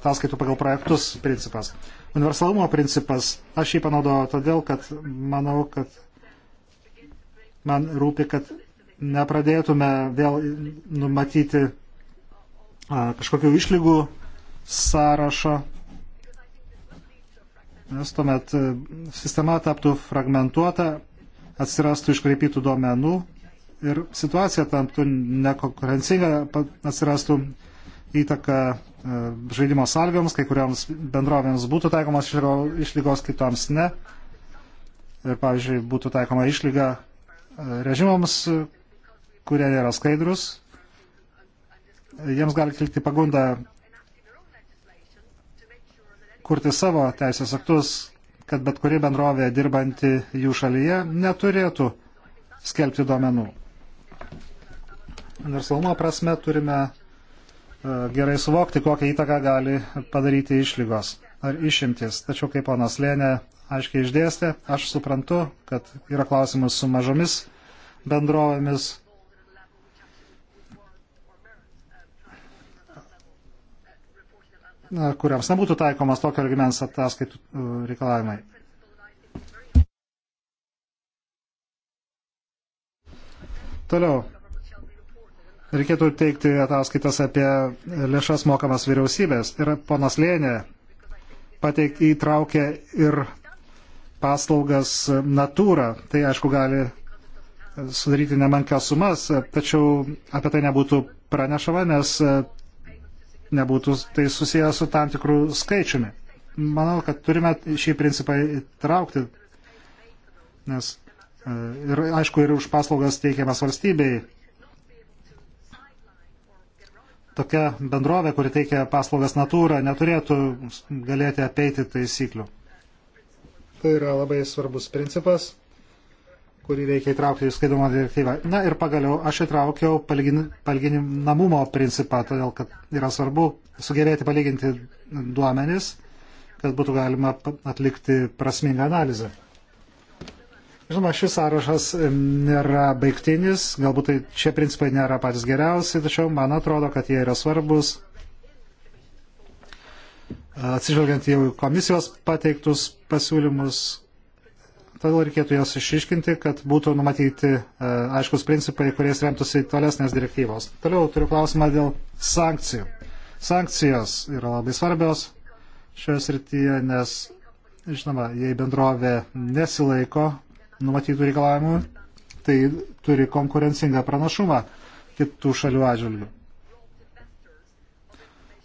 ataskaitų pagal projektus principas. Universalumo principas aš jį panaudoju todėl, kad manau, kad man rūpi, kad nepradėtume vėl numatyti kažkokių išlygų sąrašo, nes tuomet e, sistema taptų fragmentuota, atsirastų iškreipytų duomenų ir situacija tamtų nekonkurencinga, atsirastų įtaka e, žaidimo sąlygoms, kai kurioms bendrovėms būtų taikomas išlygos, kitoms ne. Ir, pavyzdžiui, būtų taikoma išlyga e, režimams, kurie nėra skaidrus. Jiems gali kilti pagunda kurti savo teisės aktus, kad bet kuri bendrovė dirbanti jų šalyje neturėtų skelbti duomenų verslumo prasme turime e, gerai suvokti, kokią įtaką gali padaryti išlygos ar išimtis. Tačiau kaip ponas Lėnė aiškiai išdėstė, aš suprantu, kad yra klausimas su mažomis bendrovėmis. kuriams nebūtų taikomas tokio argumens ataskaitų e, reikalavimai. Toliau reikėtų teikti ataskaitas apie lėšas mokamas vyriausybės. Ir ponas Lėnė pateikti įtraukė ir paslaugas natūrą. Tai aišku gali sudaryti nemankias sumas, tačiau apie tai nebūtų pranešama, nes nebūtų tai susijęs su tam tikrų skaičiumi. Manau, kad turime šį principą įtraukti, nes e, ir aišku, ir už paslaugas teikiamas valstybei tokia bendrovė, kuri teikia paslaugas natūrą, neturėtų galėti apeiti taisyklių. Tai yra labai svarbus principas, kurį reikia įtraukti į skaidrumo direktyvą. Na ir pagaliau aš įtraukiau palyginamumo principą, todėl kad yra svarbu sugebėti palyginti duomenis, kad būtų galima atlikti prasmingą analizę. Žinoma, šis sąrašas nėra baigtinis, galbūt tai šie principai nėra patys geriausi, tačiau man atrodo, kad jie yra svarbus. Atsižvelgiant jau komisijos pateiktus pasiūlymus, todėl reikėtų jas išiškinti, kad būtų numatyti e, aiškus principai, kuriais remtųsi tolesnės direktyvos. Toliau turiu klausimą dėl sankcijų. Sankcijos yra labai svarbios šioje srityje, nes, žinoma, jei bendrovė nesilaiko numatytų reikalavimų, tai turi konkurencingą pranašumą kitų šalių atžvilgių.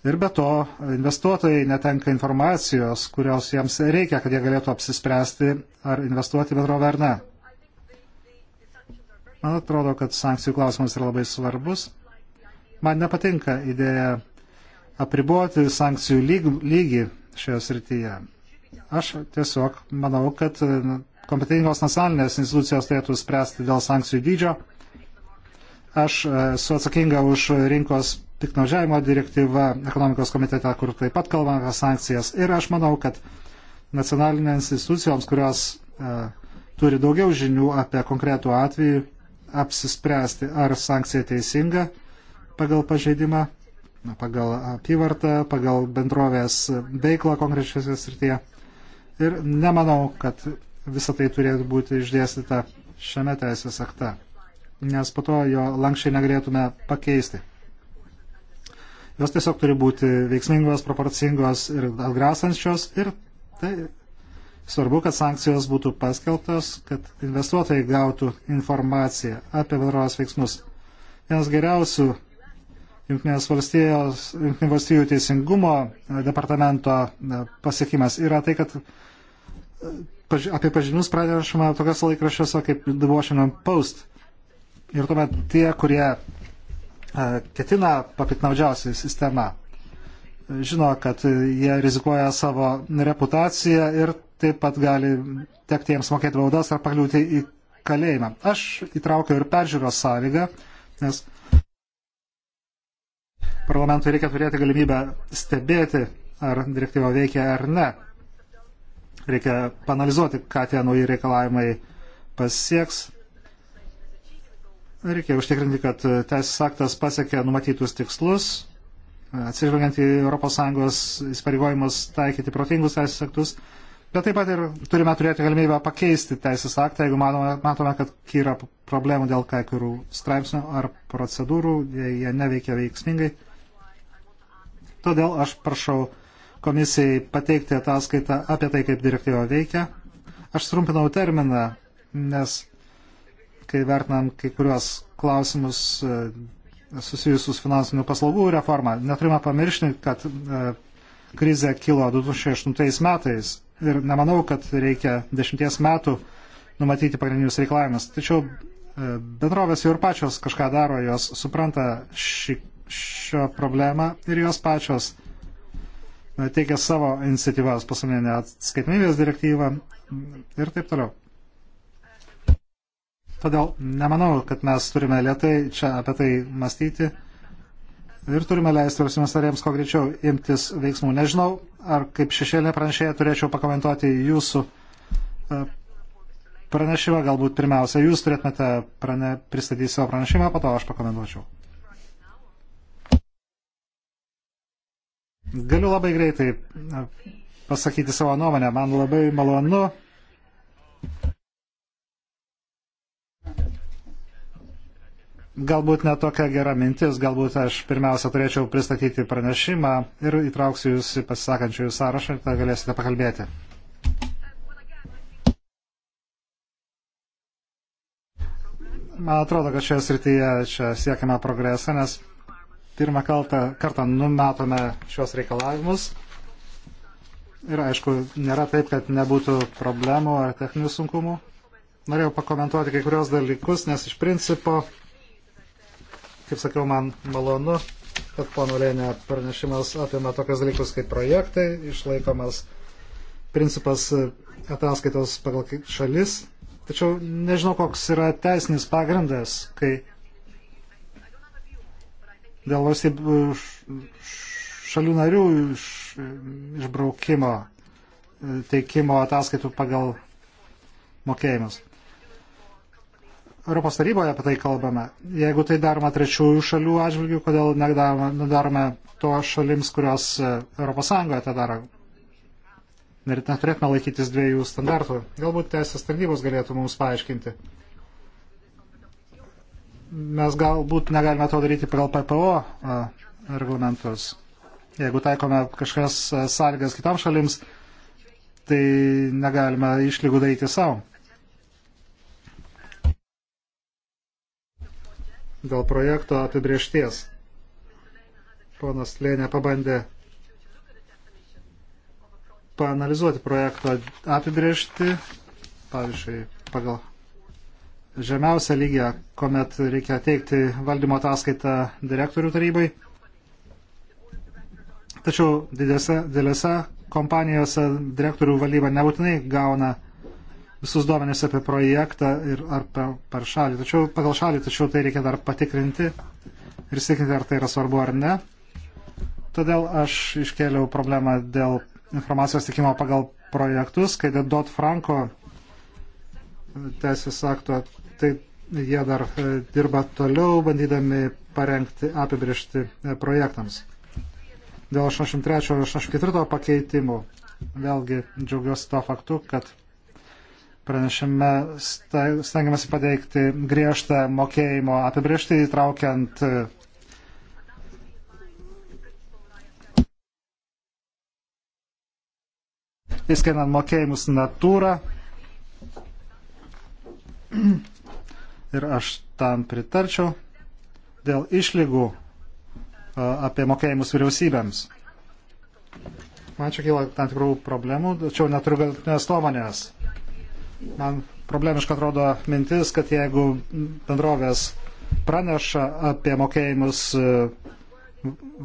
Ir be to, investuotojai netenka informacijos, kurios jiems reikia, kad jie galėtų apsispręsti, ar investuoti bendrovę ar ne. Man atrodo, kad sankcijų klausimas yra labai svarbus. Man nepatinka idėja apriboti sankcijų lyg, lygį šioje srityje. Aš tiesiog manau, kad kompetentingos nacionalinės institucijos turėtų spręsti dėl sankcijų dydžio. Aš e, esu atsakinga už rinkos piknaudžiavimo direktyvą ekonomikos komitete, kur taip pat kalbame apie sankcijas. Ir aš manau, kad nacionalinėms institucijoms, kurios e, turi daugiau žinių apie konkretų atvejį, apsispręsti, ar sankcija teisinga pagal pažeidimą, pagal apyvartą, pagal bendrovės veiklą konkrečiose srityje. Ir nemanau, kad visą tai turėtų būti išdėstyta šiame teisės akte, nes po to jo lankščiai negalėtume pakeisti. Jos tiesiog turi būti veiksmingos, proporcingos ir atgrasančios ir tai svarbu, kad sankcijos būtų paskeltos, kad investuotojai gautų informaciją apie bendrovės veiksmus. Vienas geriausių Junktinės valstijų teisingumo departamento pasiekimas yra tai, kad paž apie pažymius pranešama tokios laikrašiuose kaip The Washington Post. Ir tuomet tie, kurie a, e, ketina papiknaudžiausiai sistemą, žino, kad jie rizikuoja savo reputaciją ir taip pat gali tekti jiems mokėti baudas ar pakliūti į kalėjimą. Aš įtraukiau ir peržiūros sąlygą, nes parlamentui reikia turėti galimybę stebėti, ar direktyva veikia ar ne. Reikia panalizuoti, ką tie nauji reikalavimai pasieks. Reikia užtikrinti, kad teisės aktas pasiekė numatytus tikslus, atsižvelgiant į ES įsipareigojimus taikyti protingus teisės aktus, bet taip pat ir turime turėti galimybę pakeisti teisės aktą, jeigu matome, matome kad kyra problemų dėl kai kurių straipsnių ar procedūrų, jie neveikia veiksmingai. Todėl aš prašau komisijai pateikti ataskaitą apie tai, kaip direktyva veikia. Aš trumpinau terminą, nes kai vertinam kai kuriuos klausimus e, susijusius finansinių paslaugų reformą, neturime pamiršti, kad e, krizė kilo 2008 metais ir nemanau, kad reikia dešimties metų numatyti pagrindinius reikalavimus. Tačiau e, bendrovės jau ir pačios kažką daro, jos supranta šį, šio problemą ir jos pačios E, teikia savo iniciatyvas pasaulinę atskaitmybės direktyvą ir taip toliau. Todėl nemanau, kad mes turime lietai čia apie tai mąstyti ir turime leisti valstybės narėms kuo greičiau imtis veiksmų. Nežinau, ar kaip šešėlinė pranešėja turėčiau pakomentuoti jūsų e, pranešimą, galbūt pirmiausia, jūs turėtumėte prane, pristatyti savo pranešimą, po to aš pakomentuočiau. Galiu labai greitai pasakyti savo nuomonę. Man labai malonu. Galbūt netokia gera mintis, galbūt aš pirmiausia turėčiau pristatyti pranešimą ir įtrauksiu jūs į pasisakančiųjų sąrašą ir tada galėsite pakalbėti. Man atrodo, kad šioje srityje čia siekiama progresą, nes pirmą kartą, kartą numatome šios reikalavimus. Ir aišku, nėra taip, kad nebūtų problemų ar techninių sunkumų. Norėjau pakomentuoti kai kurios dalykus, nes iš principo, kaip sakiau, man malonu, kad pono Lėnė pranešimas apima tokius dalykus kaip projektai, išlaikomas principas ataskaitos pagal šalis. Tačiau nežinau, koks yra teisinis pagrindas, kai dėl valstybių šalių narių iš, išbraukimo, e, teikimo ataskaitų pagal mokėjimus. Europos taryboje apie tai kalbame. Jeigu tai daroma trečiųjų šalių atžvilgių, kodėl nedarome to šalims, kurios ES tą daro? Ir neturėtume laikytis dviejų standartų. Galbūt teisės tarnybos galėtų mums paaiškinti mes galbūt negalime to daryti pagal PPO reglamentus. Jeigu taikome kažkas sąlygas kitoms šalims, tai negalime išlygų daryti savo. Dėl projekto apibriešties. Ponas Lėnė pabandė paanalizuoti projekto apibriešti, pavyzdžiui, pagal žemiausią lygį, kuomet reikia teikti valdymo ataskaitą direktorių tarybai. Tačiau didelėse kompanijose direktorių valdyba nebūtinai gauna visus duomenys apie projektą ir ar per, per šalį. Tačiau pagal šalį, tačiau tai reikia dar patikrinti ir sėkinti, ar tai yra svarbu ar ne. Todėl aš iškėliau problemą dėl informacijos tikimo pagal projektus, kai dėl Dot Franko teisės akto tai jie dar e, dirba toliau, bandydami parengti apibriežti e, projektams. Dėl 83 ir 84 pakeitimų vėlgi džiaugiuosi to faktu, kad pranešime stengiamasi pateikti griežtą mokėjimo apibriežtį, įtraukiant e, įskaitant mokėjimus natūrą ir aš tam pritarčiau dėl išlygų apie mokėjimus vyriausybėms. Man čia kyla tam tikrų problemų, tačiau neturiu galtinės nuomonės. Man problemiška atrodo mintis, kad jeigu bendrovės praneša apie mokėjimus e,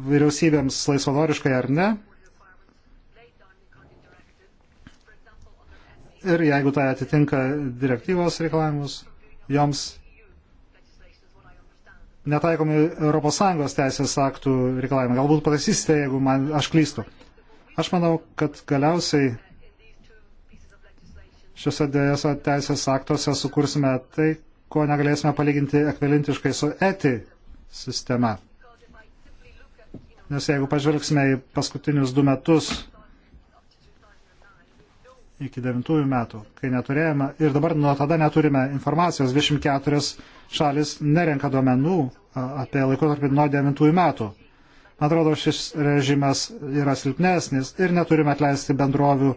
vyriausybėms laisvanoriškai ar ne, ir jeigu tai atitinka direktyvos reikalavimus, joms netaikomi ES teisės aktų reikalavimai. Galbūt pataisysite, jeigu man, aš klystu. Aš manau, kad galiausiai šiuose dviejose teisės aktuose sukursime tai, ko negalėsime palyginti ekvilintiškai su ETI sistema. Nes jeigu pažvelgsime į paskutinius du metus iki 9 metų, kai neturėjome ir dabar nuo tada neturime informacijos, 24 šalis nerenka duomenų apie laikotarpį nuo 9 metų. Man atrodo, šis režimas yra silpnesnis ir neturime atleisti bendrovių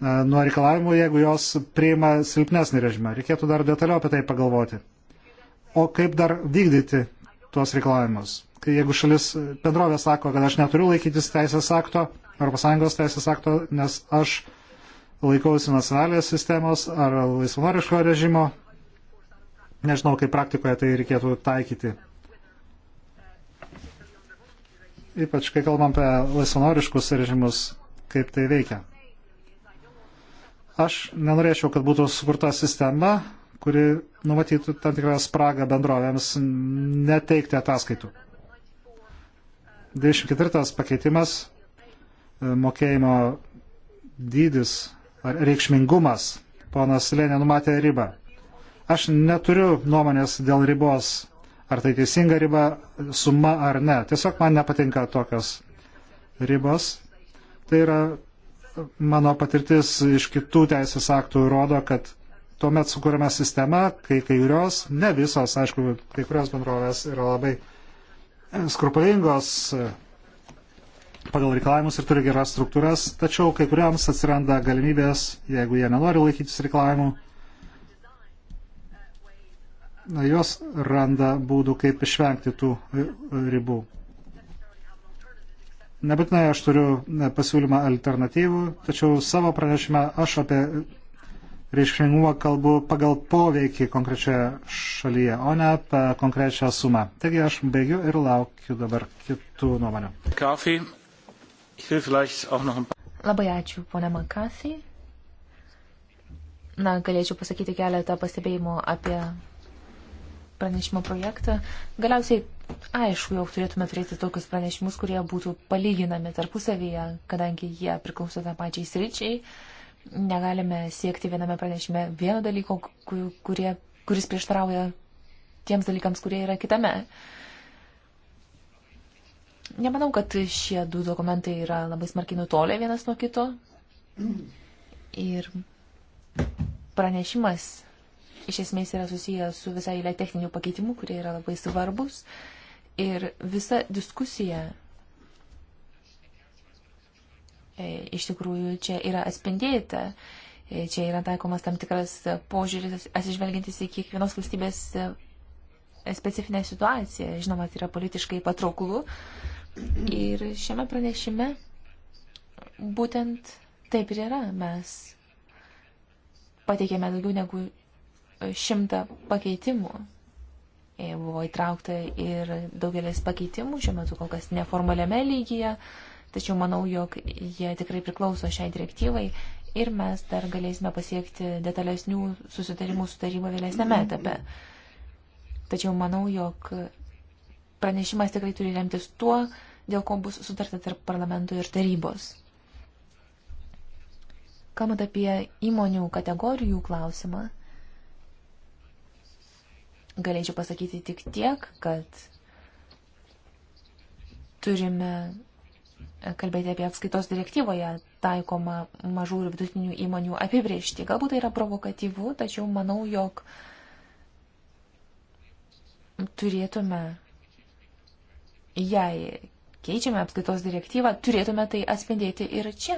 nuo reikalavimų, jeigu jos priima silpnesnį režimą. Reikėtų dar detaliau apie tai pagalvoti. O kaip dar vykdyti tuos reikalavimus? Kai jeigu šalis bendrovė sako, kad aš neturiu laikytis teisės akto, ES teisės akto, nes aš laikausi nacionalinės sistemos ar laisvanoriško režimo. Nežinau, kaip praktikoje tai reikėtų taikyti. Ypač, kai kalbam apie laisvanoriškus režimus, kaip tai veikia. Aš nenorėčiau, kad būtų sukurta sistema, kuri numatytų tam tikrą spragą bendrovėms neteikti ataskaitų. 24 pakeitimas e, mokėjimo dydis ar reikšmingumas. Ponas Lenė numatė ribą. Aš neturiu nuomonės dėl ribos, ar tai teisinga riba, suma ar ne. Tiesiog man nepatinka tokios ribos. Tai yra mano patirtis iš kitų teisės aktų rodo, kad tuomet sukūrėme sistemą, kai kai kurios, ne visos, aišku, kai kurios bendrovės yra labai skrupalingos pagal reikalavimus ir turi geras struktūras, tačiau kai kuriams atsiranda galimybės, jeigu jie nenori laikytis reikalavimų, jos randa būdų, kaip išvengti tų e, e, ribų. Nebūtinai aš turiu e, pasiūlymą alternatyvų, tačiau savo pranešime aš apie reiškingumą kalbu pagal poveikį konkrečioje šalyje, o ne apie konkrečią sumą. Taigi aš baigiu ir laukiu dabar kitų nuomonių. Coffee. Labai ačiū, ponė Makasi. Na, galėčiau pasakyti keletą pastebėjimų apie pranešimo projektą. Galiausiai, aišku, jau turėtume turėti tokius pranešimus, kurie būtų palyginami tarpusavyje, kadangi jie priklauso tą pačiai sričiai. Negalime siekti viename pranešime vieno dalyko, kurie, kuris prieštarauja tiems dalykams, kurie yra kitame. Uh, Nemanau, kad šie du dokumentai yra labai smarkiai nutolę vienas nuo kito. Ir pranešimas iš esmės yra susijęs su visai eilė techninių pakeitimų, kurie yra labai svarbus. Ir visa diskusija e, iš tikrųjų čia yra atspindėta. E, čia yra taikomas tam tikras požiūris, atsižvelgintis į kiekvienos valstybės e, specifinę situaciją. Žinoma, tai yra politiškai patrauklu, Ir šiame pranešime būtent taip ir yra. Mes pateikėme daugiau negu šimtą pakeitimų. Buvo įtraukta ir daugelis pakeitimų, šiuo metu kol kas neformaliame lygyje, tačiau manau, jog jie tikrai priklauso šiai direktyvai ir mes dar galėsime pasiekti detalesnių susitarimų sutarimo vėlesnėme etape. Tačiau manau, jog pranešimas tikrai turi remtis tuo, dėl ko bus sutarta tarp parlamento ir tarybos. Kalbant apie įmonių kategorijų klausimą, galėčiau pasakyti tik tiek, kad turime kalbėti apie apskaitos direktyvoje taikomą mažų ir vidutinių įmonių apibriežtį. Galbūt tai yra provokatyvu, tačiau manau, jog turėtume, jei keičiame apskaitos direktyvą, turėtume tai atspindėti ir čia.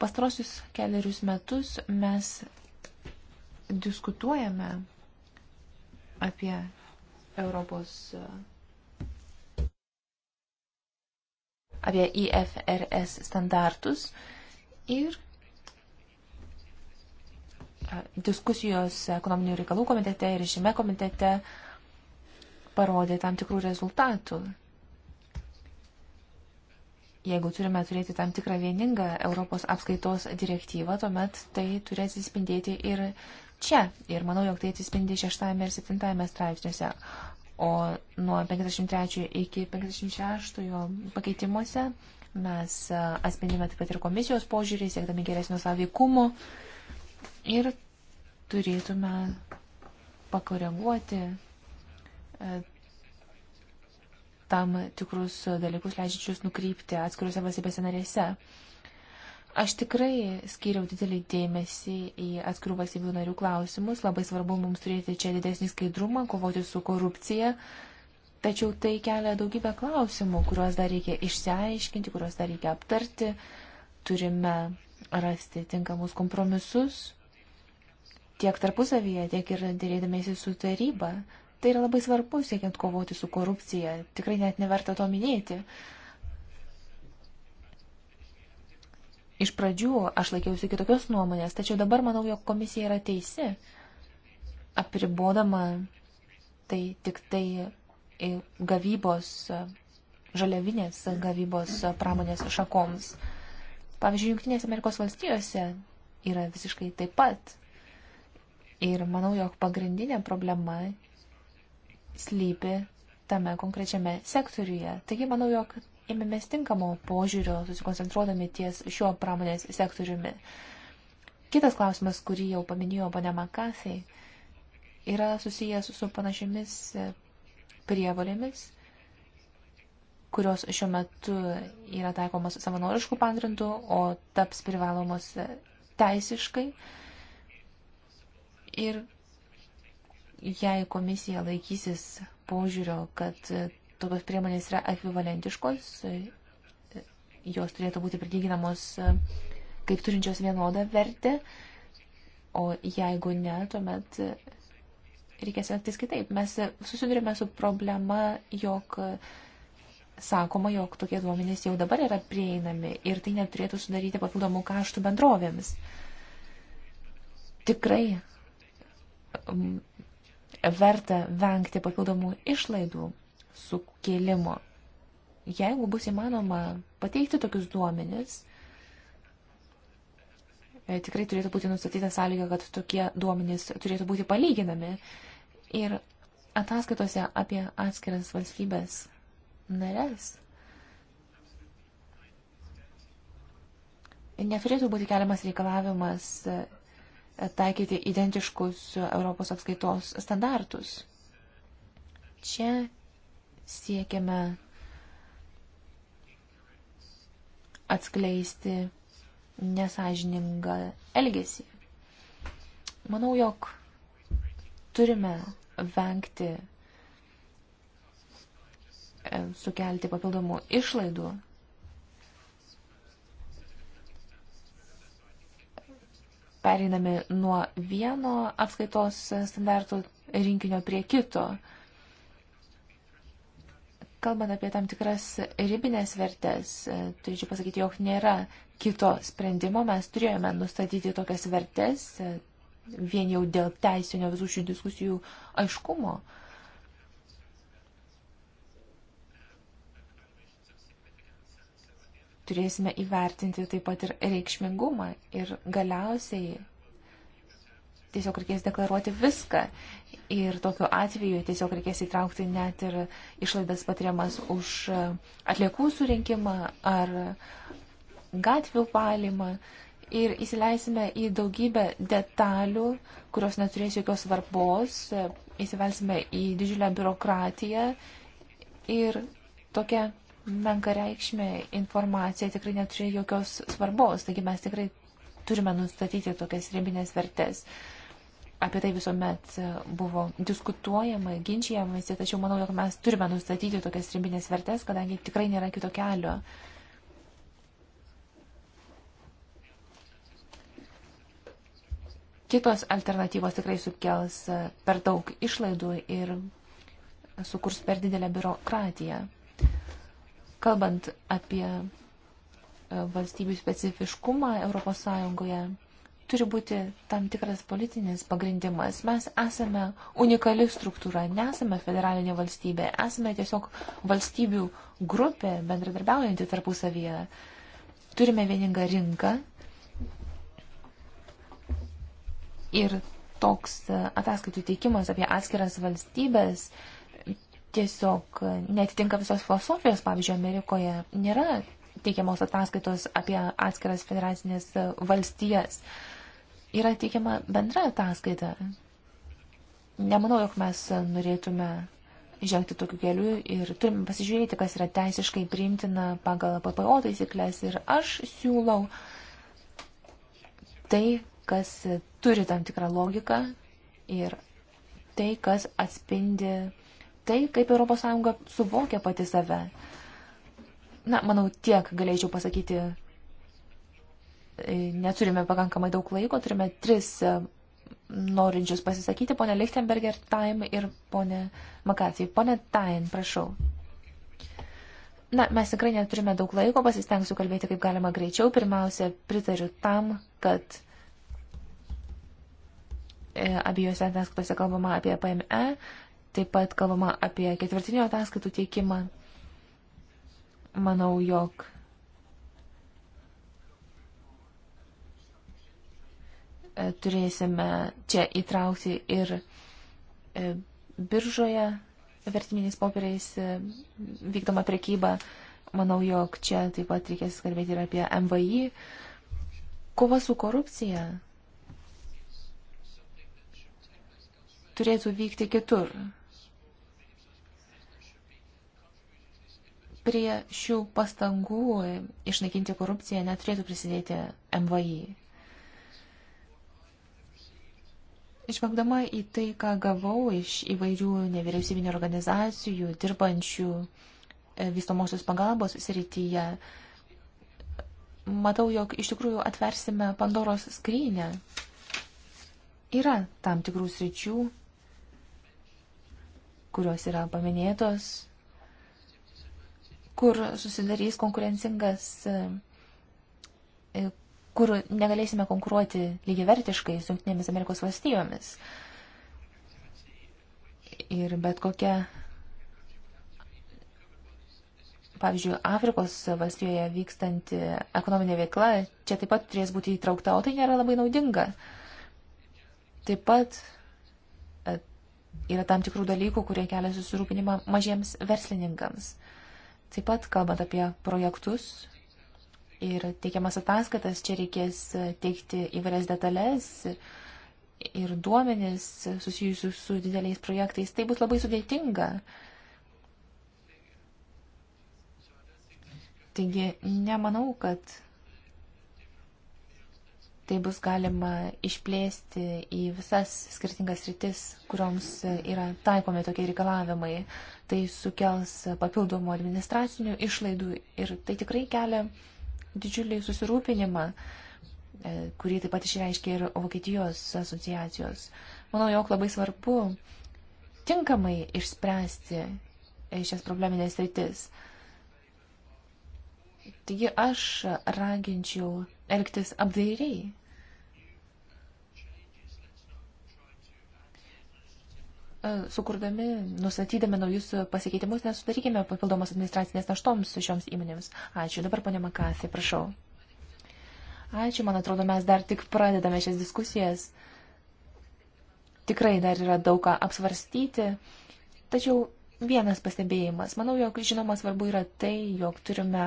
Pastrosius keliarius metus mes diskutuojame apie Europos apie IFRS standartus ir diskusijos ekonominių reikalų komitete ir žyme komitete parodė tam tikrų rezultatų. Jeigu turime turėti tam tikrą vieningą Europos apskaitos direktyvą, tuomet tai turi atsispindėti ir čia. Ir manau, jog tai atsispindi 6 ir 7 straipsniuose. O nuo 53 iki 56 pakeitimuose mes e, atspindime taip pat ir komisijos požiūrį, siekdami geresnio sąveikumo ir turėtume pakoreguoti e, tam tikrus dalykus leidžiančius nukrypti atskiriuose valstybėse narėse. Aš tikrai skiriau didelį dėmesį į atskirų valstybių narių klausimus. Labai svarbu mums turėti čia didesnį skaidrumą, kovoti su korupcija. Tačiau tai kelia daugybę klausimų, kuriuos dar reikia išsiaiškinti, kuriuos dar reikia aptarti. Turime rasti tinkamus kompromisus tiek tarpusavyje, tiek ir dėrėdamėsi su taryba. Tai yra labai svarbu siekiant kovoti su korupcija. Tikrai net neverta to minėti. Iš pradžių aš laikiausi kitokios nuomonės, tačiau dabar manau, jog komisija yra teisi, apribodama tai tik tai e, gavybos, žaliavinės gavybos pramonės šakoms. Pavyzdžiui, Junktinės Amerikos valstijose yra visiškai taip pat. Ir manau, jog pagrindinė problema slypi tame konkrečiame sektoriuje. Taigi manau, jog ėmėmės tinkamo požiūrio, susikoncentruodami ties šiuo pramonės sektoriumi. Kitas klausimas, kurį jau paminėjo ponia Makasai, yra susijęs su panašiamis e, prievolėmis, kurios šiuo metu yra taikomos savanoriškų pagrindų, o taps privalomos teisiškai. Ir jei komisija laikysis požiūrio, kad tokios priemonės yra ekvivalentiškos, jos turėtų būti prilyginamos e, kaip turinčios vienodą vertę, o jeigu ne, tuomet reikės elgtis kitaip. Mes susidurime su problema, jog sakoma, jog tokie duomenys jau dabar yra prieinami ir tai neturėtų sudaryti papildomų kaštų bendrovėms. Tikrai verta vengti papildomų išlaidų sukėlimo. Jeigu bus įmanoma pateikti tokius duomenis, e, tikrai turėtų būti nustatyta sąlyga, kad tokie duomenys turėtų būti palyginami. Ir ataskaitose apie atskiras valstybės narės neturėtų būti keliamas reikalavimas e, taikyti identiškus Europos apskaitos standartus. Čia siekiame atskleisti nesažiningą elgesį. Manau, jog turime vengti e, sukelti papildomų išlaidų pereiname nuo vieno apskaitos standartų rinkinio prie kito. Kalbant apie tam tikras ribinės vertės, turėčiau pasakyti, jog nėra kito sprendimo. Mes turėjome nustatyti tokias vertės vien jau dėl teisinio visų šių diskusijų aiškumo. Uh, turėsime įvertinti taip pat ir reikšmingumą ir galiausiai tiesiog reikės deklaruoti viską ir tokiu atveju tiesiog reikės įtraukti net ir išlaidas patiriamas už atliekų surinkimą ar gatvių valymą ir įsileisime į daugybę detalių, kurios neturės jokios svarbos, įsivelsime į didžiulę biurokratiją ir tokia menkareikšmė informacija tikrai neturi jokios svarbos, taigi mes tikrai turime nustatyti tokias ribinės vertės. Apie tai visuomet buvo diskutuojama, ginčiamasi, tačiau manau, jog mes turime nustatyti tokias ribinės vertės, kadangi tikrai nėra kito kelio. Kitos alternatyvos tikrai sukels per daug išlaidų ir sukurs per didelę biurokratiją. Kalbant apie e, valstybių specifiškumą ES, turi būti tam tikras politinis pagrindimas. Mes esame unikali struktūra, nesame federalinė valstybė, esame tiesiog valstybių grupė bendradarbiaujanti tarpusavyje. Turime vieningą rinką ir toks e, ataskaitų teikimas apie atskiras valstybės uh, tiesiog netitinka visos filosofijos, pavyzdžiui, Amerikoje nėra teikiamos ataskaitos apie atskiras federacinės valstijas. Yra teikiama bendra ataskaita. Nemanau, jog mes norėtume žengti tokiu keliu ir turime pasižiūrėti, kas yra teisiškai priimtina pagal PPO taisyklės. Ir aš siūlau tai, kas turi tam tikrą logiką ir tai, kas atspindi tai, kaip ES suvokia pati save. Na, manau, tiek galėčiau pasakyti. E, neturime pakankamai daug laiko, turime tris e, norinčius pasisakyti, ponė Lichtenberger, Time ir ponė Makacijai. Pone Tain, prašau. Na, mes tikrai neturime daug laiko, pasistengsiu kalbėti kaip galima greičiau. Pirmiausia, pritariu tam, kad e, abiejose ataskaitose kalbama apie PME, Taip pat kalbama apie ketvirtinio ataskaitų teikimą. Manau, jog turėsime čia įtraukti ir e, biržoje vertiminiais popieriais e, vykdomą prekybą. Manau, jog čia taip pat reikės kalbėti ir apie MVI. Kova su korupcija turėtų vykti kitur. Prie šių pastangų išnaikinti korupciją neturėtų prisidėti MVI. Išvengdama į tai, ką gavau iš įvairių nevyriausybinio organizacijų, dirbančių e, vystomosios pagalbos srityje, matau, jog iš tikrųjų atversime Pandoros skrynę. Yra tam tikrų sričių, kurios yra paminėtos kur susidarys konkurencingas, e, kur negalėsime konkuruoti lygiavertiškai su Junktinėmis Amerikos valstijomis. Ir bet kokia, pavyzdžiui, Afrikos valstijoje vykstanti ekonominė veikla čia taip pat turės būti įtraukta, o tai nėra labai naudinga. Taip pat e, yra tam tikrų dalykų, kurie kelia susirūpinimą mažiems verslininkams. Taip pat, kalbant apie projektus ir teikiamas ataskaitas, čia reikės teikti įvairias detalės ir duomenis susijusius su dideliais projektais. Tai bus labai sudėtinga. Taigi, nemanau, kad tai bus galima išplėsti į visas skirtingas rytis, kurioms yra taikomi tokie reikalavimai tai sukels papildomų administracinių išlaidų ir tai tikrai kelia didžiulį susirūpinimą, e, kurį taip pat išreiškia ir Vokietijos asociacijos. Manau, jog labai svarbu tinkamai išspręsti e, šias probleminės rytis. Taigi aš raginčiau elgtis apdairiai, E, sukurdami, nustatydami naujus pasikeitimus, nesudarykime papildomos administracinės naštoms šioms įmonėms. Ačiū. Dabar ponė Makasė, prašau. Ačiū, man atrodo, mes dar tik pradedame šias diskusijas. Tikrai dar yra daug ką apsvarstyti, tačiau vienas pastebėjimas. Manau, jog žinoma svarbu yra tai, jog turime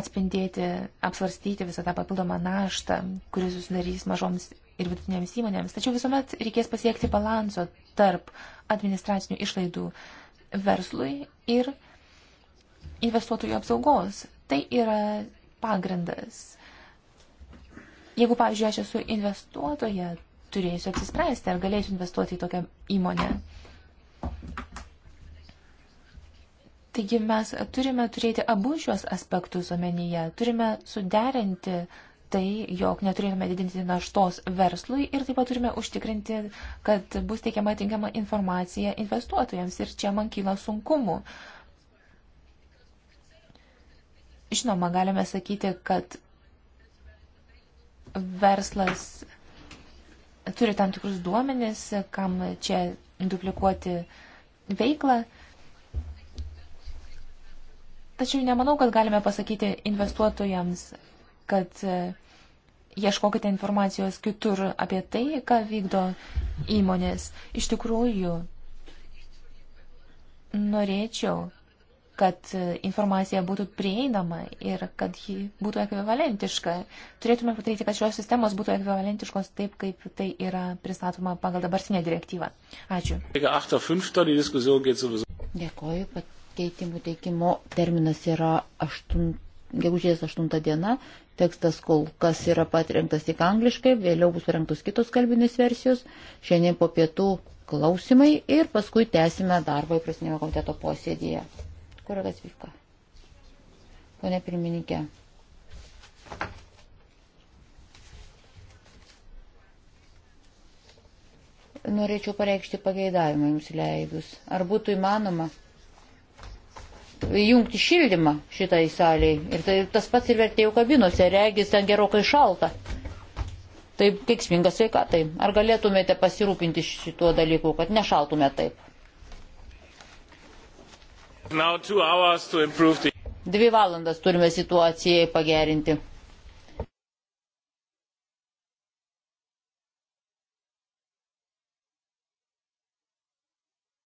atspindėti, apsvarstyti visą tą papildomą naštą, kuris susidarys mažoms ir vidutinėms įmonėms. Tačiau visuomet reikės pasiekti balanso tarp administracinių išlaidų verslui ir investuotojų apsaugos. Tai yra pagrindas. Jeigu, pavyzdžiui, aš esu investuotoja, turėsiu apsispręsti, ar galėsiu investuoti į tokią įmonę. Taigi mes turime turėti abu šios aspektus omenyje, turime suderinti uh, tai, jog neturėtume didinti naštos verslui ir taip pat turime užtikrinti, kad bus teikiama tinkama informacija investuotojams ir čia man kyla sunkumų. Žinoma, galime sakyti, kad verslas turi tam tikrus duomenis, kam čia duplikuoti veiklą. Tačiau nemanau, kad galime pasakyti investuotojams, kad ieškokite informacijos kitur apie tai, ką vykdo įmonės. Iš tikrųjų, norėčiau, kad informacija būtų prieinama ir kad ji būtų ekvivalentiška. Turėtume padaryti, kad šios sistemos būtų ekvivalentiškos taip, kaip tai yra pristatoma pagal dabartinę direktyvą. Ačiū. Dėkoju, pakeitimų teikimo terminas yra 8, gegužės 8 diena, Tekstas kol kas yra patrenktas tik angliškai, vėliau bus parengtos kitos kalbinės versijos. Šiandien po pietų klausimai ir paskui tęsime darbą įprasinėme komiteto posėdėje. Kolegas Vyka. Pone pirmininkė. Norėčiau pareikšti pageidavimą jums leidus. Ar būtų įmanoma jungti šildymą šitai saliai. Ir tai, tas pats ir vertėjų kabinose, regis ten gerokai šalta. Tai keiksminga sveikatai. Ar galėtumėte pasirūpinti šituo dalyku, kad nešaltume taip? The... Dvi valandas turime situacijai pagerinti.